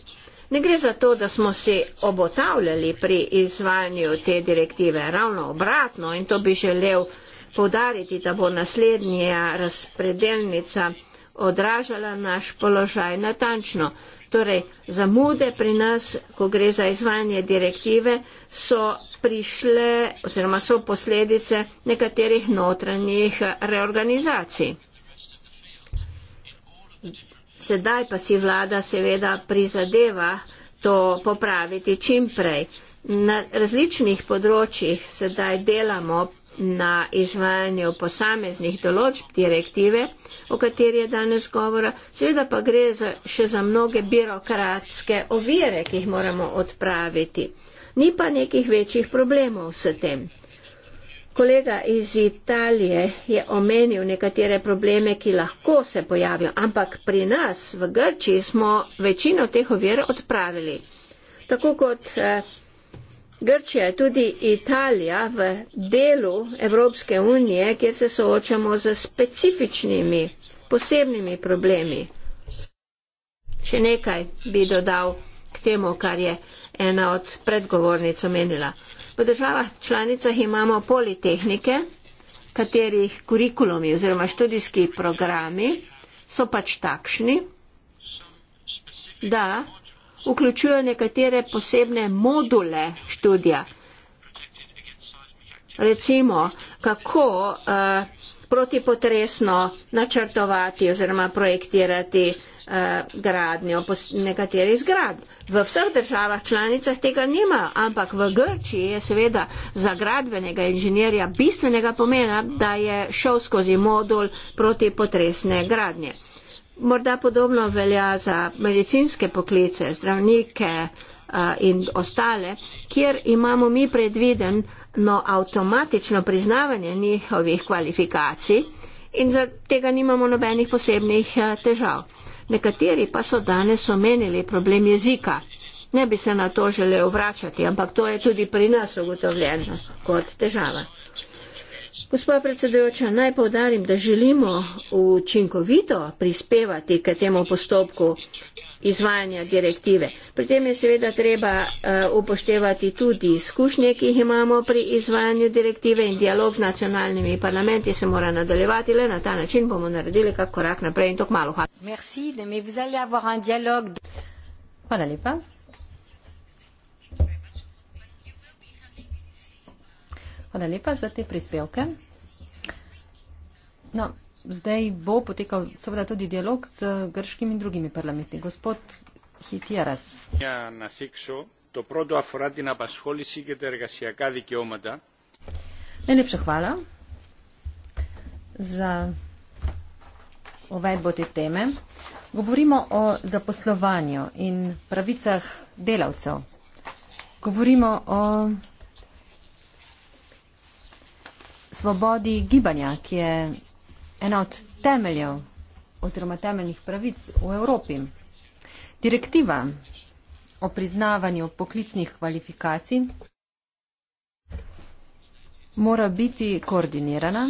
S4: Ne gre za to, da smo se obotavljali pri izvajanju te direktive. Ravno obratno in to bi želel povdariti, da bo naslednja razpredelnica odražala naš položaj natančno. Torej, zamude pri nas, ko gre za izvajanje direktive, so prišle oziroma so posledice nekaterih notranjih reorganizacij. Sedaj pa si vlada seveda prizadeva to popraviti čimprej. Na različnih področjih sedaj delamo na izvajanje posameznih določb direktive, o kateri je danes govora. Seveda pa gre za, še za mnoge birokratske ovire, ki jih moramo odpraviti. Ni pa nekih večjih problemov s tem. Kolega iz Italije je omenil nekatere probleme, ki lahko se pojavijo, ampak pri nas v Grčiji smo večino teh ovir odpravili. Tako kot eh, Grčija je tudi Italija v delu Evropske unije, kjer se soočamo z specifičnimi, posebnimi problemi. Še nekaj bi dodal k temu, kar je ena od predgovornic omenila. V državah članicah imamo politehnike, katerih kurikulumi oziroma študijski programi so pač takšni, da vključuje nekatere posebne module študija. Recimo, kako uh, protipotresno načrtovati oziroma projektirati uh, gradnjo nekaterih zgrad. V vseh državah članicah tega nima, ampak v Grčiji je seveda za gradbenega inženirja bistvenega pomena, da je šel skozi modul protipotresne gradnje. Morda podobno velja za medicinske poklice, zdravnike uh, in ostale, kjer imamo mi predvideno avtomatično priznavanje njihovih kvalifikacij in zaradi tega nimamo nobenih posebnih uh, težav. Nekateri pa so danes omenili problem jezika. Ne bi se na to želel vračati, ampak to je tudi pri nas ugotovljeno kot težava. Gospod predsedujoča, naj povdarim, da želimo učinkovito prispevati k temu postopku izvajanja direktive. Pri tem je seveda treba uh, upoštevati tudi izkušnje, ki jih imamo pri izvajanju direktive in dialog z nacionalnimi parlamenti se mora nadaljevati. Le na ta način bomo naredili kak korak naprej in to k malu.
S2: Hvala lepa. Hvala lepa za te prispevke. No, zdaj bo potekal seveda tudi dialog z grškimi in drugimi parlamenti. Gospod Hitjeras.
S1: Ja, na seksu, to prodo aforati na pasholi sigete ergasijaka dikeomata.
S2: Najlepša hvala za uvedbo te teme. Govorimo o zaposlovanju in pravicah delavcev. Govorimo o svobodi gibanja, ki je ena od temeljev oziroma temeljnih pravic v Evropi. Direktiva o priznavanju poklicnih kvalifikacij mora biti koordinirana,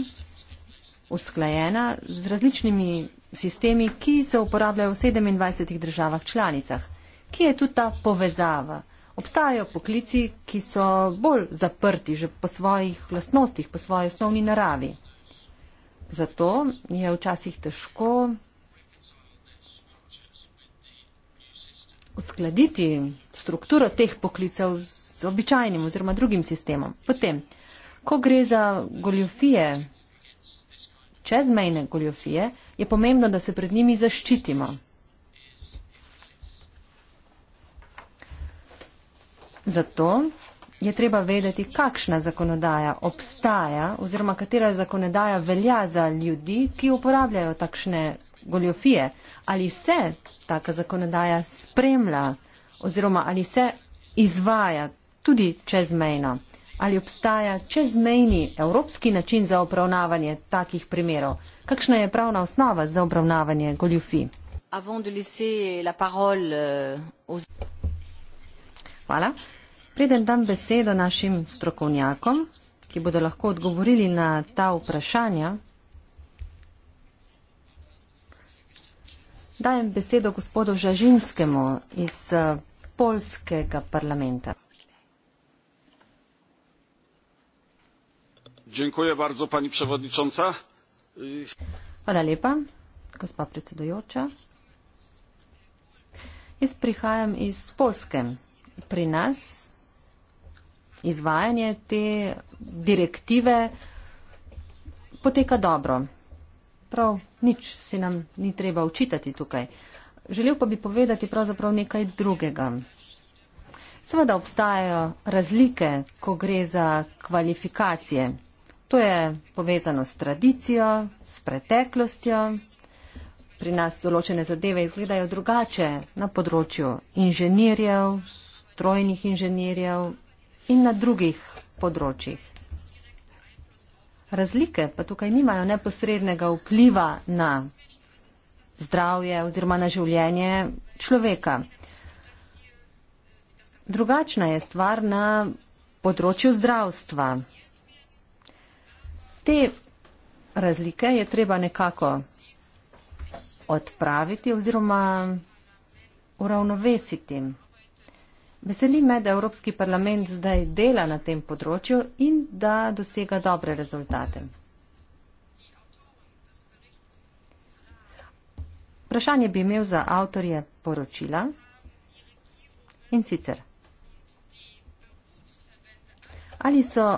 S2: usklajena z različnimi sistemi, ki se uporabljajo v 27 državah članicah. Kje je tu ta povezava? Obstajajo poklici, ki so bolj zaprti že po svojih lastnostih, po svoji osnovni naravi. Zato je včasih težko uskladiti strukturo teh poklicev z običajnim oziroma drugim sistemom. Potem, ko gre za goljofije, čezmejne goljofije, je pomembno, da se pred njimi zaščitimo. Zato je treba vedeti, kakšna zakonodaja obstaja oziroma katera zakonodaja velja za ljudi, ki uporabljajo takšne goljofije. Ali se taka zakonodaja spremlja oziroma ali se izvaja tudi čezmejno. Ali obstaja čezmejni evropski način za obravnavanje takih primerov? Kakšna je pravna osnova za obravnavanje goljufi? hvala. Preden dam besedo našim strokovnjakom, ki bodo lahko odgovorili na ta vprašanja, dajem besedo gospodu Žažinskemu iz eh, polskega parlamenta. Bardzo, pani przewodnicząca. Hvala lepa, gospa predsedujoča. Jaz prihajam iz Polske pri nas izvajanje te direktive poteka dobro. Prav nič si nam ni treba učitati tukaj. Želel pa bi povedati pravzaprav nekaj drugega. Seveda obstajajo razlike, ko gre za kvalifikacije. To je povezano s tradicijo, s preteklostjo. Pri nas določene zadeve izgledajo drugače na področju inženirjev, strojnih inženirjev in na drugih področjih. Razlike pa tukaj nimajo neposrednega vpliva na zdravje oziroma na življenje človeka. Drugačna je stvar na področju zdravstva. Te razlike je treba nekako odpraviti oziroma uravnovesiti. Veseli me, da Evropski parlament zdaj dela na tem področju in da dosega dobre rezultate. Vprašanje bi imel za avtorje poročila in sicer. Ali so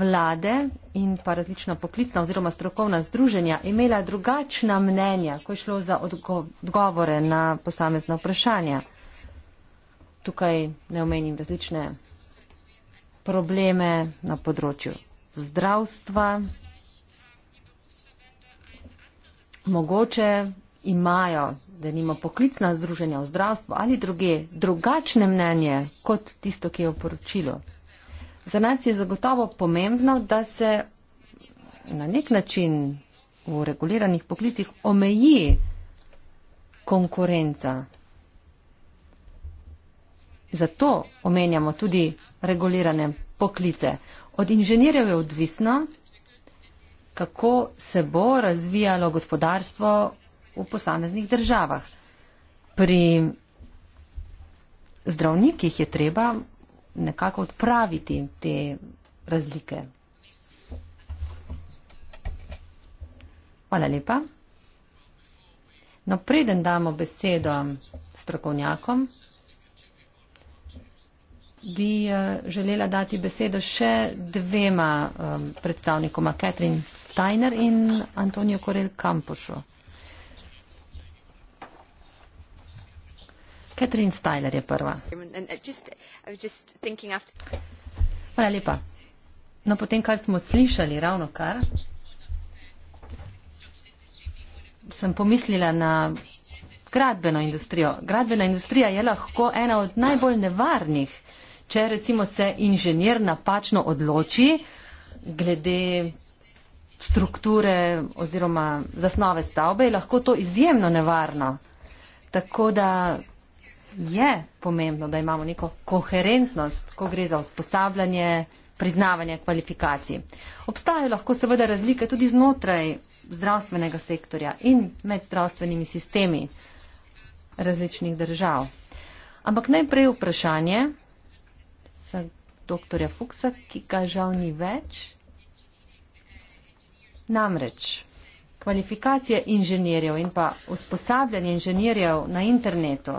S2: vlade in pa različna poklicna oziroma strokovna združenja imela drugačna mnenja, ko je šlo za odgovore na posamezna vprašanja? tukaj ne omenim različne probleme na področju zdravstva. Mogoče imajo, da nima poklicna združenja v zdravstvu ali druge, drugačne mnenje kot tisto, ki je v poročilu. Za nas je zagotovo pomembno, da se na nek način v reguliranih poklicih omeji konkurenca Zato omenjamo tudi regulirane poklice. Od inženirjev je odvisno, kako se bo razvijalo gospodarstvo v posameznih državah. Pri zdravnikih je treba nekako odpraviti te razlike. Hvala lepa. No, preden damo besedo strokovnjakom, bi eh, želela dati besedo še dvema um, predstavnikoma, Katrin Steiner in Antonijo Korel Kampušu. Katrin Steiner je prva. Hvala lepa. No, potem, kar smo slišali ravno kar, sem pomislila na gradbeno industrijo. Gradbena industrija je lahko ena od najbolj nevarnih uh, Če recimo se inženir napačno odloči glede strukture oziroma zasnove stavbe, je lahko to izjemno nevarno. Tako da je pomembno, da imamo neko koherentnost, ko gre za usposabljanje, priznavanje kvalifikacij. Obstajajo lahko seveda razlike tudi znotraj zdravstvenega sektorja in med zdravstvenimi sistemi različnih držav. Ampak najprej vprašanje, za doktorja Fuksa, ki ga žal ni več. Namreč kvalifikacije inženirjev in pa usposabljanje inženirjev na internetu.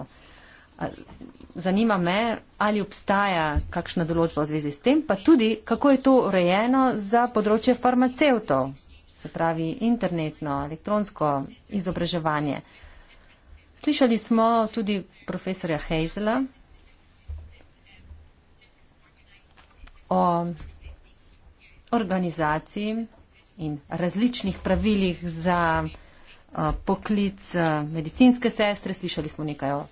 S2: Zanima me, ali obstaja kakšna določba v zvezi s tem, pa tudi, kako je to urejeno za področje farmacevtov, se pravi internetno, elektronsko izobraževanje. Slišali smo tudi profesorja Hazela, o organizaciji in različnih pravilih za poklic medicinske sestre. Slišali smo nekaj o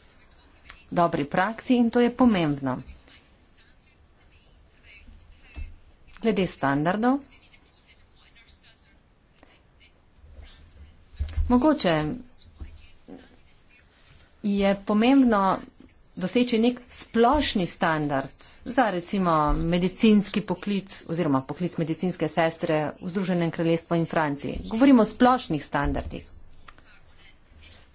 S2: dobri praksi in to je pomembno. Glede standardov. Mogoče je pomembno doseči nek splošni standard za recimo medicinski poklic oziroma poklic medicinske sestre v Združenem kraljestvu in Franciji. Govorimo o splošnih standardih.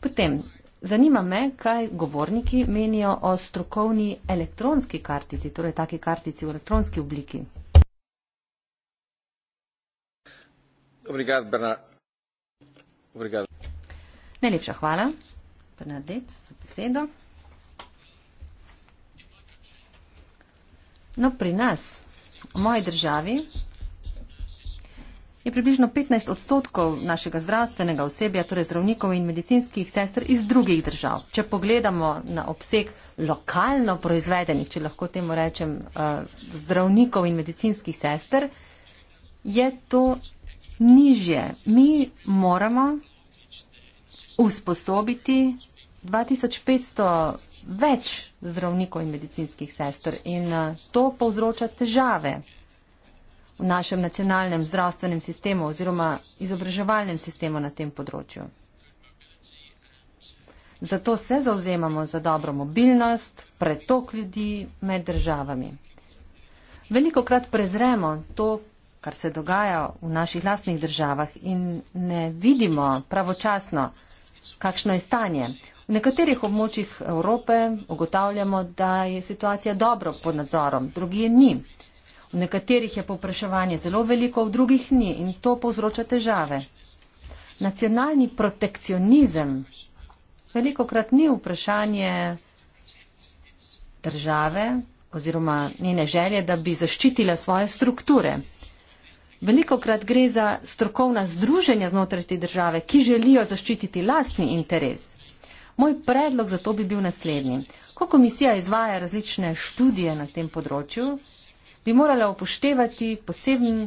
S2: Potem, zanima me, kaj govorniki menijo o strokovni elektronski kartici, torej taki kartici v elektronski obliki.
S1: Obrigad, Obrigad.
S2: Najlepša hvala, Bernadette, za besedo. No, pri nas, v moji državi, je približno 15 odstotkov našega zdravstvenega osebja, torej zdravnikov in medicinskih sester iz drugih držav. Če pogledamo na obseg lokalno proizvedenih, če lahko temu rečem, eh, zdravnikov in medicinskih sester, je to nižje. Mi moramo usposobiti 2500 več zdravnikov in medicinskih sester in eh, to povzroča težave v našem nacionalnem zdravstvenem sistemu oziroma izobraževalnem sistemu na tem področju. Zato se zauzemamo za dobro mobilnost, pretok ljudi med državami. Veliko krat prezremo to, kar se dogaja v naših lastnih državah in ne vidimo pravočasno, kakšno je stanje. V nekaterih območjih Evrope ugotavljamo, da je situacija dobro pod nadzorom, drugi je ni. V nekaterih je povpraševanje zelo veliko, v drugih ni in to povzroča težave. Nacionalni protekcionizem veliko krat ni vprašanje države oziroma njene želje, da bi zaščitila svoje strukture. Veliko krat gre za strokovna združenja znotraj te države, ki želijo zaščititi lastni interes. Moj predlog za to bi bil naslednji. Ko komisija izvaja različne študije na tem področju, bi morala upoštevati poseben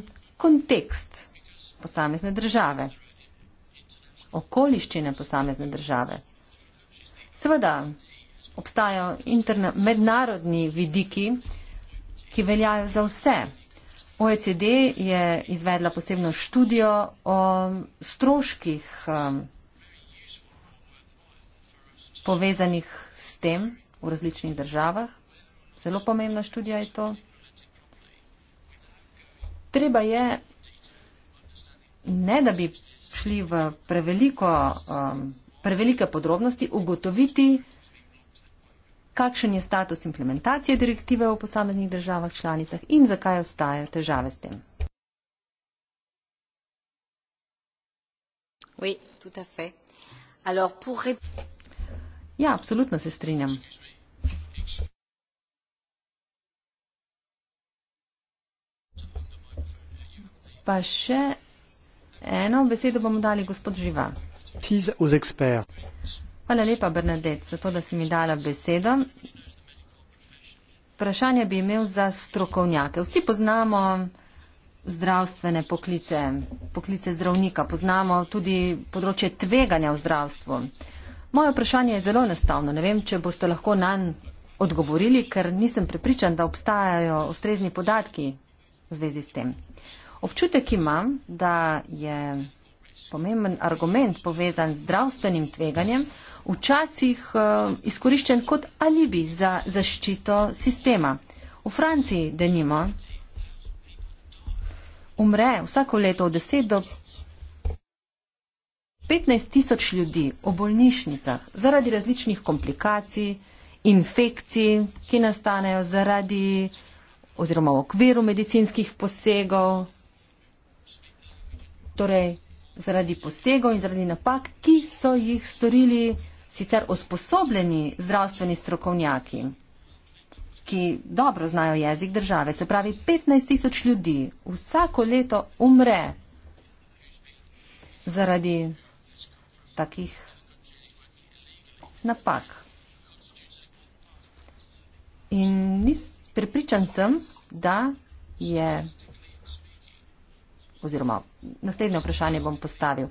S2: kontekst posamezne države, okoliščine posamezne države. Seveda obstajajo mednarodni vidiki, ki veljajo za vse. OECD je izvedla posebno študijo o stroških um, povezanih s tem v različnih državah. Zelo pomembna študija je to. Treba je, ne da bi šli v preveliko, um, prevelike podrobnosti, ugotoviti, kakšen je status implementacije direktive v posameznih državah članicah in zakaj obstajajo težave s tem.
S1: Oui, tout à fait. Alors, pour...
S2: Ja, absolutno se strinjam. Pa še eno besedo bomo dali gospod Živa. Hvala lepa, Bernadet, za to, da si mi dala besedo. Vprašanje bi imel za strokovnjake. Vsi poznamo zdravstvene poklice, poklice zdravnika, poznamo tudi področje tveganja v zdravstvu. Moje vprašanje je zelo enostavno. Ne vem, če boste lahko na nj odgovorili, ker nisem prepričan, da obstajajo ustrezni podatki v zvezi s tem. Občutek imam, da je pomemben argument povezan z zdravstvenim tveganjem včasih uh, izkoriščen kot alibi za zaščito sistema. V Franciji, denimo, umre vsako leto od 10 do 15 tisoč ljudi v bolnišnicah zaradi različnih komplikacij, infekcij, ki nastanejo zaradi oziroma v okviru medicinskih posegov, torej zaradi posegov in zaradi napak, ki so jih storili sicer osposobljeni zdravstveni strokovnjaki, ki dobro znajo jezik države. Se pravi, 15 tisoč ljudi vsako leto umre zaradi takih napak. In nis, prepričan sem, da je, oziroma naslednje vprašanje bom postavil,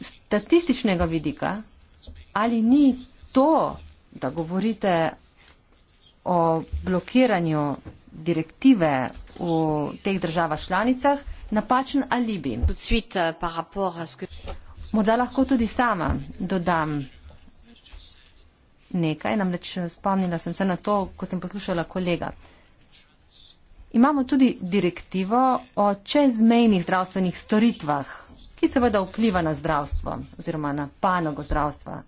S2: statističnega vidika, ali ni to, da govorite o blokiranju direktive v teh državah članicah, napačen alibi. Morda lahko tudi sama dodam nekaj, namreč eh, spomnila sem se na to, ko sem poslušala kolega. Imamo tudi direktivo o čezmejnih zdravstvenih storitvah, ki seveda vpliva na zdravstvo oziroma na panogo zdravstva.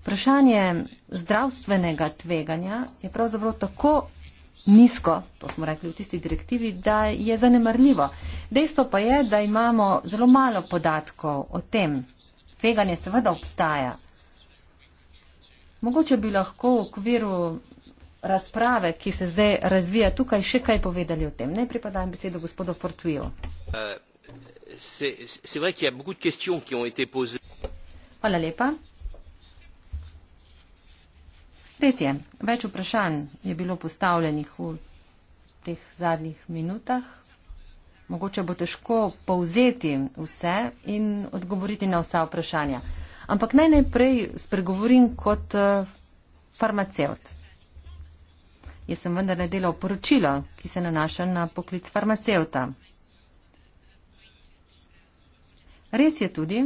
S2: Vprašanje zdravstvenega tveganja je pravzaprav tako nizko, to smo rekli v tisti direktivi, da je zanemarljivo. Dejstvo pa je, da imamo zelo malo podatkov o tem. Feganje seveda obstaja. Mogoče bi lahko v okviru razprave, ki se zdaj razvija tukaj, še kaj povedali o tem. Ne pripadam besedo gospodu Fortuju. Euh, Hvala lepa. Res je, več vprašanj je bilo postavljenih v teh zadnjih minutah. Mogoče bo težko povzeti vse in odgovoriti na vsa vprašanja. Ampak naj najprej spregovorim kot eh, farmacevt. Jaz sem vendar nedelal poročilo, ki se nanaša na poklic farmacevta. Res je tudi,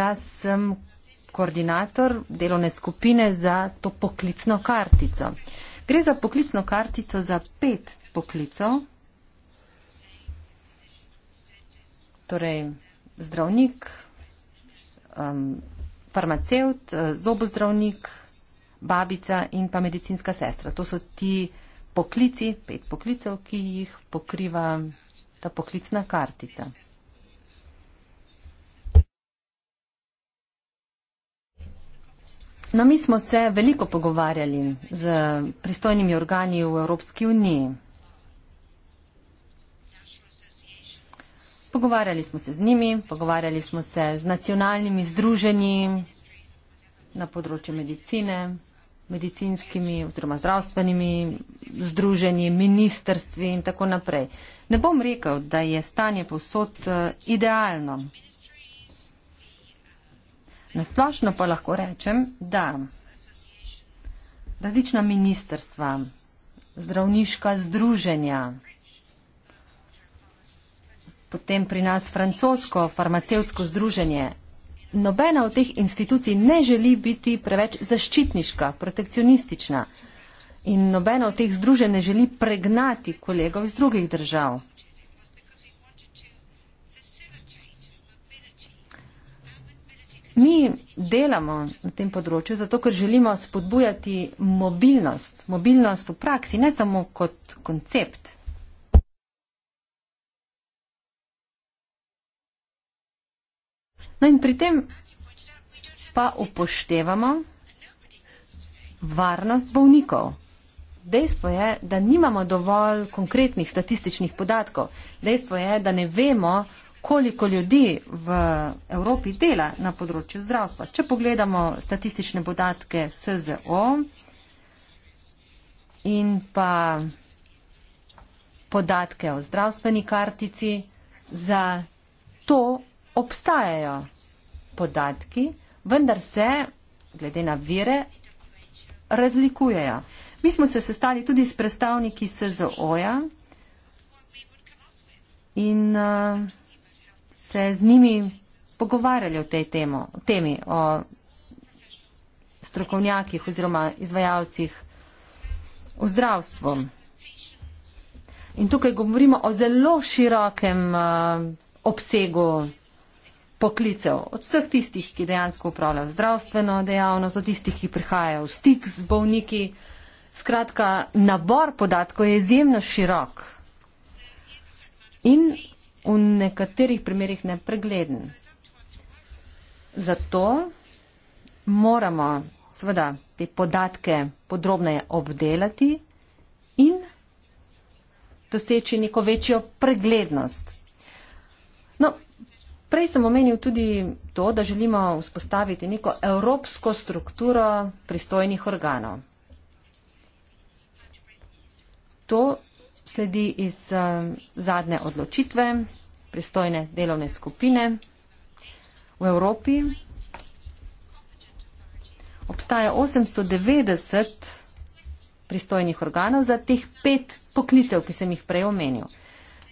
S2: da sem koordinator delovne skupine za to poklicno kartico. Gre za poklicno kartico za pet poklicov, torej zdravnik, um, farmacevt, eh, zobozdravnik, babica in pa medicinska sestra. To so ti poklici, pet poklicov, ki jih pokriva ta poklicna kartica. No, mi smo se veliko pogovarjali z pristojnimi organi v Evropski uniji. Pogovarjali smo se z njimi, pogovarjali smo se z nacionalnimi združenji na področju medicine, medicinskimi oziroma zdravstvenimi združenji, ministrstvi in tako naprej. Ne bom rekel, da je stanje povsod eh, idealno. Nasplošno pa lahko rečem, da različna ministrstva, zdravniška združenja, potem pri nas francosko farmacevsko združenje, nobena od teh institucij ne želi biti preveč zaščitniška, protekcionistična in nobena od teh združenj ne želi pregnati kolegov iz drugih držav. Mi delamo na tem področju, zato ker želimo spodbujati mobilnost, mobilnost v praksi, ne samo kot koncept. No in pri tem pa upoštevamo varnost bovnikov. Dejstvo je, da nimamo dovolj konkretnih statističnih podatkov. Dejstvo je, da ne vemo, koliko ljudi v Evropi dela na področju zdravstva. Če pogledamo statistične podatke SZO in pa podatke o zdravstveni kartici, za to obstajajo podatki, vendar se, glede na vire, razlikujejo. Mi smo se sestali tudi s predstavniki SZO-ja in uh, se z njimi pogovarjali o tej temo, o temi, o strokovnjakih oziroma izvajalcih v zdravstvu. In tukaj govorimo o zelo širokem eh, obsegu poklicev, od vseh tistih, ki dejansko upravljajo zdravstveno dejavnost, od tistih, ki prihajajo v stik z bolniki. Skratka, nabor podatkov je izjemno širok. In v nekaterih primerjih nepregleden. Zato moramo seveda te podatke podrobneje obdelati in doseči neko večjo preglednost. No, prej sem omenil tudi to, da želimo vzpostaviti neko evropsko strukturo pristojnih organov. To sledi iz eh, zadnje odločitve pristojne delovne skupine v Evropi. Obstaja 890 pristojnih organov za teh pet poklicev, ki sem jih prej omenil.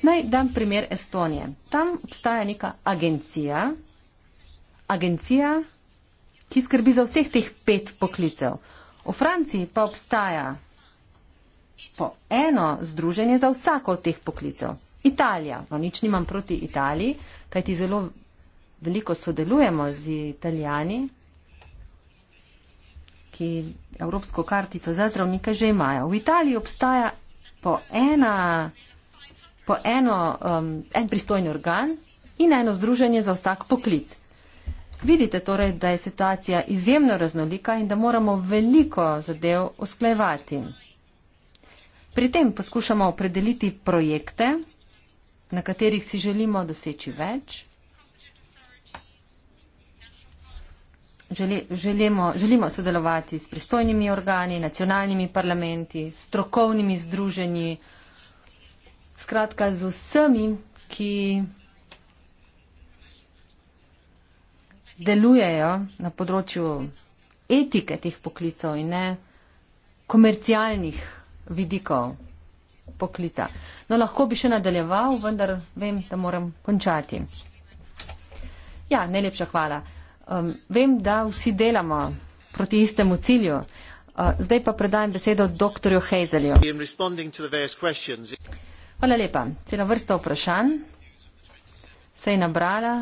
S2: Naj dam primer Estonije. Tam obstaja neka agencija, agencija, ki skrbi za vseh teh pet poklicev. V Franciji pa obstaja po eno združenje za vsako od teh poklicev. Italija, no nič nimam proti Italiji, kajti zelo veliko sodelujemo z italijani, ki evropsko kartico za zdravnike že imajo. V Italiji obstaja po, ena, po eno, um, en pristojni organ in eno združenje za vsak poklic. Vidite torej, da je situacija izjemno raznolika in da moramo veliko zadev usklejevati. Pri tem poskušamo opredeliti projekte, na katerih si želimo doseči več. Želimo, želimo sodelovati s pristojnimi organi, nacionalnimi parlamenti, strokovnimi združenji, skratka z vsemi, ki delujejo na področju etike teh poklicov in ne komercialnih vidikov poklica. No, lahko bi še nadaljeval, vendar vem, da moram končati. Ja, najlepša hvala. Um, vem, da vsi delamo proti istemu cilju. Uh, zdaj pa predajam besedo dr. Hazelju. Hvala lepa. Cela vrsta vprašanj se je nabrala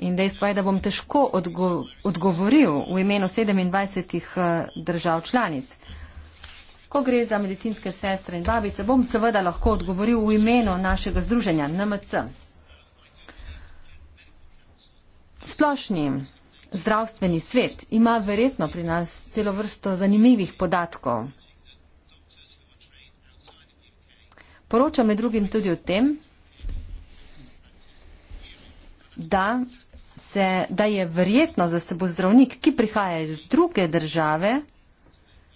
S2: in dejstvo je, da bom težko odgo odgovoril v imenu 27 uh, držav članic. Uh, Ko gre za medicinske sestre in babice, bom seveda lahko odgovoril v imenu našega združenja NMC. Splošni zdravstveni svet ima verjetno pri nas celo vrsto zanimivih podatkov. Poroča med drugim tudi o tem, da, se, da je verjetno, da se bo zdravnik, ki prihaja iz druge države,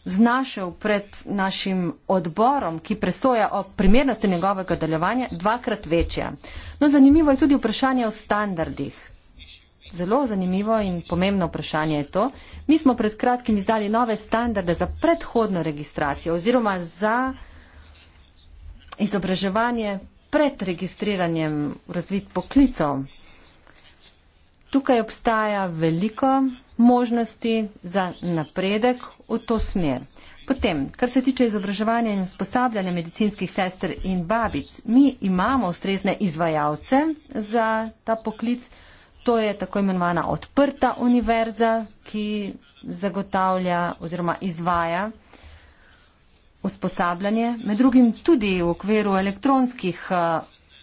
S2: znašel pred našim odborom, ki presoja o primernosti njegovega delovanja, dvakrat večja. No, zanimivo je tudi vprašanje o standardih. Zelo zanimivo in pomembno vprašanje je to. Mi smo pred kratkim izdali nove standarde za predhodno registracijo oziroma za izobraževanje pred registriranjem razvit poklicov. Tukaj obstaja veliko možnosti za napredek v to smer. Potem, kar se tiče izobraževanja in usposabljanja medicinskih sester in babic, mi imamo ustrezne izvajalce za ta poklic. To je tako imenovana odprta univerza, ki zagotavlja oziroma izvaja usposabljanje, med drugim tudi v okviru elektronskih eh,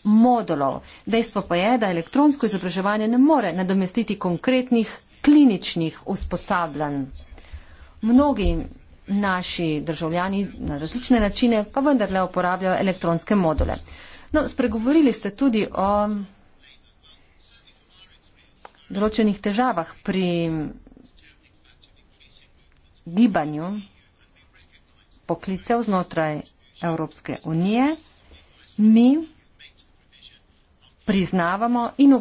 S2: modulov. Dejstvo pa je, da elektronsko izobraževanje ne more nadomestiti konkretnih kliničnih usposabljanj. Mnogi naši državljani na različne načine pa vendarle uporabljajo elektronske module. No, spregovorili ste tudi o določenih težavah pri gibanju poklicev znotraj Evropske unije. Mi priznavamo in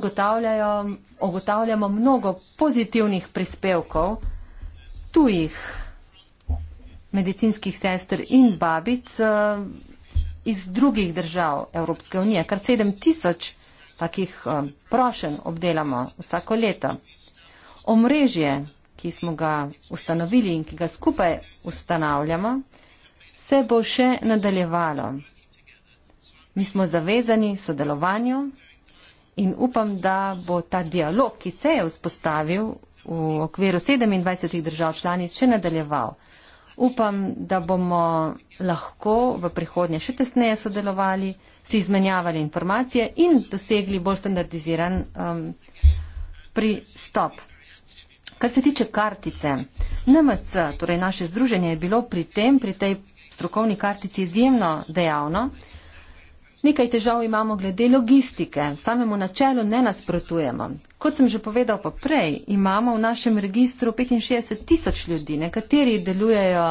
S2: ugotavljamo mnogo pozitivnih prispevkov tujih medicinskih sester in babic eh, iz drugih držav Evropske unije. Kar 7 tisoč takih eh, prošen obdelamo vsako leto. Omrežje, ki smo ga ustanovili in ki ga skupaj ustanavljamo, se bo še nadaljevalo. Mi smo zavezani sodelovanju in upam, da bo ta dialog, ki se je vzpostavil v okviru 27 držav članic, še nadaljeval. Upam, da bomo lahko v prihodnje še tesneje sodelovali, si izmenjavali informacije in dosegli bolj standardiziran um, pristop. Kar se tiče kartice, NMC, torej naše združenje, je bilo pri tem, pri tej strokovni kartici izjemno dejavno. Nekaj težav imamo glede logistike, samemu načelu ne nasprotujemo. Kot sem že povedal pa prej, imamo v našem registru 65 tisoč ljudi, nekateri delujejo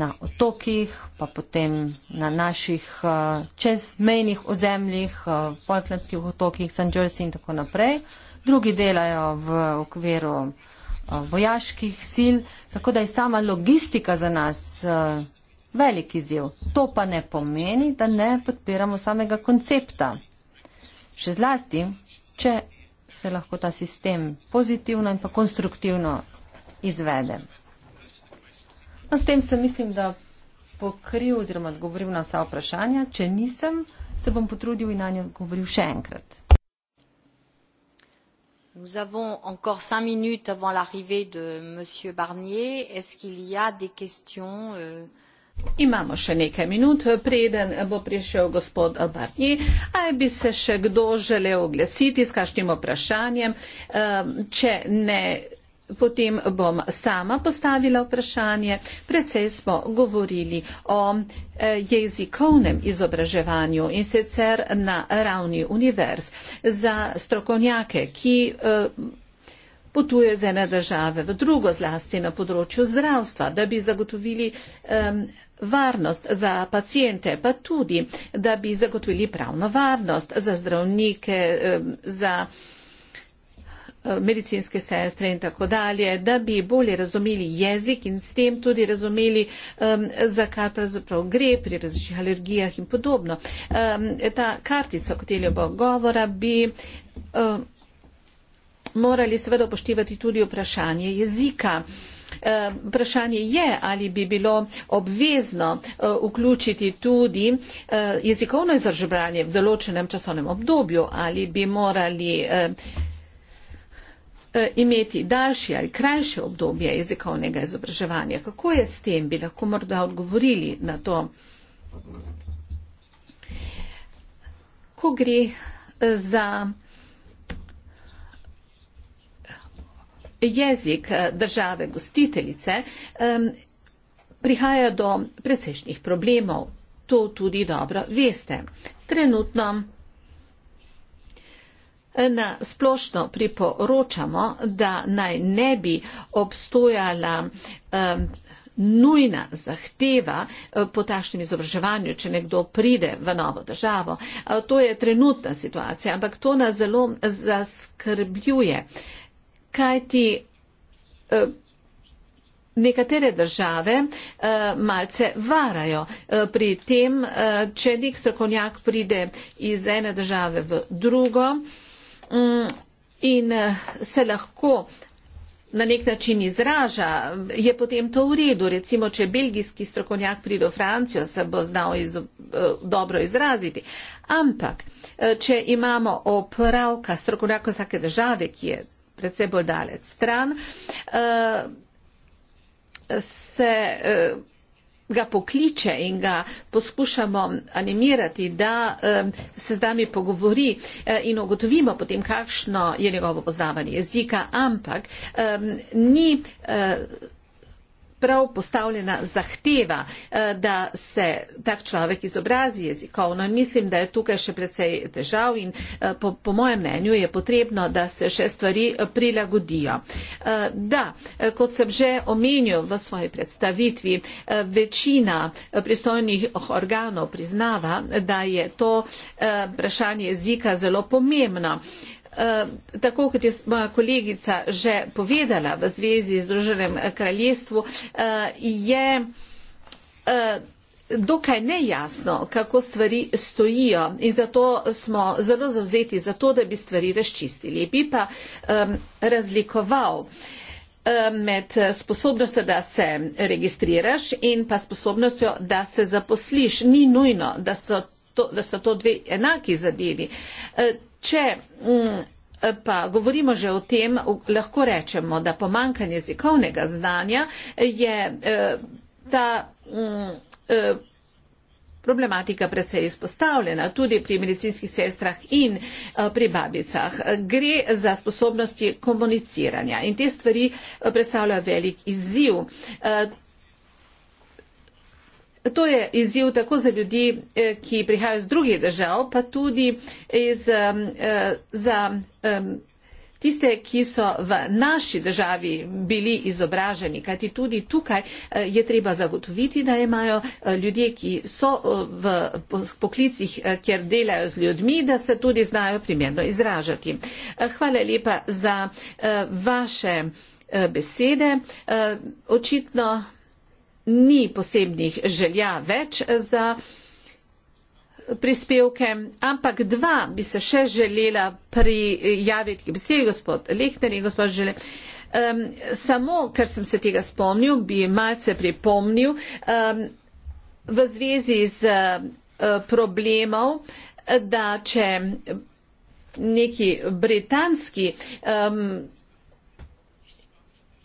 S2: na otokih, pa potem na naših eh, čezmejnih ozemljih, eh, Falklandskih otokih, St. Jersey in tako naprej. Drugi delajo v okviru eh, vojaških sil, tako da je sama logistika za nas velik izjev. To pa ne pomeni, da ne podpiramo samega koncepta. Še zlasti, če se lahko ta sistem pozitivno in pa konstruktivno izvede. No, s tem se mislim, da pokriv oziroma odgovoril na vsa vprašanja. Če nisem, se bom potrudil in na njo govoril še enkrat.
S1: Nous avons encore cinq minutes avant l'arrivée de Monsieur Barnier. Est-ce qu'il y a des questions euh,
S3: Imamo še nekaj minut, preden bo prišel gospod Barnji. Aj bi se še kdo želel oglesiti s kakšnim vprašanjem? Če ne, potem bom sama postavila vprašanje. Precej smo govorili o e, jezikovnem izobraževanju in sicer na ravni univerz za strokovnjake, ki e, potujejo z ene države v drugo, zlasti na področju zdravstva, da bi zagotovili um, varnost za pacijente, pa tudi, da bi zagotovili pravno varnost za zdravnike, um, za eh, medicinske sestre in tako dalje, da bi bolje razumeli jezik in s tem tudi razumeli, um, za kar pravzaprav gre pri različnih alergijah in podobno. Um, ta kartica, o kateri bo govora, bi um, morali seveda upoštevati tudi vprašanje jezika. Vprašanje je, ali bi bilo obvezno e, vključiti tudi e, jezikovno izobraževanje v določenem časovnem obdobju, ali bi morali e, imeti daljše ali krajše obdobje jezikovnega izobraževanja. Kako je s tem? Bi lahko morda odgovorili na to? Ko gre za jezik eh, države gostiteljice, prihaja do precejšnjih problemov. To tudi dobro veste. Trenutno eh, na splošno priporočamo, da naj ne bi obstojala nujna zahteva eh, po takšnem izobraževanju, če nekdo pride v novo državo. To je trenutna situacija, ampak to nas zelo zaskrbljuje kajti eh, nekatere države eh, malce varajo eh, pri tem, če nek strokovnjak pride iz ene države v drugo mm, in se lahko na nek način izraža, je potem to v redu. Recimo, če belgijski strokovnjak pride v Francijo, se bo znal iz, dobro izraziti. Ampak, če imamo opravka strokovnjaka vsake države, ki je predvsej bolj dalec stran, eh, se eh, ga pokliče in ga poskušamo animirati, da eh, se z nami pogovori in ugotovimo potem, kakšno je njegovo poznavanje jezika, ampak ni prav postavljena zahteva, eh, da se tak človek izobrazi jezikovno. In mislim, da je tukaj še precej težav in eh, po, po mojem mnenju je potrebno, da se še stvari eh, prilagodijo. Da, kot sem že omenil v svoji predstavitvi, večina pristojnih organov priznava, da je to vprašanje jezika zelo pomembno. Eh, tako kot je moja kolegica že povedala v zvezi z Združenem eh, kraljestvu, eh, je dokaj nejasno, kako stvari stojijo in zato smo zelo zavzeti za to, da bi stvari razčistili. Bi pa razlikoval med sposobnostjo, da se registriraš in pa sposobnostjo, da se zaposliš. Ni nujno, da so to, da so to dve enaki zadevi. Če mm, pa govorimo že o tem, lahko rečemo, da pomankanje jezikovnega znanja je eh, ta mm, eh, problematika predvsej izpostavljena tudi pri medicinskih sestrah in eh, pri babicah. Gre za sposobnosti komuniciranja in te stvari predstavljajo velik izziv. To je izziv tako za ljudi, eh, ki prihajajo iz drugih držav, pa tudi iz, eh, za tiste, ki so v naši državi bili izobraženi, kajti tudi tukaj eh, je treba zagotoviti, da imajo ljudje, ki so v poklicih, kjer delajo z ljudmi, da se tudi znajo primerno izražati. Hvala lepa za vaše besede. Očitno ni posebnih želja več za prispevke, ampak dva bi se še želela prijaviti, ki bi se gospod Lehner in gospod Žele. Um, samo, ker sem se tega spomnil, bi malce pripomnil um, v zvezi z uh, eh, problemov, da če neki britanski um,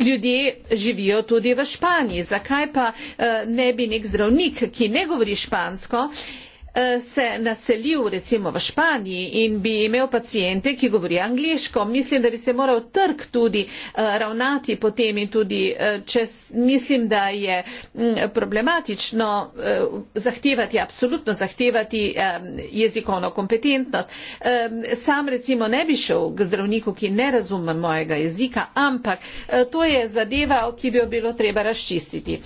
S3: Ljudje živijo tudi v Španiji. Zakaj pa eh, ne bi nek zdravnik, ki ne govori špansko, Eh, se naselil recimo v Španiji in bi imel pacijente, ki govori angliško, mislim, da bi se moral trg tudi eh, ravnati potem in tudi eh, čez, mislim, da je mm, problematično zahtevati, absolutno zahtevati jezikovno kompetentnost. Sam recimo ne bi šel k zdravniku, ki ne razume mojega jezika, ampak to je zadeva, ki bi jo bilo treba razčistiti.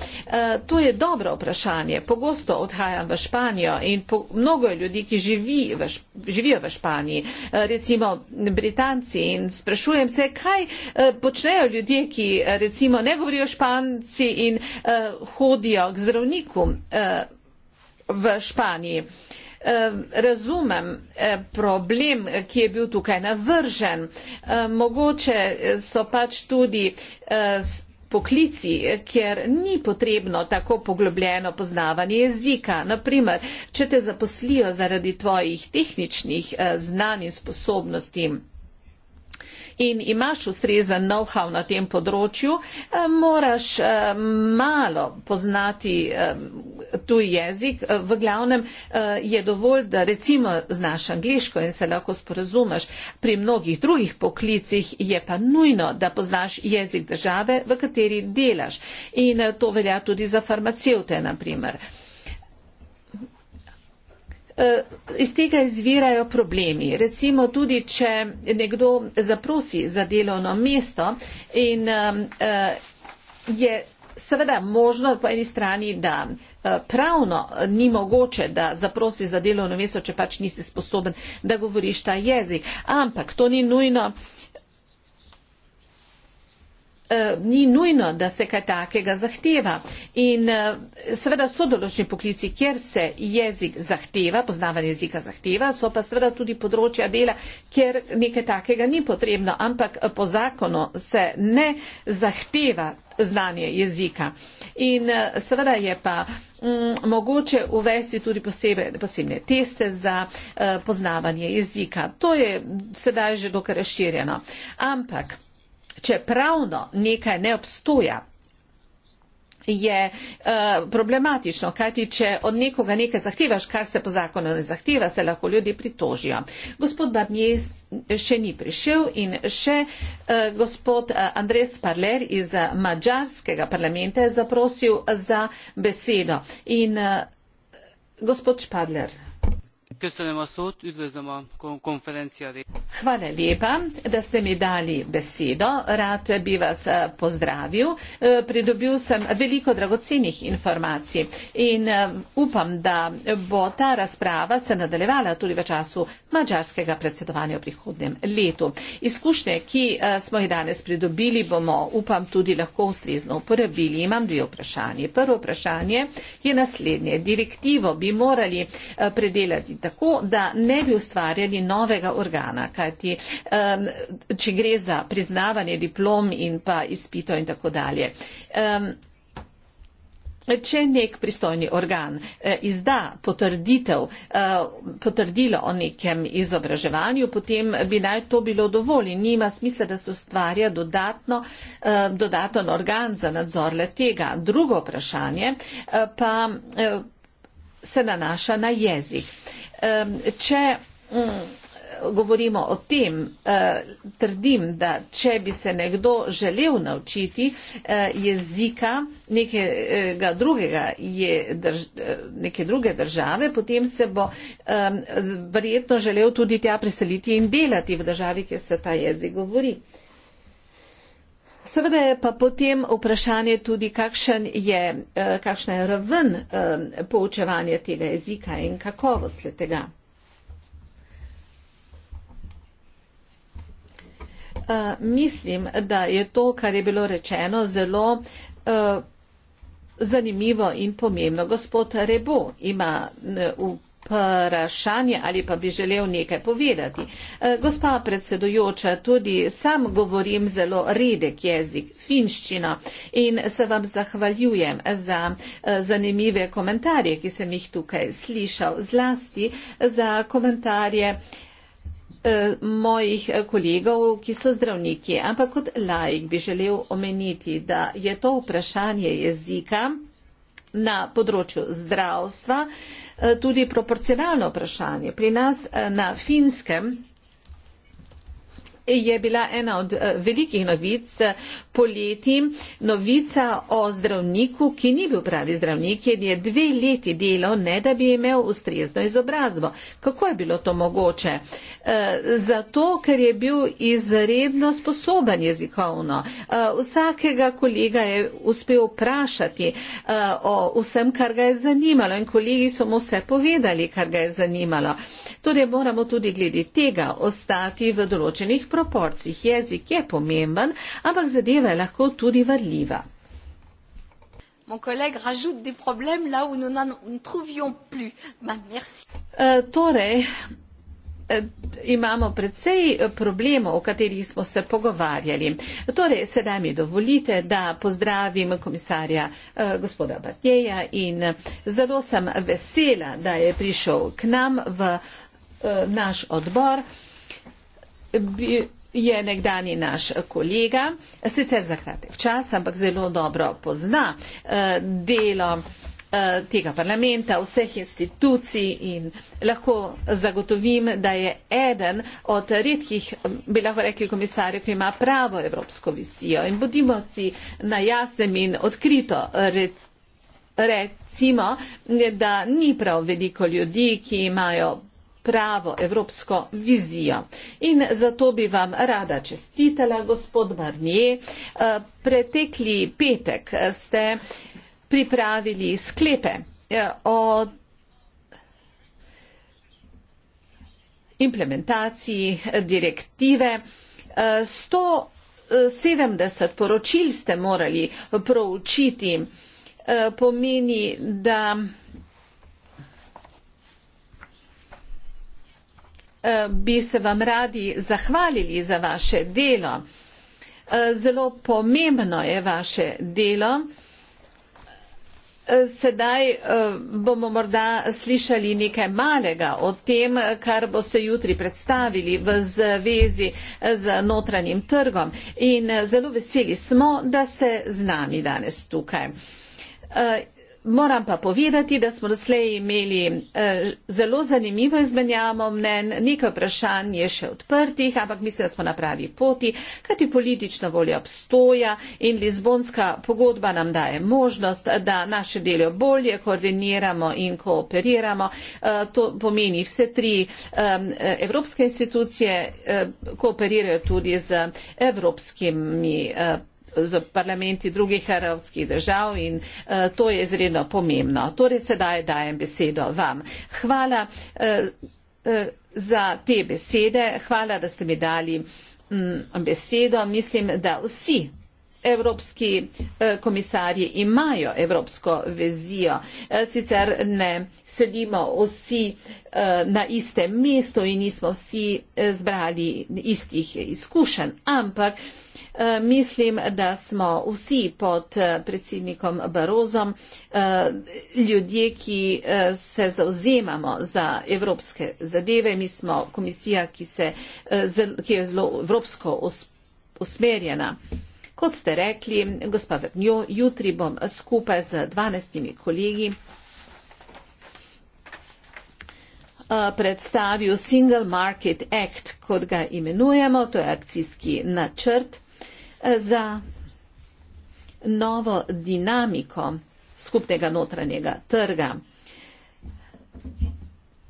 S3: To je dobro vprašanje. Pogosto odhajam v Španijo in pogosto mnogo je ljudi, ki živi v, živijo v Španiji, eh, recimo Britanci in sprašujem se, kaj eh, počnejo ljudje, ki eh, recimo ne govorijo španci in hodijo k zdravniku v Španiji. Razumem problem, ki je bil tukaj navržen. Mogoče so pač tudi poklici, kjer ni potrebno tako poglobljeno poznavanje jezika. Naprimer, če te zaposlijo zaradi tvojih tehničnih eh, znanj in sposobnosti in imaš ustrezen know-how na tem področju, eh, moraš eh, malo poznati eh, tuj jezik. V glavnem je dovolj, da recimo znaš angliško in se lahko sporazumeš. Pri mnogih drugih poklicih je pa nujno, da poznaš jezik države, v kateri delaš. In to velja tudi za farmacevte, na primer. Eh, iz tega izvirajo problemi. Recimo tudi, če nekdo zaprosi za delovno mesto in eh, je seveda možno po eni strani, da eh, pravno ni mogoče, da zaprosi za delovno mesto, če pač nisi sposoben, da govoriš ta jezik. Ampak to ni nujno Eh, ni nujno, da se kaj takega zahteva. In eh, seveda so določni poklici, kjer se jezik zahteva, poznavanje jezika zahteva, so pa seveda tudi področja dela, kjer nekaj takega ni potrebno, ampak eh, po zakonu se ne zahteva znanje jezika. In seveda je pa mm, mogoče uvesti tudi posebe, posebne teste za uh, poznavanje jezika. To je sedaj že dokaj razširjeno. Ampak če pravno nekaj ne obstoja, je uh, problematično, kajti če od nekoga nekaj zahtevaš, kar se po zakonu ne zahteva, se lahko ljudje pritožijo. Gospod Barnier še ni prišel in še uh, gospod eh, Andres Parler iz mađarskega parlamenta je zaprosil za besedo. In uh, gospod Špadler.
S2: Köszönöm a szót, üdvözlöm a konferenciát.
S3: Hvala lepa, da ste mi dali besedo. Rad bi vas eh, pozdravil. Eh, pridobil sem veliko dragocenih informacij in eh, upam, da bo ta razprava se nadaljevala tudi v času mačarskega predsedovanja v prihodnem letu. Izkušnje, ki smo jih danes pridobili, bomo, upam, tudi lahko ustrezno uporabili. Imam dve vprašanje. Prvo vprašanje je naslednje. Direktivo bi morali predelati tako tako, da ne bi ustvarjali novega organa, kajti um, če gre za priznavanje diplom in pa izpito in tako dalje. Um, Če nek pristojni organ eh, izda potrditev, eh, potrdilo o nekem izobraževanju, potem bi naj to bilo dovolj in nima smisla, da se ustvarja dodatno, eh, dodaten organ za nadzor le tega. Drugo vprašanje pa se nanaša na jezik. Če mm, govorimo o tem, eh, trdim, da če bi se nekdo želel naučiti eh, jezika nekega drugega, je drž, neke druge države, potem se bo verjetno želel tudi tja priseliti in delati v državi, kjer se ta jezik govori. Seveda je pa potem vprašanje tudi, je, eh, kakšna je raven eh, poučevanja tega jezika in kakovost le tega. Eh, mislim, da je to, kar je bilo rečeno, zelo zanimivo in pomembno. Gospod Rebo ima v vprašanje ali pa bi želel nekaj povedati. E, gospa predsedujoča, tudi sam govorim zelo redek jezik, finščina in se vam zahvaljujem za e, zanimive komentarje, ki sem jih tukaj slišal, zlasti za komentarje e, mojih kolegov, ki so zdravniki. Ampak kot laik bi želel omeniti, da je to vprašanje jezika na področju zdravstva, Eh, tudi proporcionalno vprašanje. Pri nas eh, na finskem je bila ena od eh, velikih novic eh, poleti, novica o zdravniku, ki ni bil pravi zdravnik, ker je dve leti delal, ne da bi imel ustrezno izobrazbo. Kako je bilo to mogoče? Eh, zato, ker je bil izredno sposoben jezikovno. Vsakega kolega je uspel vprašati o vsem, kar ga je zanimalo in kolegi so mu vse povedali, kar ga je zanimalo. Torej moramo tudi glede tega ostati v določenih problemih proporcih. Jezik je pomemben, ampak zadeva je lahko tudi vadljiva. Eh, torej, eh, imamo precej eh, problemov, o katerih smo se pogovarjali. Torej, sedaj mi dovolite, da pozdravim komisarja gospoda Batjeja in zelo sem vesela, da je prišel k nam v naš odbor bi, je nekdani naš kolega, sicer za kratek čas, ampak zelo dobro pozna eh, delo eh, tega parlamenta, vseh institucij in lahko zagotovim, da je eden od redkih, bi lahko rekli, komisarjev, ki ima pravo evropsko visijo. In bodimo si na jasnem in odkrito recimo, da ni prav veliko ljudi, ki imajo pravo evropsko vizijo. In zato bi vam rada čestitela, gospod Barnier. Eh, pretekli petek ste pripravili sklepe eh, o implementaciji direktive. 170 eh, poročil ste morali proučiti, pomeni, da Eh, bi se vam radi zahvalili za vaše delo. Eh, zelo pomembno je vaše delo. Eh, sedaj bomo morda slišali nekaj malega o tem, kar boste jutri predstavili v zvezi z notranjim trgom. In zelo veseli smo, da ste z nami danes tukaj. Moram pa povedati, da smo doslej imeli eh, zelo zanimivo izmenjavo mnen, nekaj vprašanj je še odprtih, ampak mislim, da smo na pravi poti, kajti politična volja obstoja in Lizbonska pogodba nam daje možnost, da naše delo bolje koordiniramo in kooperiramo. Eh, to pomeni vse tri evropske institucije eh, kooperirajo tudi z evropskimi z parlamenti drugih evropskih držav in uh, to je izredno pomembno. Torej sedaj dajem besedo vam. Hvala uh, uh, za te besede, hvala, da ste mi dali mm, besedo. Mislim, da vsi evropski eh, komisarji imajo evropsko vizijo. Eh, sicer ne sedimo vsi eh, na istem mestu in nismo vsi zbrali istih izkušenj, ampak mislim, da smo vsi pod predsednikom Barozom ljudje, ki se zauzemamo za evropske zadeve. Mi smo komisija, ki, se, ki je zelo evropsko usmerjena. Uh, Kot ste rekli, gospa Vrnjo, jutri bom skupaj z 12 kolegi eh, predstavil Single Market Act, kot ga imenujemo, to je akcijski načrt eh, za novo dinamiko skupnega notranjega trga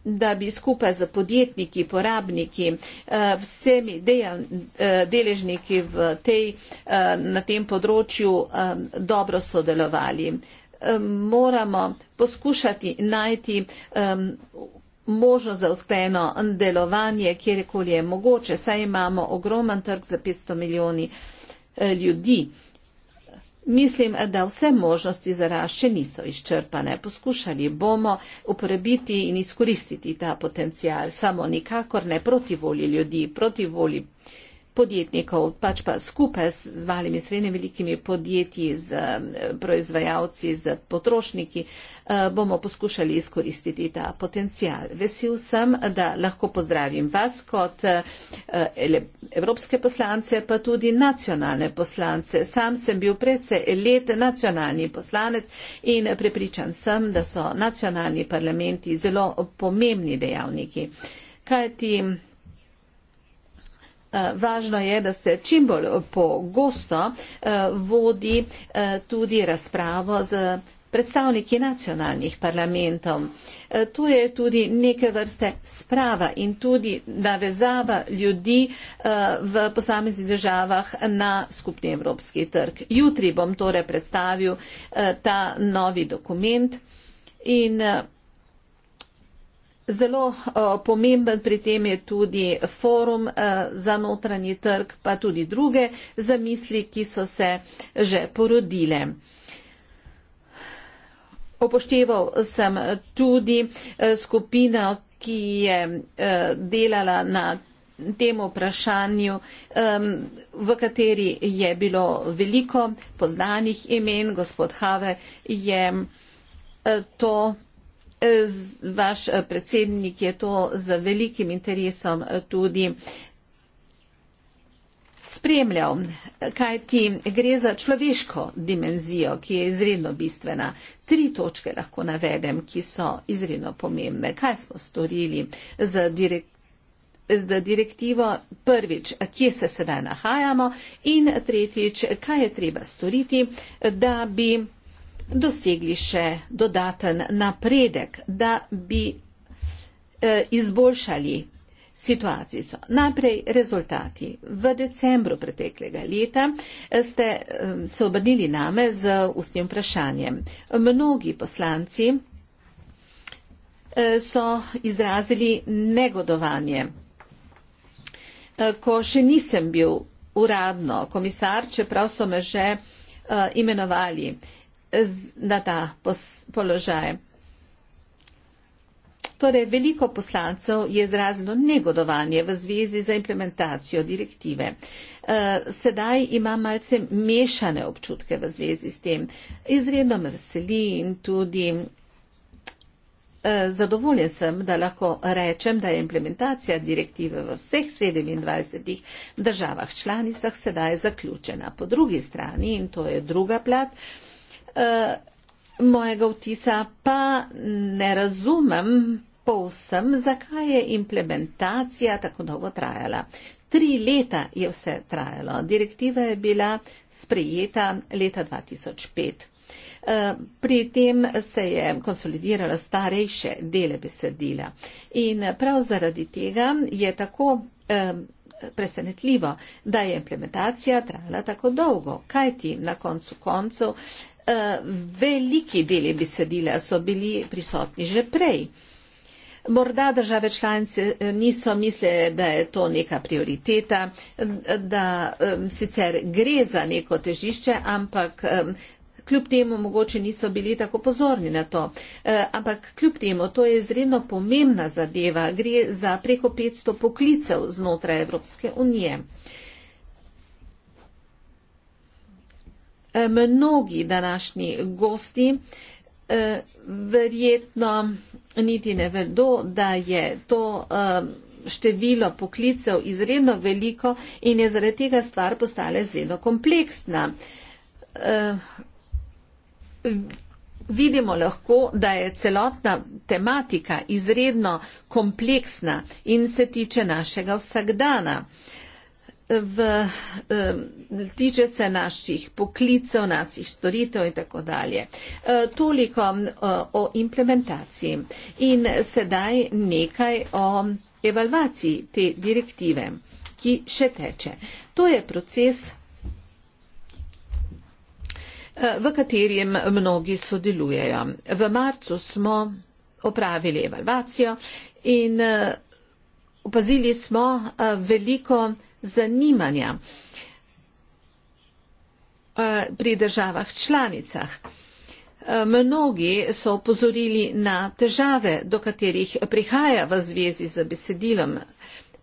S3: da bi skupaj z podjetniki, porabniki, eh, vsemi eh, deležniki v tej, eh, na tem področju dobro sodelovali. Moramo poskušati najti možnost za usklajeno delovanje, kjerkoli je mogoče, saj imamo ogromen trg za 500 milijoni ljudi. Mislim, da vse možnosti za rast še niso izčrpane. Poskušali bomo uporabiti in izkoristiti ta potencial, samo nikakor ne proti volji ljudi, proti volji podjetnikov, pač pa skupaj z malimi in srednjimi velikimi podjetji, z eh, proizvajalci, z potrošniki, eh, bomo poskušali izkoristiti ta potencial. Vesel sem, da lahko pozdravim vas kot eh, evropske poslance, pa tudi nacionalne poslance. Sam sem bil predvsej let nacionalni poslanec in prepričan sem, da so nacionalni parlamenti zelo pomembni dejavniki. Kaj ti? Važno je, da se čim bolj pogosto eh, vodi eh, tudi razpravo z predstavniki nacionalnih parlamentov. Eh, tu je tudi neke vrste sprava in tudi navezava ljudi v posameznih državah na skupni evropski trg. Jutri bom torej predstavil ta novi dokument in Zelo uh, pomemben pri tem je tudi forum uh, za notranji trg, pa tudi druge zamisli, ki so se že porodile. Opošteval sem tudi uh, skupino, ki je uh, delala na tem vprašanju, um, v kateri je bilo veliko poznanih imen. Gospod Have je uh, to vaš eh, predsednik je to z velikim interesom eh, tudi spremljal, kaj ti gre za človeško dimenzijo, ki je izredno bistvena. Tri točke lahko navedem, ki so izredno pomembne. Kaj smo storili z direktorjem? z direktivo prvič, kje se sedaj nahajamo in tretjič, kaj je treba storiti, da bi dosegli še dodaten napredek, da bi eh, izboljšali situacijo. Najprej rezultati. V decembru preteklega leta eh, ste eh, se obrnili name z ustnim vprašanjem. Mnogi poslanci so izrazili negodovanje. Ko še nisem bil uradno komisar, čeprav so me že imenovali z, na ta pos, položaj. Torej, veliko poslancev je izrazilo negodovanje v zvezi za implementacijo direktive. E, sedaj imam malce mešane občutke v zvezi s tem. Izredno me veseli in tudi e, zadovoljen sem, da lahko rečem, da je implementacija direktive v vseh 27 državah članicah sedaj zaključena. Po drugi strani, in to je druga plat, Eh, mojega vtisa pa ne razumem povsem, zakaj je implementacija tako dolgo trajala. Tri leta je vse trajalo. Direktiva je bila sprejeta leta 2005. Eh, pri tem se je konsolidiralo starejše dele besedila in prav zaradi tega je tako eh, presenetljivo, da je implementacija trajala tako dolgo. Kaj ti na koncu koncu? Eh, veliki deli besedila so bili prisotni že prej. Morda države članice eh, niso mislile, da je to neka prioriteta, eh, da sicer gre za neko težišče, ampak kljub temu mogoče niso bili tako pozorni na to. Ampak kljub temu to je izredno pomembna zadeva. Gre za preko 500 poklicev znotraj Evropske unije. Eh, mnogi današnji gosti eh, verjetno niti ne vedo, da je to eh, število poklicev izredno veliko in je zaradi tega stvar postala izredno kompleksna. Vidimo lahko, da je celotna tematika izredno kompleksna in se tiče našega vsakdana. Uh, v, tiče se naših poklicev, naših storitev in tako dalje. E, toliko o implementaciji in sedaj nekaj o evalvaciji te direktive, ki še teče. To je proces e, v katerem mnogi sodelujejo. V marcu smo opravili evalvacijo in e, opazili smo veliko zanimanja eh, pri državah članicah. Eh, mnogi so opozorili na težave, do katerih prihaja v zvezi z besedilom.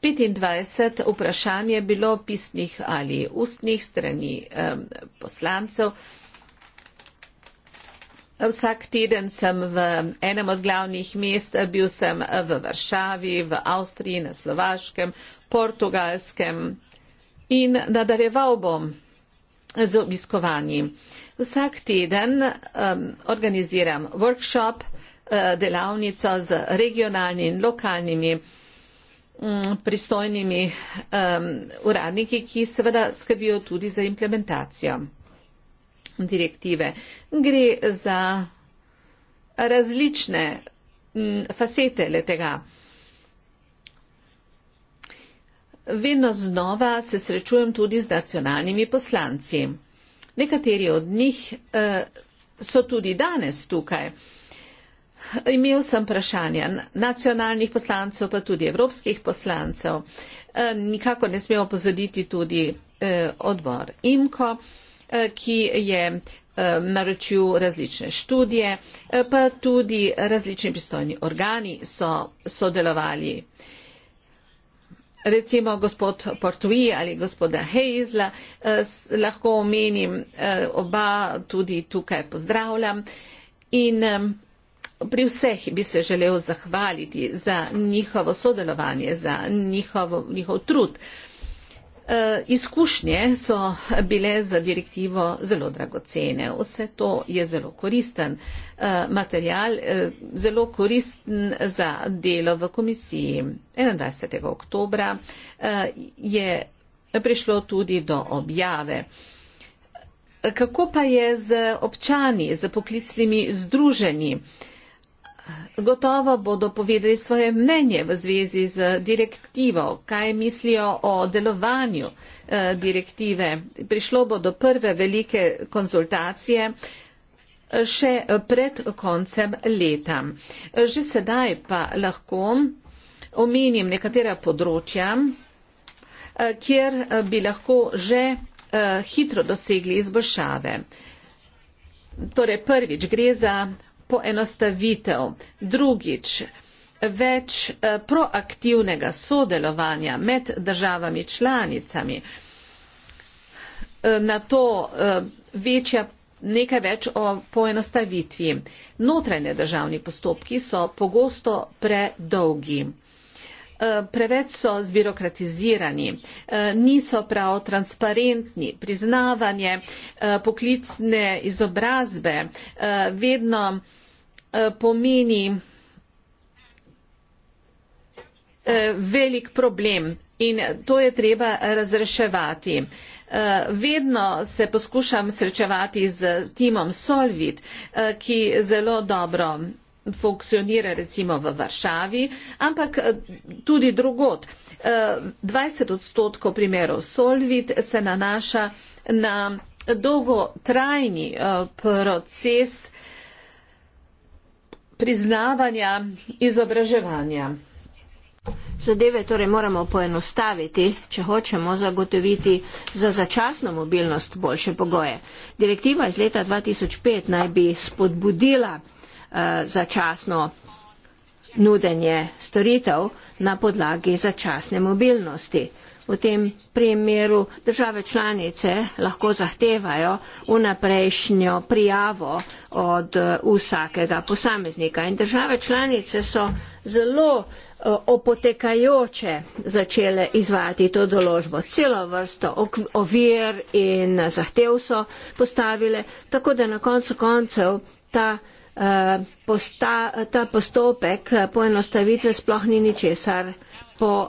S3: 25 vprašanj je bilo pisnih ali ustnih strani poslancev. Vsak teden sem v enem od glavnih mest, bil sem v Varšavi, v Avstriji, na Slovaškem, portugalskem. In nadaljeval bom z obiskovanji. Vsak teden um, organiziram workshop, uh, delavnico z regionalnimi in lokalnimi um, pristojnimi um, uradniki, ki seveda skrbijo tudi za implementacijo direktive. Gre za različne um, fasete le tega. Um, Vedno znova se srečujem tudi z nacionalnimi poslanci. Nekateri od njih eh, so tudi danes tukaj. Imel sem vprašanja nacionalnih poslancev, pa tudi evropskih poslancev. Eh, nikako ne smemo pozaditi tudi eh, odbor IMKO, eh, ki je eh, naročil različne študije, eh, pa tudi različni pristojni organi so sodelovali. Eh, recimo gospod Portui ali gospoda Heizla, eh, lahko omenim eh, oba tudi tukaj pozdravljam in eh, pri vseh bi se želel zahvaliti za njihovo sodelovanje, za njihovo, njihov trud. Eh, Eh, izkušnje so bile za direktivo zelo dragocene. Vse to je zelo koristen eh, material, eh, zelo koristen za delo v komisiji. 21. oktobra je prišlo tudi do objave. Kako pa je z občani, z poklicnimi združenji? Gotovo bodo povedali svoje mnenje v zvezi z direktivo, kaj mislijo o delovanju eh, direktive. Prišlo bo do prve velike konzultacije eh, še pred koncem leta. Eh, že sedaj pa lahko omenim nekatera področja, kjer bi lahko že hitro dosegli izboljšave. Torej prvič gre za poenostavitev. Drugič, več eh, proaktivnega sodelovanja med državami članicami. Eh, Na to eh, večja, nekaj več o poenostavitvi. Notranje državni postopki so pogosto predolgi. Eh, preveč so zbirokratizirani, eh, niso prav transparentni. Priznavanje eh, poklicne izobrazbe vedno pomeni velik problem in to je treba razreševati. Vedno se poskušam srečevati z timom Solvit, ki zelo dobro funkcionira recimo v Varšavi, ampak eh, tudi drugot. Eh, 20 odstotkov primerov Solvit se nanaša na dolgotrajni eh, proces
S4: priznavanja izobraževanja. Zadeve torej moramo poenostaviti, če hočemo zagotoviti za začasno mobilnost boljše pogoje. Direktiva iz leta 2005 naj bi spodbudila Eh, začasno nudenje storitev na podlagi začasne mobilnosti. V tem primeru države članice lahko zahtevajo vnaprejšnjo prijavo od eh, vsakega posameznika in države članice so zelo eh, opotekajoče začele izvajati to določbo. Celo vrsto ovir in zahtev so postavile, tako da na koncu koncev ta posta, ta postopek poenostavitve sploh ni ničesar po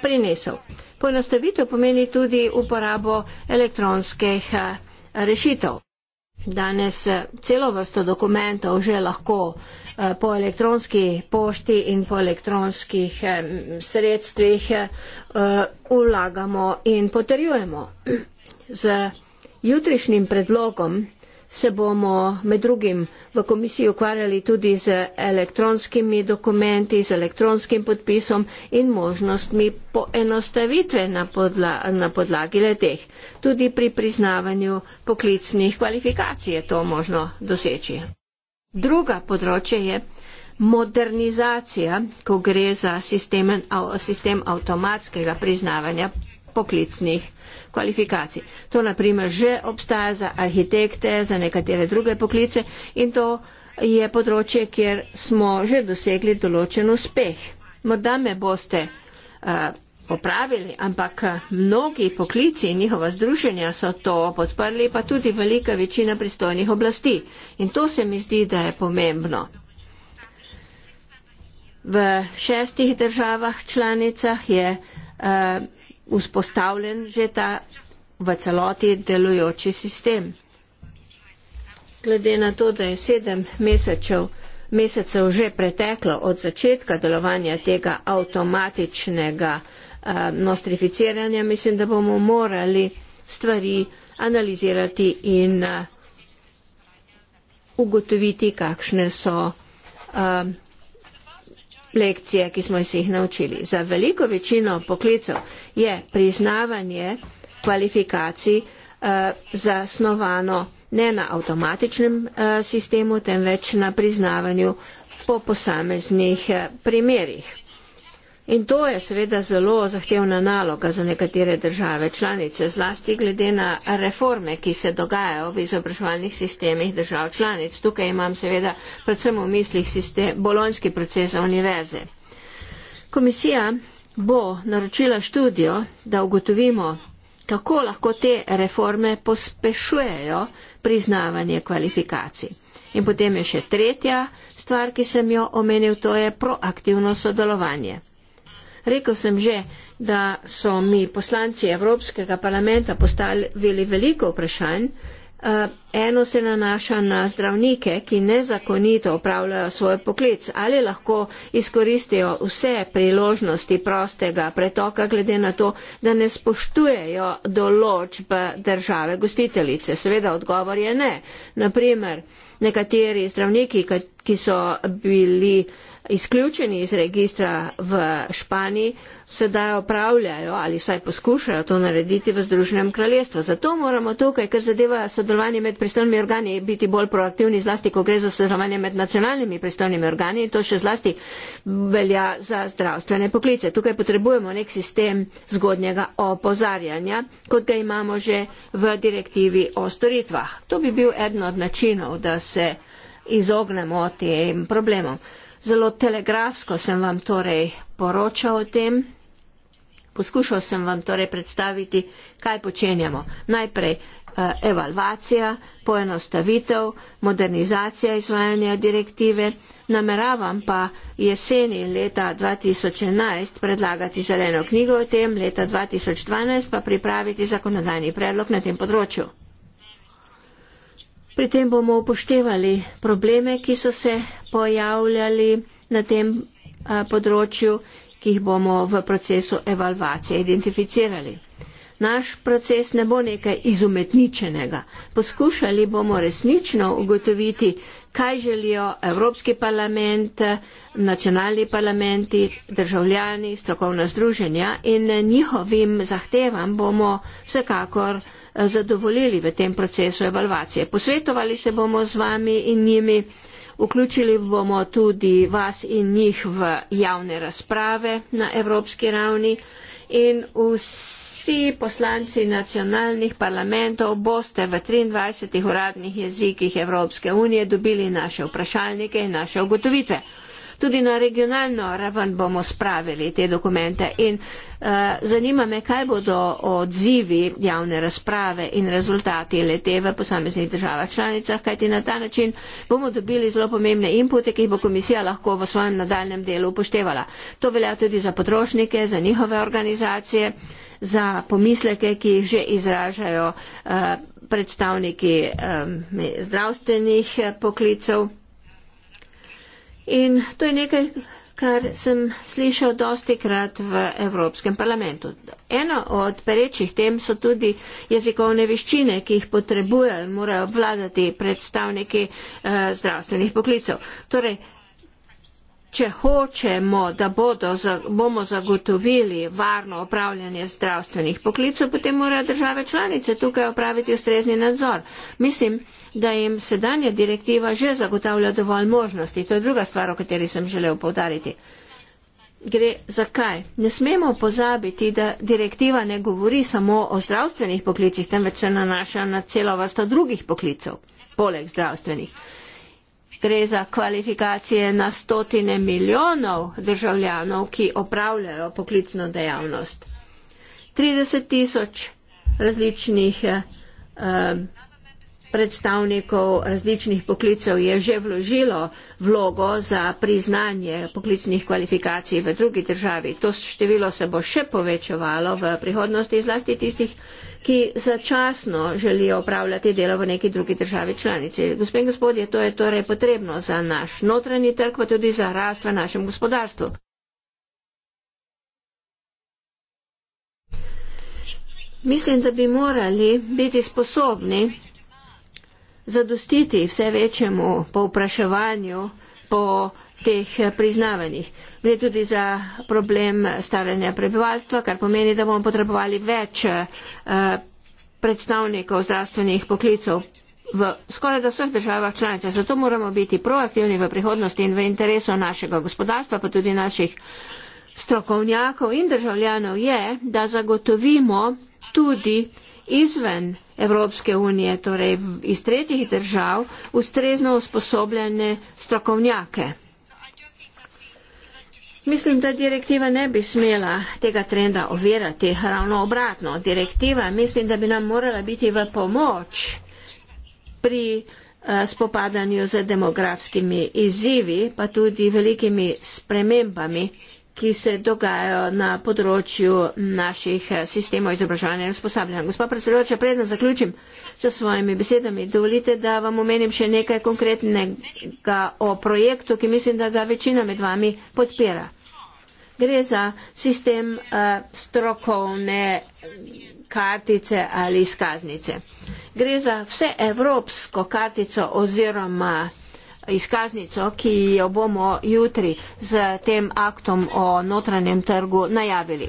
S4: prinesel. Poenostavitev pomeni tudi uporabo elektronskih eh, rešitev. Danes eh, celo vrsto dokumentov že lahko eh, po elektronski pošti in po elektronskih sredstvih vlagamo in potrjujemo. Z jutrišnjim predlogom se bomo med drugim v komisiji ukvarjali tudi z elektronskimi dokumenti, z elektronskim podpisom in možnostmi poenostavitve na, podla na podlagi leteh. Tudi pri priznavanju poklicnih kvalifikacij je to možno doseči. Druga področje je modernizacija, ko gre za sistem avtomatskega priznavanja poklicnih kvalifikacij. To naprimer že obstaja za arhitekte, za nekatere druge poklice in to je področje, kjer smo že dosegli določen uspeh. Morda me boste popravili, eh, uh, ampak eh, mnogi poklici in njihova združenja so to podprli, pa tudi velika večina pristojnih oblasti. In to se mi zdi, da je pomembno. V šestih državah članicah je uh, vzpostavljen že ta v celoti delujoči sistem. Glede na to, da je sedem mesečev, mesecev že preteklo od začetka delovanja tega avtomatičnega eh, nostrificiranja, mislim, da bomo morali stvari analizirati in eh, ugotoviti, kakšne so eh, lekcije, ki smo se jih naučili. Za veliko večino poklicov je priznavanje kvalifikacij eh, zasnovano ne na avtomatičnem eh, sistemu, temveč na priznavanju po posameznih eh, primerjih. In to je seveda zelo zahtevna naloga za nekatere države članice, zlasti glede na reforme, ki se dogajajo v izobraževalnih sistemih držav članic. Tukaj imam seveda predvsem v mislih sistem, bolonski proces za univerze. Komisija bo naročila študijo, da ugotovimo, kako lahko te reforme pospešujejo priznavanje kvalifikacij. In potem je še tretja stvar, ki sem jo omenil, to je proaktivno sodelovanje. Rekl sem že, da so mi poslanci Evropskega parlamenta postavili veliko vprašanj. Eh, eno se nanaša na zdravnike, ki nezakonito upravljajo svoj poklic. Ali lahko izkoristijo vse priložnosti prostega pretoka, glede na to, da ne spoštujejo določb države gostiteljice? Seveda odgovor je ne. Naprimer, nekateri zdravniki, ki so bili izključeni iz registra v Španiji, sedaj opravljajo ali vsaj poskušajo to narediti v Združenem kraljestvu. Zato moramo tukaj, ker zadeva sodelovanje med pristojnimi organi, biti bolj proaktivni, zlasti, ko gre za sodelovanje med nacionalnimi pristojnimi organi in to še zlasti velja za zdravstvene poklice. Tukaj potrebujemo nek sistem zgodnjega opozarjanja, kot ga imamo že v direktivi o storitvah. To bi bil eden od načinov, da se izognemo tem problemom. Zelo telegrafsko sem vam torej poročal o tem. Poskušal sem vam torej predstaviti, kaj počenjamo. Najprej eh, evalvacija, poenostavitev, modernizacija izvajanja direktive. Nameravam pa jeseni leta 2011 predlagati zeleno knjigo o tem, leta 2012 pa pripraviti zakonodajni predlog na tem področju. Pri tem bomo upoštevali probleme, ki so se pojavljali na tem a, področju, ki jih bomo v procesu evalvacije identificirali. Naš proces ne bo nekaj izumetničenega. Poskušali bomo resnično ugotoviti, kaj želijo Evropski parlament, nacionalni parlamenti, državljani, strokovna združenja in njihovim zahtevam bomo vsekakor zadovoljili v tem procesu evalvacije. Posvetovali se bomo z vami in njimi, vključili bomo tudi vas in njih v javne razprave na evropski ravni. In vsi poslanci nacionalnih parlamentov boste v 23 uradnih jezikih Evropske unije dobili naše vprašalnike in naše ugotovitve tudi na regionalno raven bomo spravili te dokumente. In uh, zanima me, kaj bodo odzivi javne razprave in rezultati lete v posameznih državah članicah, kajti na ta način bomo dobili zelo pomembne inpute, ki jih bo komisija lahko v svojem nadaljem delu upoštevala. To velja tudi za potrošnike, za njihove organizacije, za pomisleke, ki jih že izražajo. Uh, predstavniki um, zdravstvenih poklicov. In to je nekaj, kar sem slišal dosti krat v Evropskem parlamentu. Eno od perečih tem so tudi jezikovne veščine, ki jih potrebujejo in morajo vladati predstavniki uh, zdravstvenih poklicov. Torej, če hočemo, da bodo, bomo zagotovili varno upravljanje zdravstvenih poklicov, potem morajo države članice tukaj opraviti ustrezni nadzor. Mislim, da jim sedanja direktiva že zagotavlja dovolj možnosti. To je druga stvar, o kateri sem želel povdariti. Gre zakaj? Ne smemo pozabiti, da direktiva ne govori samo o zdravstvenih poklicih, temveč se nanaša na celo vrsto drugih poklicov, poleg zdravstvenih gre za kvalifikacije na stotine milijonov državljanov, ki opravljajo poklicno dejavnost. 30 tisoč različnih eh, predstavnikov različnih poklicev je že vložilo vlogo za priznanje poklicnih kvalifikacij v drugi državi. To število se bo še povečevalo v prihodnosti, zlasti tistih, ki začasno želijo upravljati delo v neki drugi državi članici. Gospe in gospodje, to je torej potrebno za naš notranji trg, pa tudi za rast v našem gospodarstvu. Mislim, da bi morali biti sposobni zadostiti vse večjemu povpraševanju po teh priznavanjih. Gre tudi za problem staranja prebivalstva, kar pomeni, da bomo potrebovali več eh, predstavnikov zdravstvenih poklicov v skoraj do vseh državah članicah. Zato moramo biti proaktivni v prihodnosti in v interesu našega gospodarstva, pa tudi naših strokovnjakov in državljanov je, da zagotovimo tudi izven Evropske unije, torej iz tretjih držav, ustrezno usposobljene strokovnjake. Mislim, da direktiva ne bi smela tega trenda overati, ravno obratno. Direktiva mislim, da bi nam morala biti v pomoč pri eh, spopadanju z demografskimi izzivi, pa tudi velikimi spremembami ki se dogajajo na področju naših eh, sistemov izobraževanja in usposabljanja. Gospod predsedujoča, predno zaključim s svojimi besedami. Dovolite, da vam omenim še nekaj konkretnega o projektu, ki mislim, da ga večina med vami podpira. Gre za sistem uh, strokovne kartice ali izkaznice. Gre za vseevropsko kartico oziroma izkaznico, ki jo bomo jutri z tem aktom o notranjem trgu najavili.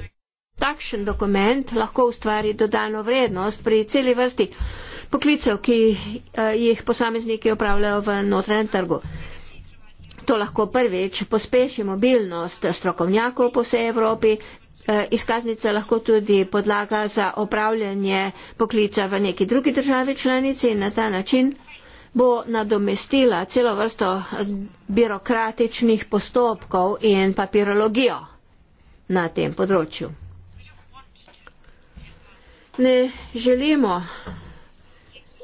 S4: Takšen dokument lahko ustvari dodano vrednost pri celi vrsti poklicev, ki eh, jih posamezniki opravljajo v notranjem trgu. To lahko prvič pospeši mobilnost strokovnjakov po vsej Evropi. Eh, izkaznica lahko tudi podlaga za opravljanje poklica v neki drugi državi članici in na ta način bo nadomestila celo vrsto birokratičnih postopkov in papirologijo na tem področju. Ne želimo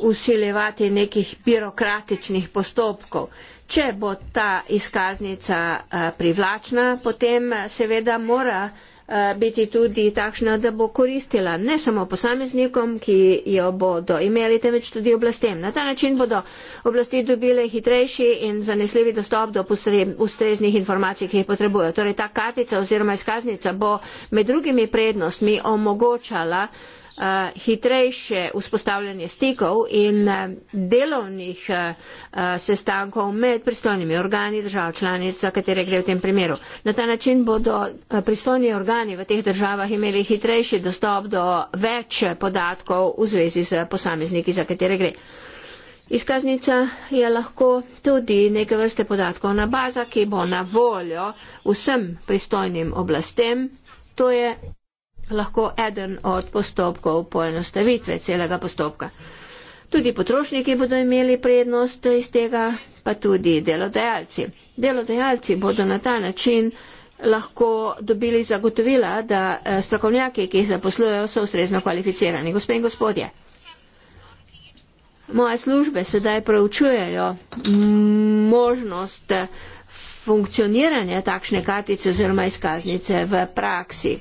S4: usilevati nekih birokratičnih postopkov. Če bo ta izkaznica eh, privlačna, potem eh, seveda mora Eh, biti tudi takšna, da bo koristila ne samo posameznikom, ki jo bodo imeli, temveč tudi oblastem. Na ta način bodo oblasti dobile hitrejši in zanesljivi dostop do ustreznih informacij, ki jih potrebujejo. Torej, ta kartica oziroma izkaznica bo med drugimi prednostmi omogočala Eh, hitrejše vzpostavljanje stikov in eh, delovnih eh, sestankov med pristojnimi organi držav članica, katere gre v tem primeru. Na ta način bodo pristojni organi v teh državah imeli hitrejši dostop do več podatkov v zvezi z posamezniki, za katere gre. Izkaznica je lahko tudi neke vrste podatkov na baza, ki bo na voljo vsem pristojnim oblastem. To je lahko eden od postopkov poenostavitve celega postopka. Tudi potrošniki bodo imeli prednost iz tega, pa tudi delodajalci. Delodajalci bodo na ta način lahko dobili zagotovila, da eh, strokovnjaki, ki jih zaposlujejo, so ustrezno kvalificirani. Gospe in gospodje, moje službe sedaj preučujejo možnost eh, funkcioniranja takšne kartice oziroma izkaznice v praksi.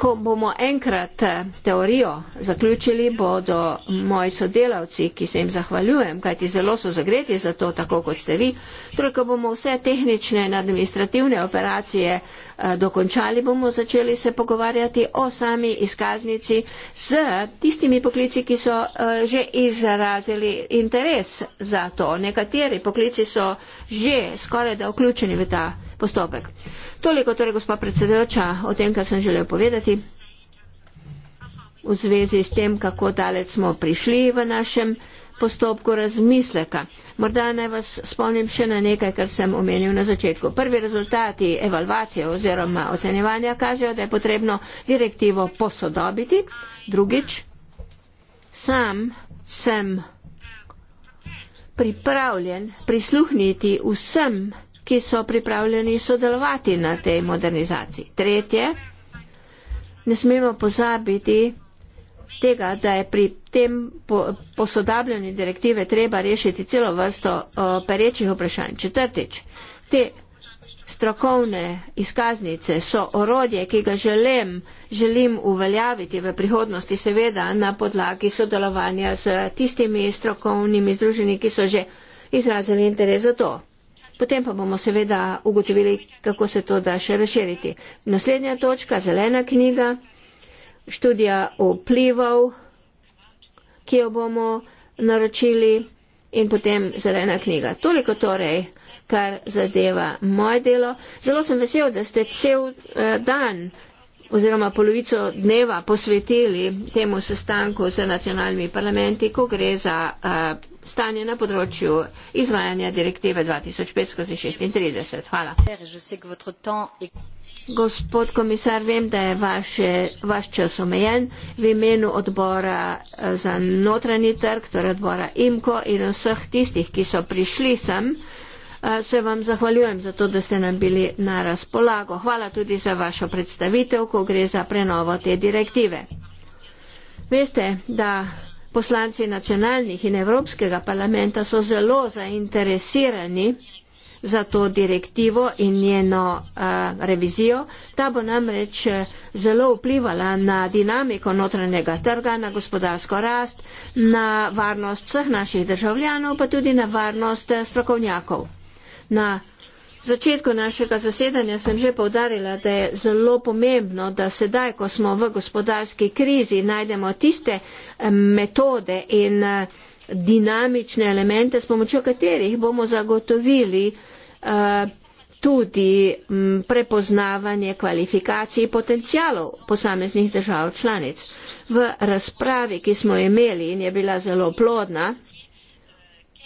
S4: Ko bomo enkrat eh, teorijo zaključili, bodo moji sodelavci, ki se jim zahvaljujem, kajti zelo so zagreti za to, tako kot ste vi, torej, ko bomo vse tehnične in administrativne operacije eh, dokončali, bomo začeli se pogovarjati o sami izkaznici z tistimi poklici, ki so eh, že izrazili interes za to. Nekateri poklici so že skoraj da vključeni v ta postopek. Toliko torej, gospa predsedujoča, o tem, kar sem želel povedati v zvezi s tem, kako daleč smo prišli v našem postopku razmisleka. Morda naj vas spomnim še na nekaj, kar sem omenil na začetku. Prvi rezultati evalvacije oziroma ocenjevanja kažejo, da je potrebno direktivo posodobiti. Drugič, sam sem pripravljen prisluhniti vsem ki so pripravljeni sodelovati na tej modernizaciji. Tretje, ne smemo pozabiti tega, da je pri tem posodabljanju direktive treba rešiti celo vrsto perečih vprašanj. Četrtič, te strokovne izkaznice so orodje, ki ga želim, želim uveljaviti v prihodnosti, seveda na podlagi sodelovanja z tistimi strokovnimi združenji, ki so že izrazili interes za to potem pa bomo seveda ugotovili, kako se to da še razširiti. Naslednja točka, zelena knjiga, študija vplivov, ki jo bomo naročili in potem zelena knjiga. Toliko torej, kar zadeva moje delo. Zelo sem vesel, da ste cel eh, dan oziroma polovico dneva posvetili temu sestanku z nacionalnimi parlamenti, ko gre za uh, stanje na področju izvajanja direktive 2005-36. Hvala. Gospod komisar, vem, da je vaše, vaš čas omejen v imenu odbora eh, za notranji trg, torej odbora IMKO in vseh tistih, ki so prišli sem se vam zahvaljujem za to, da ste nam bili na razpolago. Hvala tudi za vašo predstavitev, ko gre za prenovo te direktive. Veste, da poslanci nacionalnih in Evropskega parlamenta so zelo zainteresirani za to direktivo in njeno uh, revizijo. Ta bo namreč zelo vplivala na dinamiko notranjega trga, na gospodarsko rast, na varnost vseh naših državljanov, pa tudi na varnost strokovnjakov. Na začetku našega zasedanja sem že povdarila, da je zelo pomembno, da sedaj, ko smo v gospodarski krizi, najdemo tiste eh, metode in eh, dinamične elemente, s pomočjo katerih bomo zagotovili eh, tudi mm, prepoznavanje kvalifikacij in potencijalov posameznih držav članic. V razpravi, ki smo imeli in je bila zelo plodna,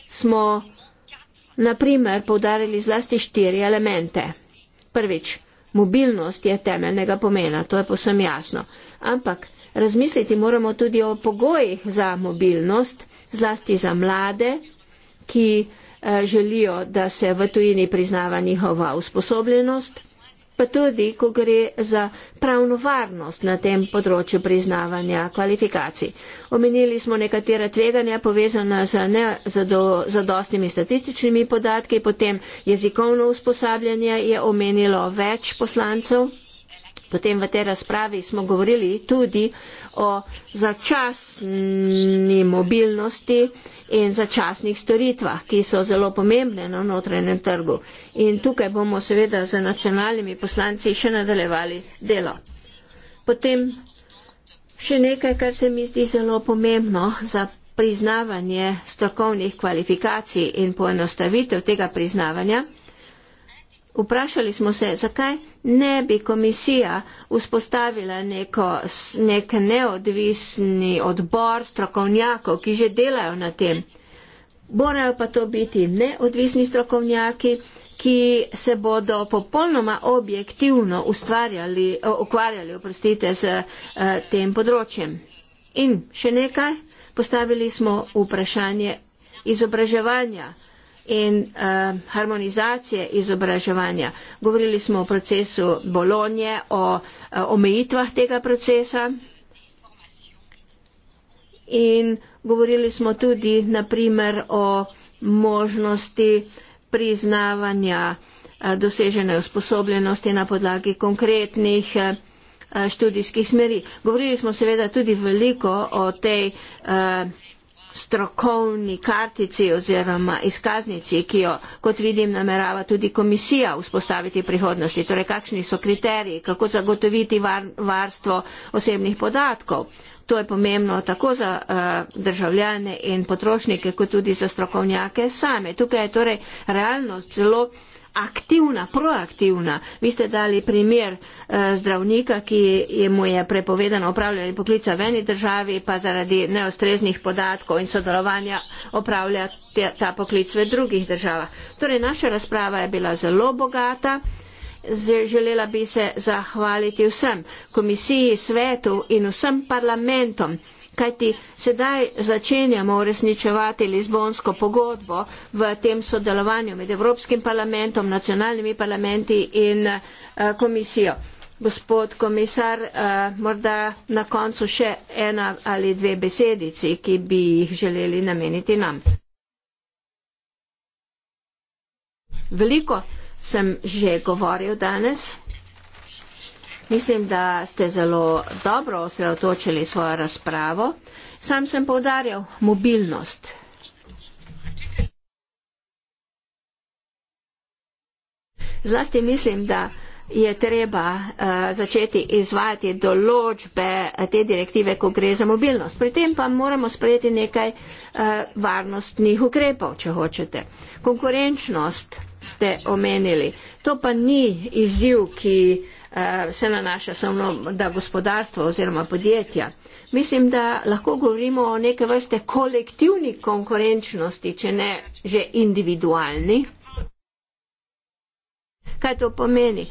S4: smo naprimer povdarili zlasti štiri elemente. Prvič, mobilnost je temeljnega pomena, to je posem jasno. Ampak razmisliti moramo tudi o pogojih za mobilnost, zlasti za mlade, ki eh, želijo, da se v tujini priznava njihova usposobljenost pa tudi, ko gre za pravno varnost na tem področju priznavanja kvalifikacij. Omenili smo nekatera tveganja povezana z nezadostnimi statističnimi podatki, potem jezikovno usposabljanje je omenilo več poslancev. Potem v tej razpravi smo govorili tudi o začasni mobilnosti in začasnih storitvah, ki so zelo pomembne na notranjem trgu. In tukaj bomo seveda z nacionalnimi poslanci še nadaljevali delo. Potem še nekaj, kar se mi zdi zelo pomembno za priznavanje strokovnih kvalifikacij in poenostavitev tega priznavanja. Vprašali smo se, zakaj ne bi komisija vzpostavila neko, nek neodvisni odbor strokovnjakov, ki že delajo na tem. Morajo pa to biti neodvisni strokovnjaki, ki se bodo popolnoma objektivno ukvarjali z uh, tem področjem. In še nekaj, postavili smo vprašanje izobraževanja in uh, harmonizacije izobraževanja. Govorili smo o procesu bolonje, o uh, omejitvah tega procesa in govorili smo tudi naprimer o možnosti priznavanja uh, dosežene usposobljenosti na podlagi konkretnih uh, študijskih smeri. Govorili smo seveda tudi veliko o tej uh, strokovni kartici oziroma izkaznici, ki jo, kot vidim, namerava tudi komisija vzpostaviti prihodnosti. Torej, kakšni so kriteriji, kako zagotoviti var, varstvo osebnih podatkov. To je pomembno tako za uh, državljane in potrošnike, kot tudi za strokovnjake same. Tukaj je torej realnost zelo aktivna, proaktivna. Vi ste dali primer eh, zdravnika, ki je mu je prepovedano opravljanje poklica v eni državi, pa zaradi neostreznih podatkov in sodelovanja opravlja ta poklic v drugih državah. Torej, naša razprava je bila zelo bogata. Želela bi se zahvaliti vsem, komisiji, svetu in vsem parlamentom kajti sedaj začenjamo uresničevati Lizbonsko pogodbo v tem sodelovanju med Evropskim parlamentom, nacionalnimi parlamenti in eh, komisijo. Gospod komisar, eh, morda na koncu še ena ali dve besedici, ki bi jih želeli nameniti nam. Veliko sem že govoril danes. Mislim, da ste zelo dobro osredotočili svojo razpravo. Sam sem povdarjal mobilnost. Zlasti mislim, da je treba uh, začeti izvajati določbe te direktive, ko gre za mobilnost. Pri tem pa moramo sprejeti nekaj uh, varnostnih ukrepov, če hočete. Konkurenčnost ste omenili. To pa ni izziv, ki uh, Eh, se nanaša samo na gospodarstvo oziroma podjetja. Mislim, da lahko govorimo o neke vrste kolektivni konkurenčnosti, če ne že individualni. Kaj to pomeni?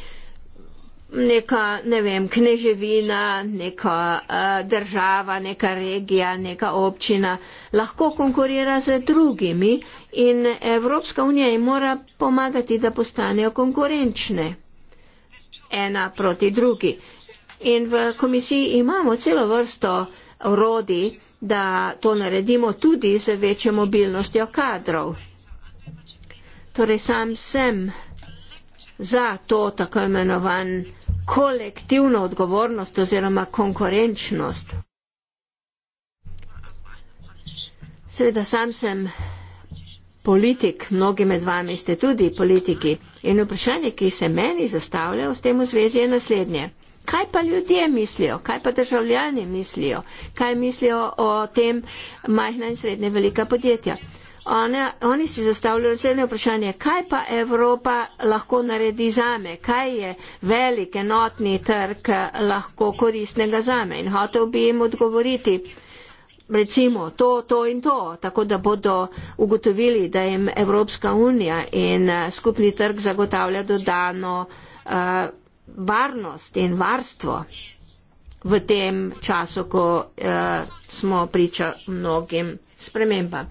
S4: Neka, ne vem, kneževina, neka uh, država, neka regija, neka občina lahko konkurira z drugimi in Evropska unija jim mora pomagati, da postanejo konkurenčne ena proti drugi. In v komisiji imamo celo vrsto orodi, da to naredimo tudi z večjo mobilnostjo kadrov. Torej sam sem za to tako imenovan kolektivno odgovornost oziroma konkurenčnost. Seveda sam sem politik, mnogi med vami ste tudi politiki. In vprašanje, ki se meni zastavlja v tem v zvezi, je naslednje. Kaj pa ljudje mislijo, kaj pa državljani mislijo, kaj mislijo o tem majhna in srednje velika podjetja? Ona, oni si zastavljajo naslednje vprašanje, kaj pa Evropa lahko naredi zame, kaj je velik enotni trg lahko koristnega zame. In hotel bi jim odgovoriti recimo to, to in to, tako da bodo ugotovili, da jim Evropska unija in eh, skupni trg zagotavlja dodano uh, varnost in varstvo v tem času, ko uh, smo priča mnogim spremembam.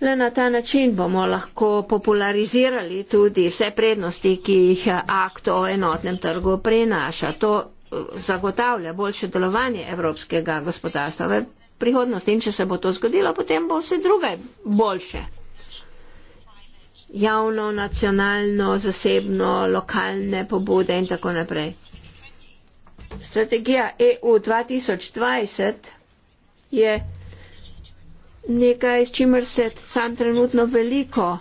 S4: Le na ta način bomo lahko popularizirali tudi vse prednosti, ki jih akt o enotnem trgu prinaša. To zagotavlja boljše delovanje evropskega gospodarstva prihodnost in če se bo to zgodilo, potem bo vse druge boljše. Javno, nacionalno, zasebno, lokalne pobude in tako naprej. Strategija EU 2020 je nekaj, s čimer se sam trenutno veliko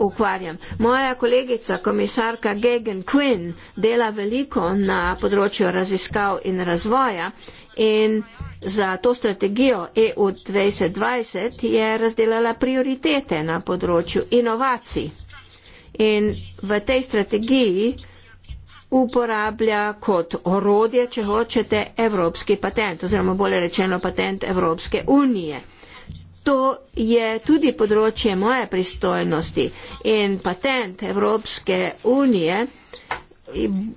S4: ukvarjam. Moja kolegica, komisarka Gegen Quinn, dela veliko na področju raziskav in razvoja in za to strategijo EU 2020 je razdelala prioritete na področju inovacij. In v tej strategiji uporablja kot orodje, če hočete, evropski patent oziroma bolje rečeno patent Evropske unije. To je tudi področje moje pristojnosti in patent Evropske unije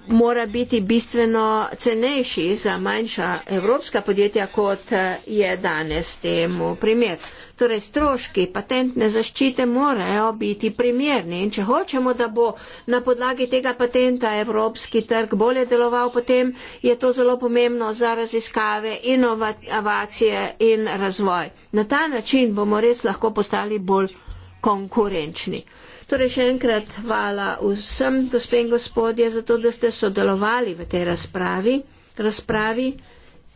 S4: mora biti bistveno cenejši za manjša evropska podjetja, kot eh, je danes temu primer. Torej, stroški patentne zaščite morajo biti primerni in če hočemo, da bo na podlagi tega patenta evropski trg bolje deloval, potem je to zelo pomembno za raziskave, inovacije in razvoj. Na ta način bomo res lahko postali bolj konkurenčni. Torej še enkrat hvala vsem, gospe in gospodje, za to, da ste sodelovali v tej razpravi, razpravi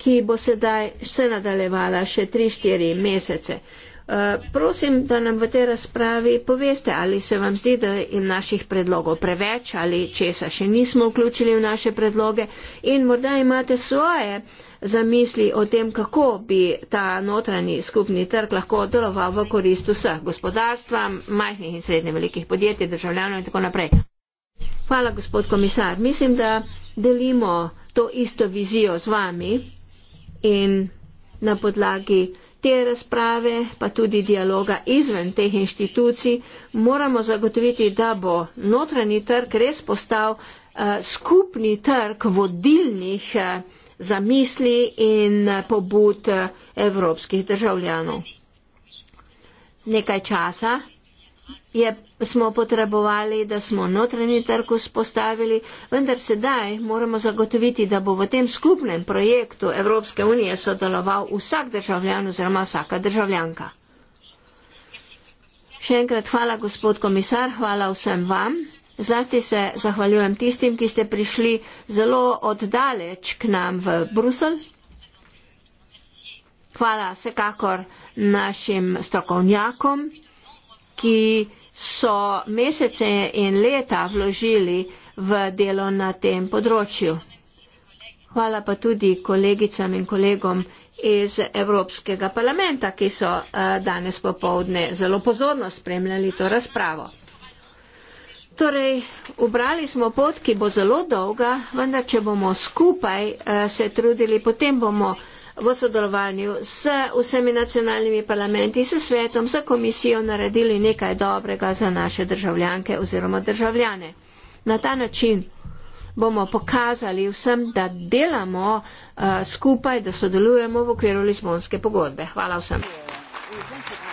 S4: ki bo sedaj se nadaljevala še 3-4 mesece. E, prosim, da nam v tej razpravi poveste, ali se vam zdi, da je naših predlogov preveč, ali česa še nismo vključili v naše predloge in morda imate svoje zamisli o tem, kako bi ta notranji skupni trg lahko deloval v korist vseh gospodarstva, majhnih in srednje velikih podjetij, državljanov in tako naprej. Hvala, gospod komisar. Mislim, da delimo to isto vizijo z vami in na podlagi te razprave, pa tudi dialoga izven teh inštitucij, moramo zagotoviti, da bo notranji trg res postal uh, skupni trg vodilnih uh, zamisli in pobud evropskih državljanov. Nekaj časa je, smo potrebovali, da smo notranji trg vzpostavili, vendar sedaj moramo zagotoviti, da bo v tem skupnem projektu Evropske unije sodeloval vsak državljan oziroma vsaka državljanka. Še enkrat hvala, gospod komisar, hvala vsem vam. Zlasti se zahvaljujem tistim, ki ste prišli zelo oddaleč k nam v Brusel. Hvala vsekakor našim strokovnjakom, ki so mesece in leta vložili v delo na tem področju. Hvala pa tudi kolegicam in kolegom iz Evropskega parlamenta, ki so eh, danes popovdne zelo pozorno spremljali to razpravo. Torej, obrali smo pot, ki bo zelo dolga, vendar če bomo skupaj uh, se trudili, potem bomo v sodelovanju s vsemi nacionalnimi parlamenti, s svetom, s komisijo naredili nekaj dobrega za naše državljanke oziroma državljane. Na ta način bomo pokazali vsem, da delamo uh, skupaj, da sodelujemo v okviru Lizbonske pogodbe. Hvala vsem. Yeah.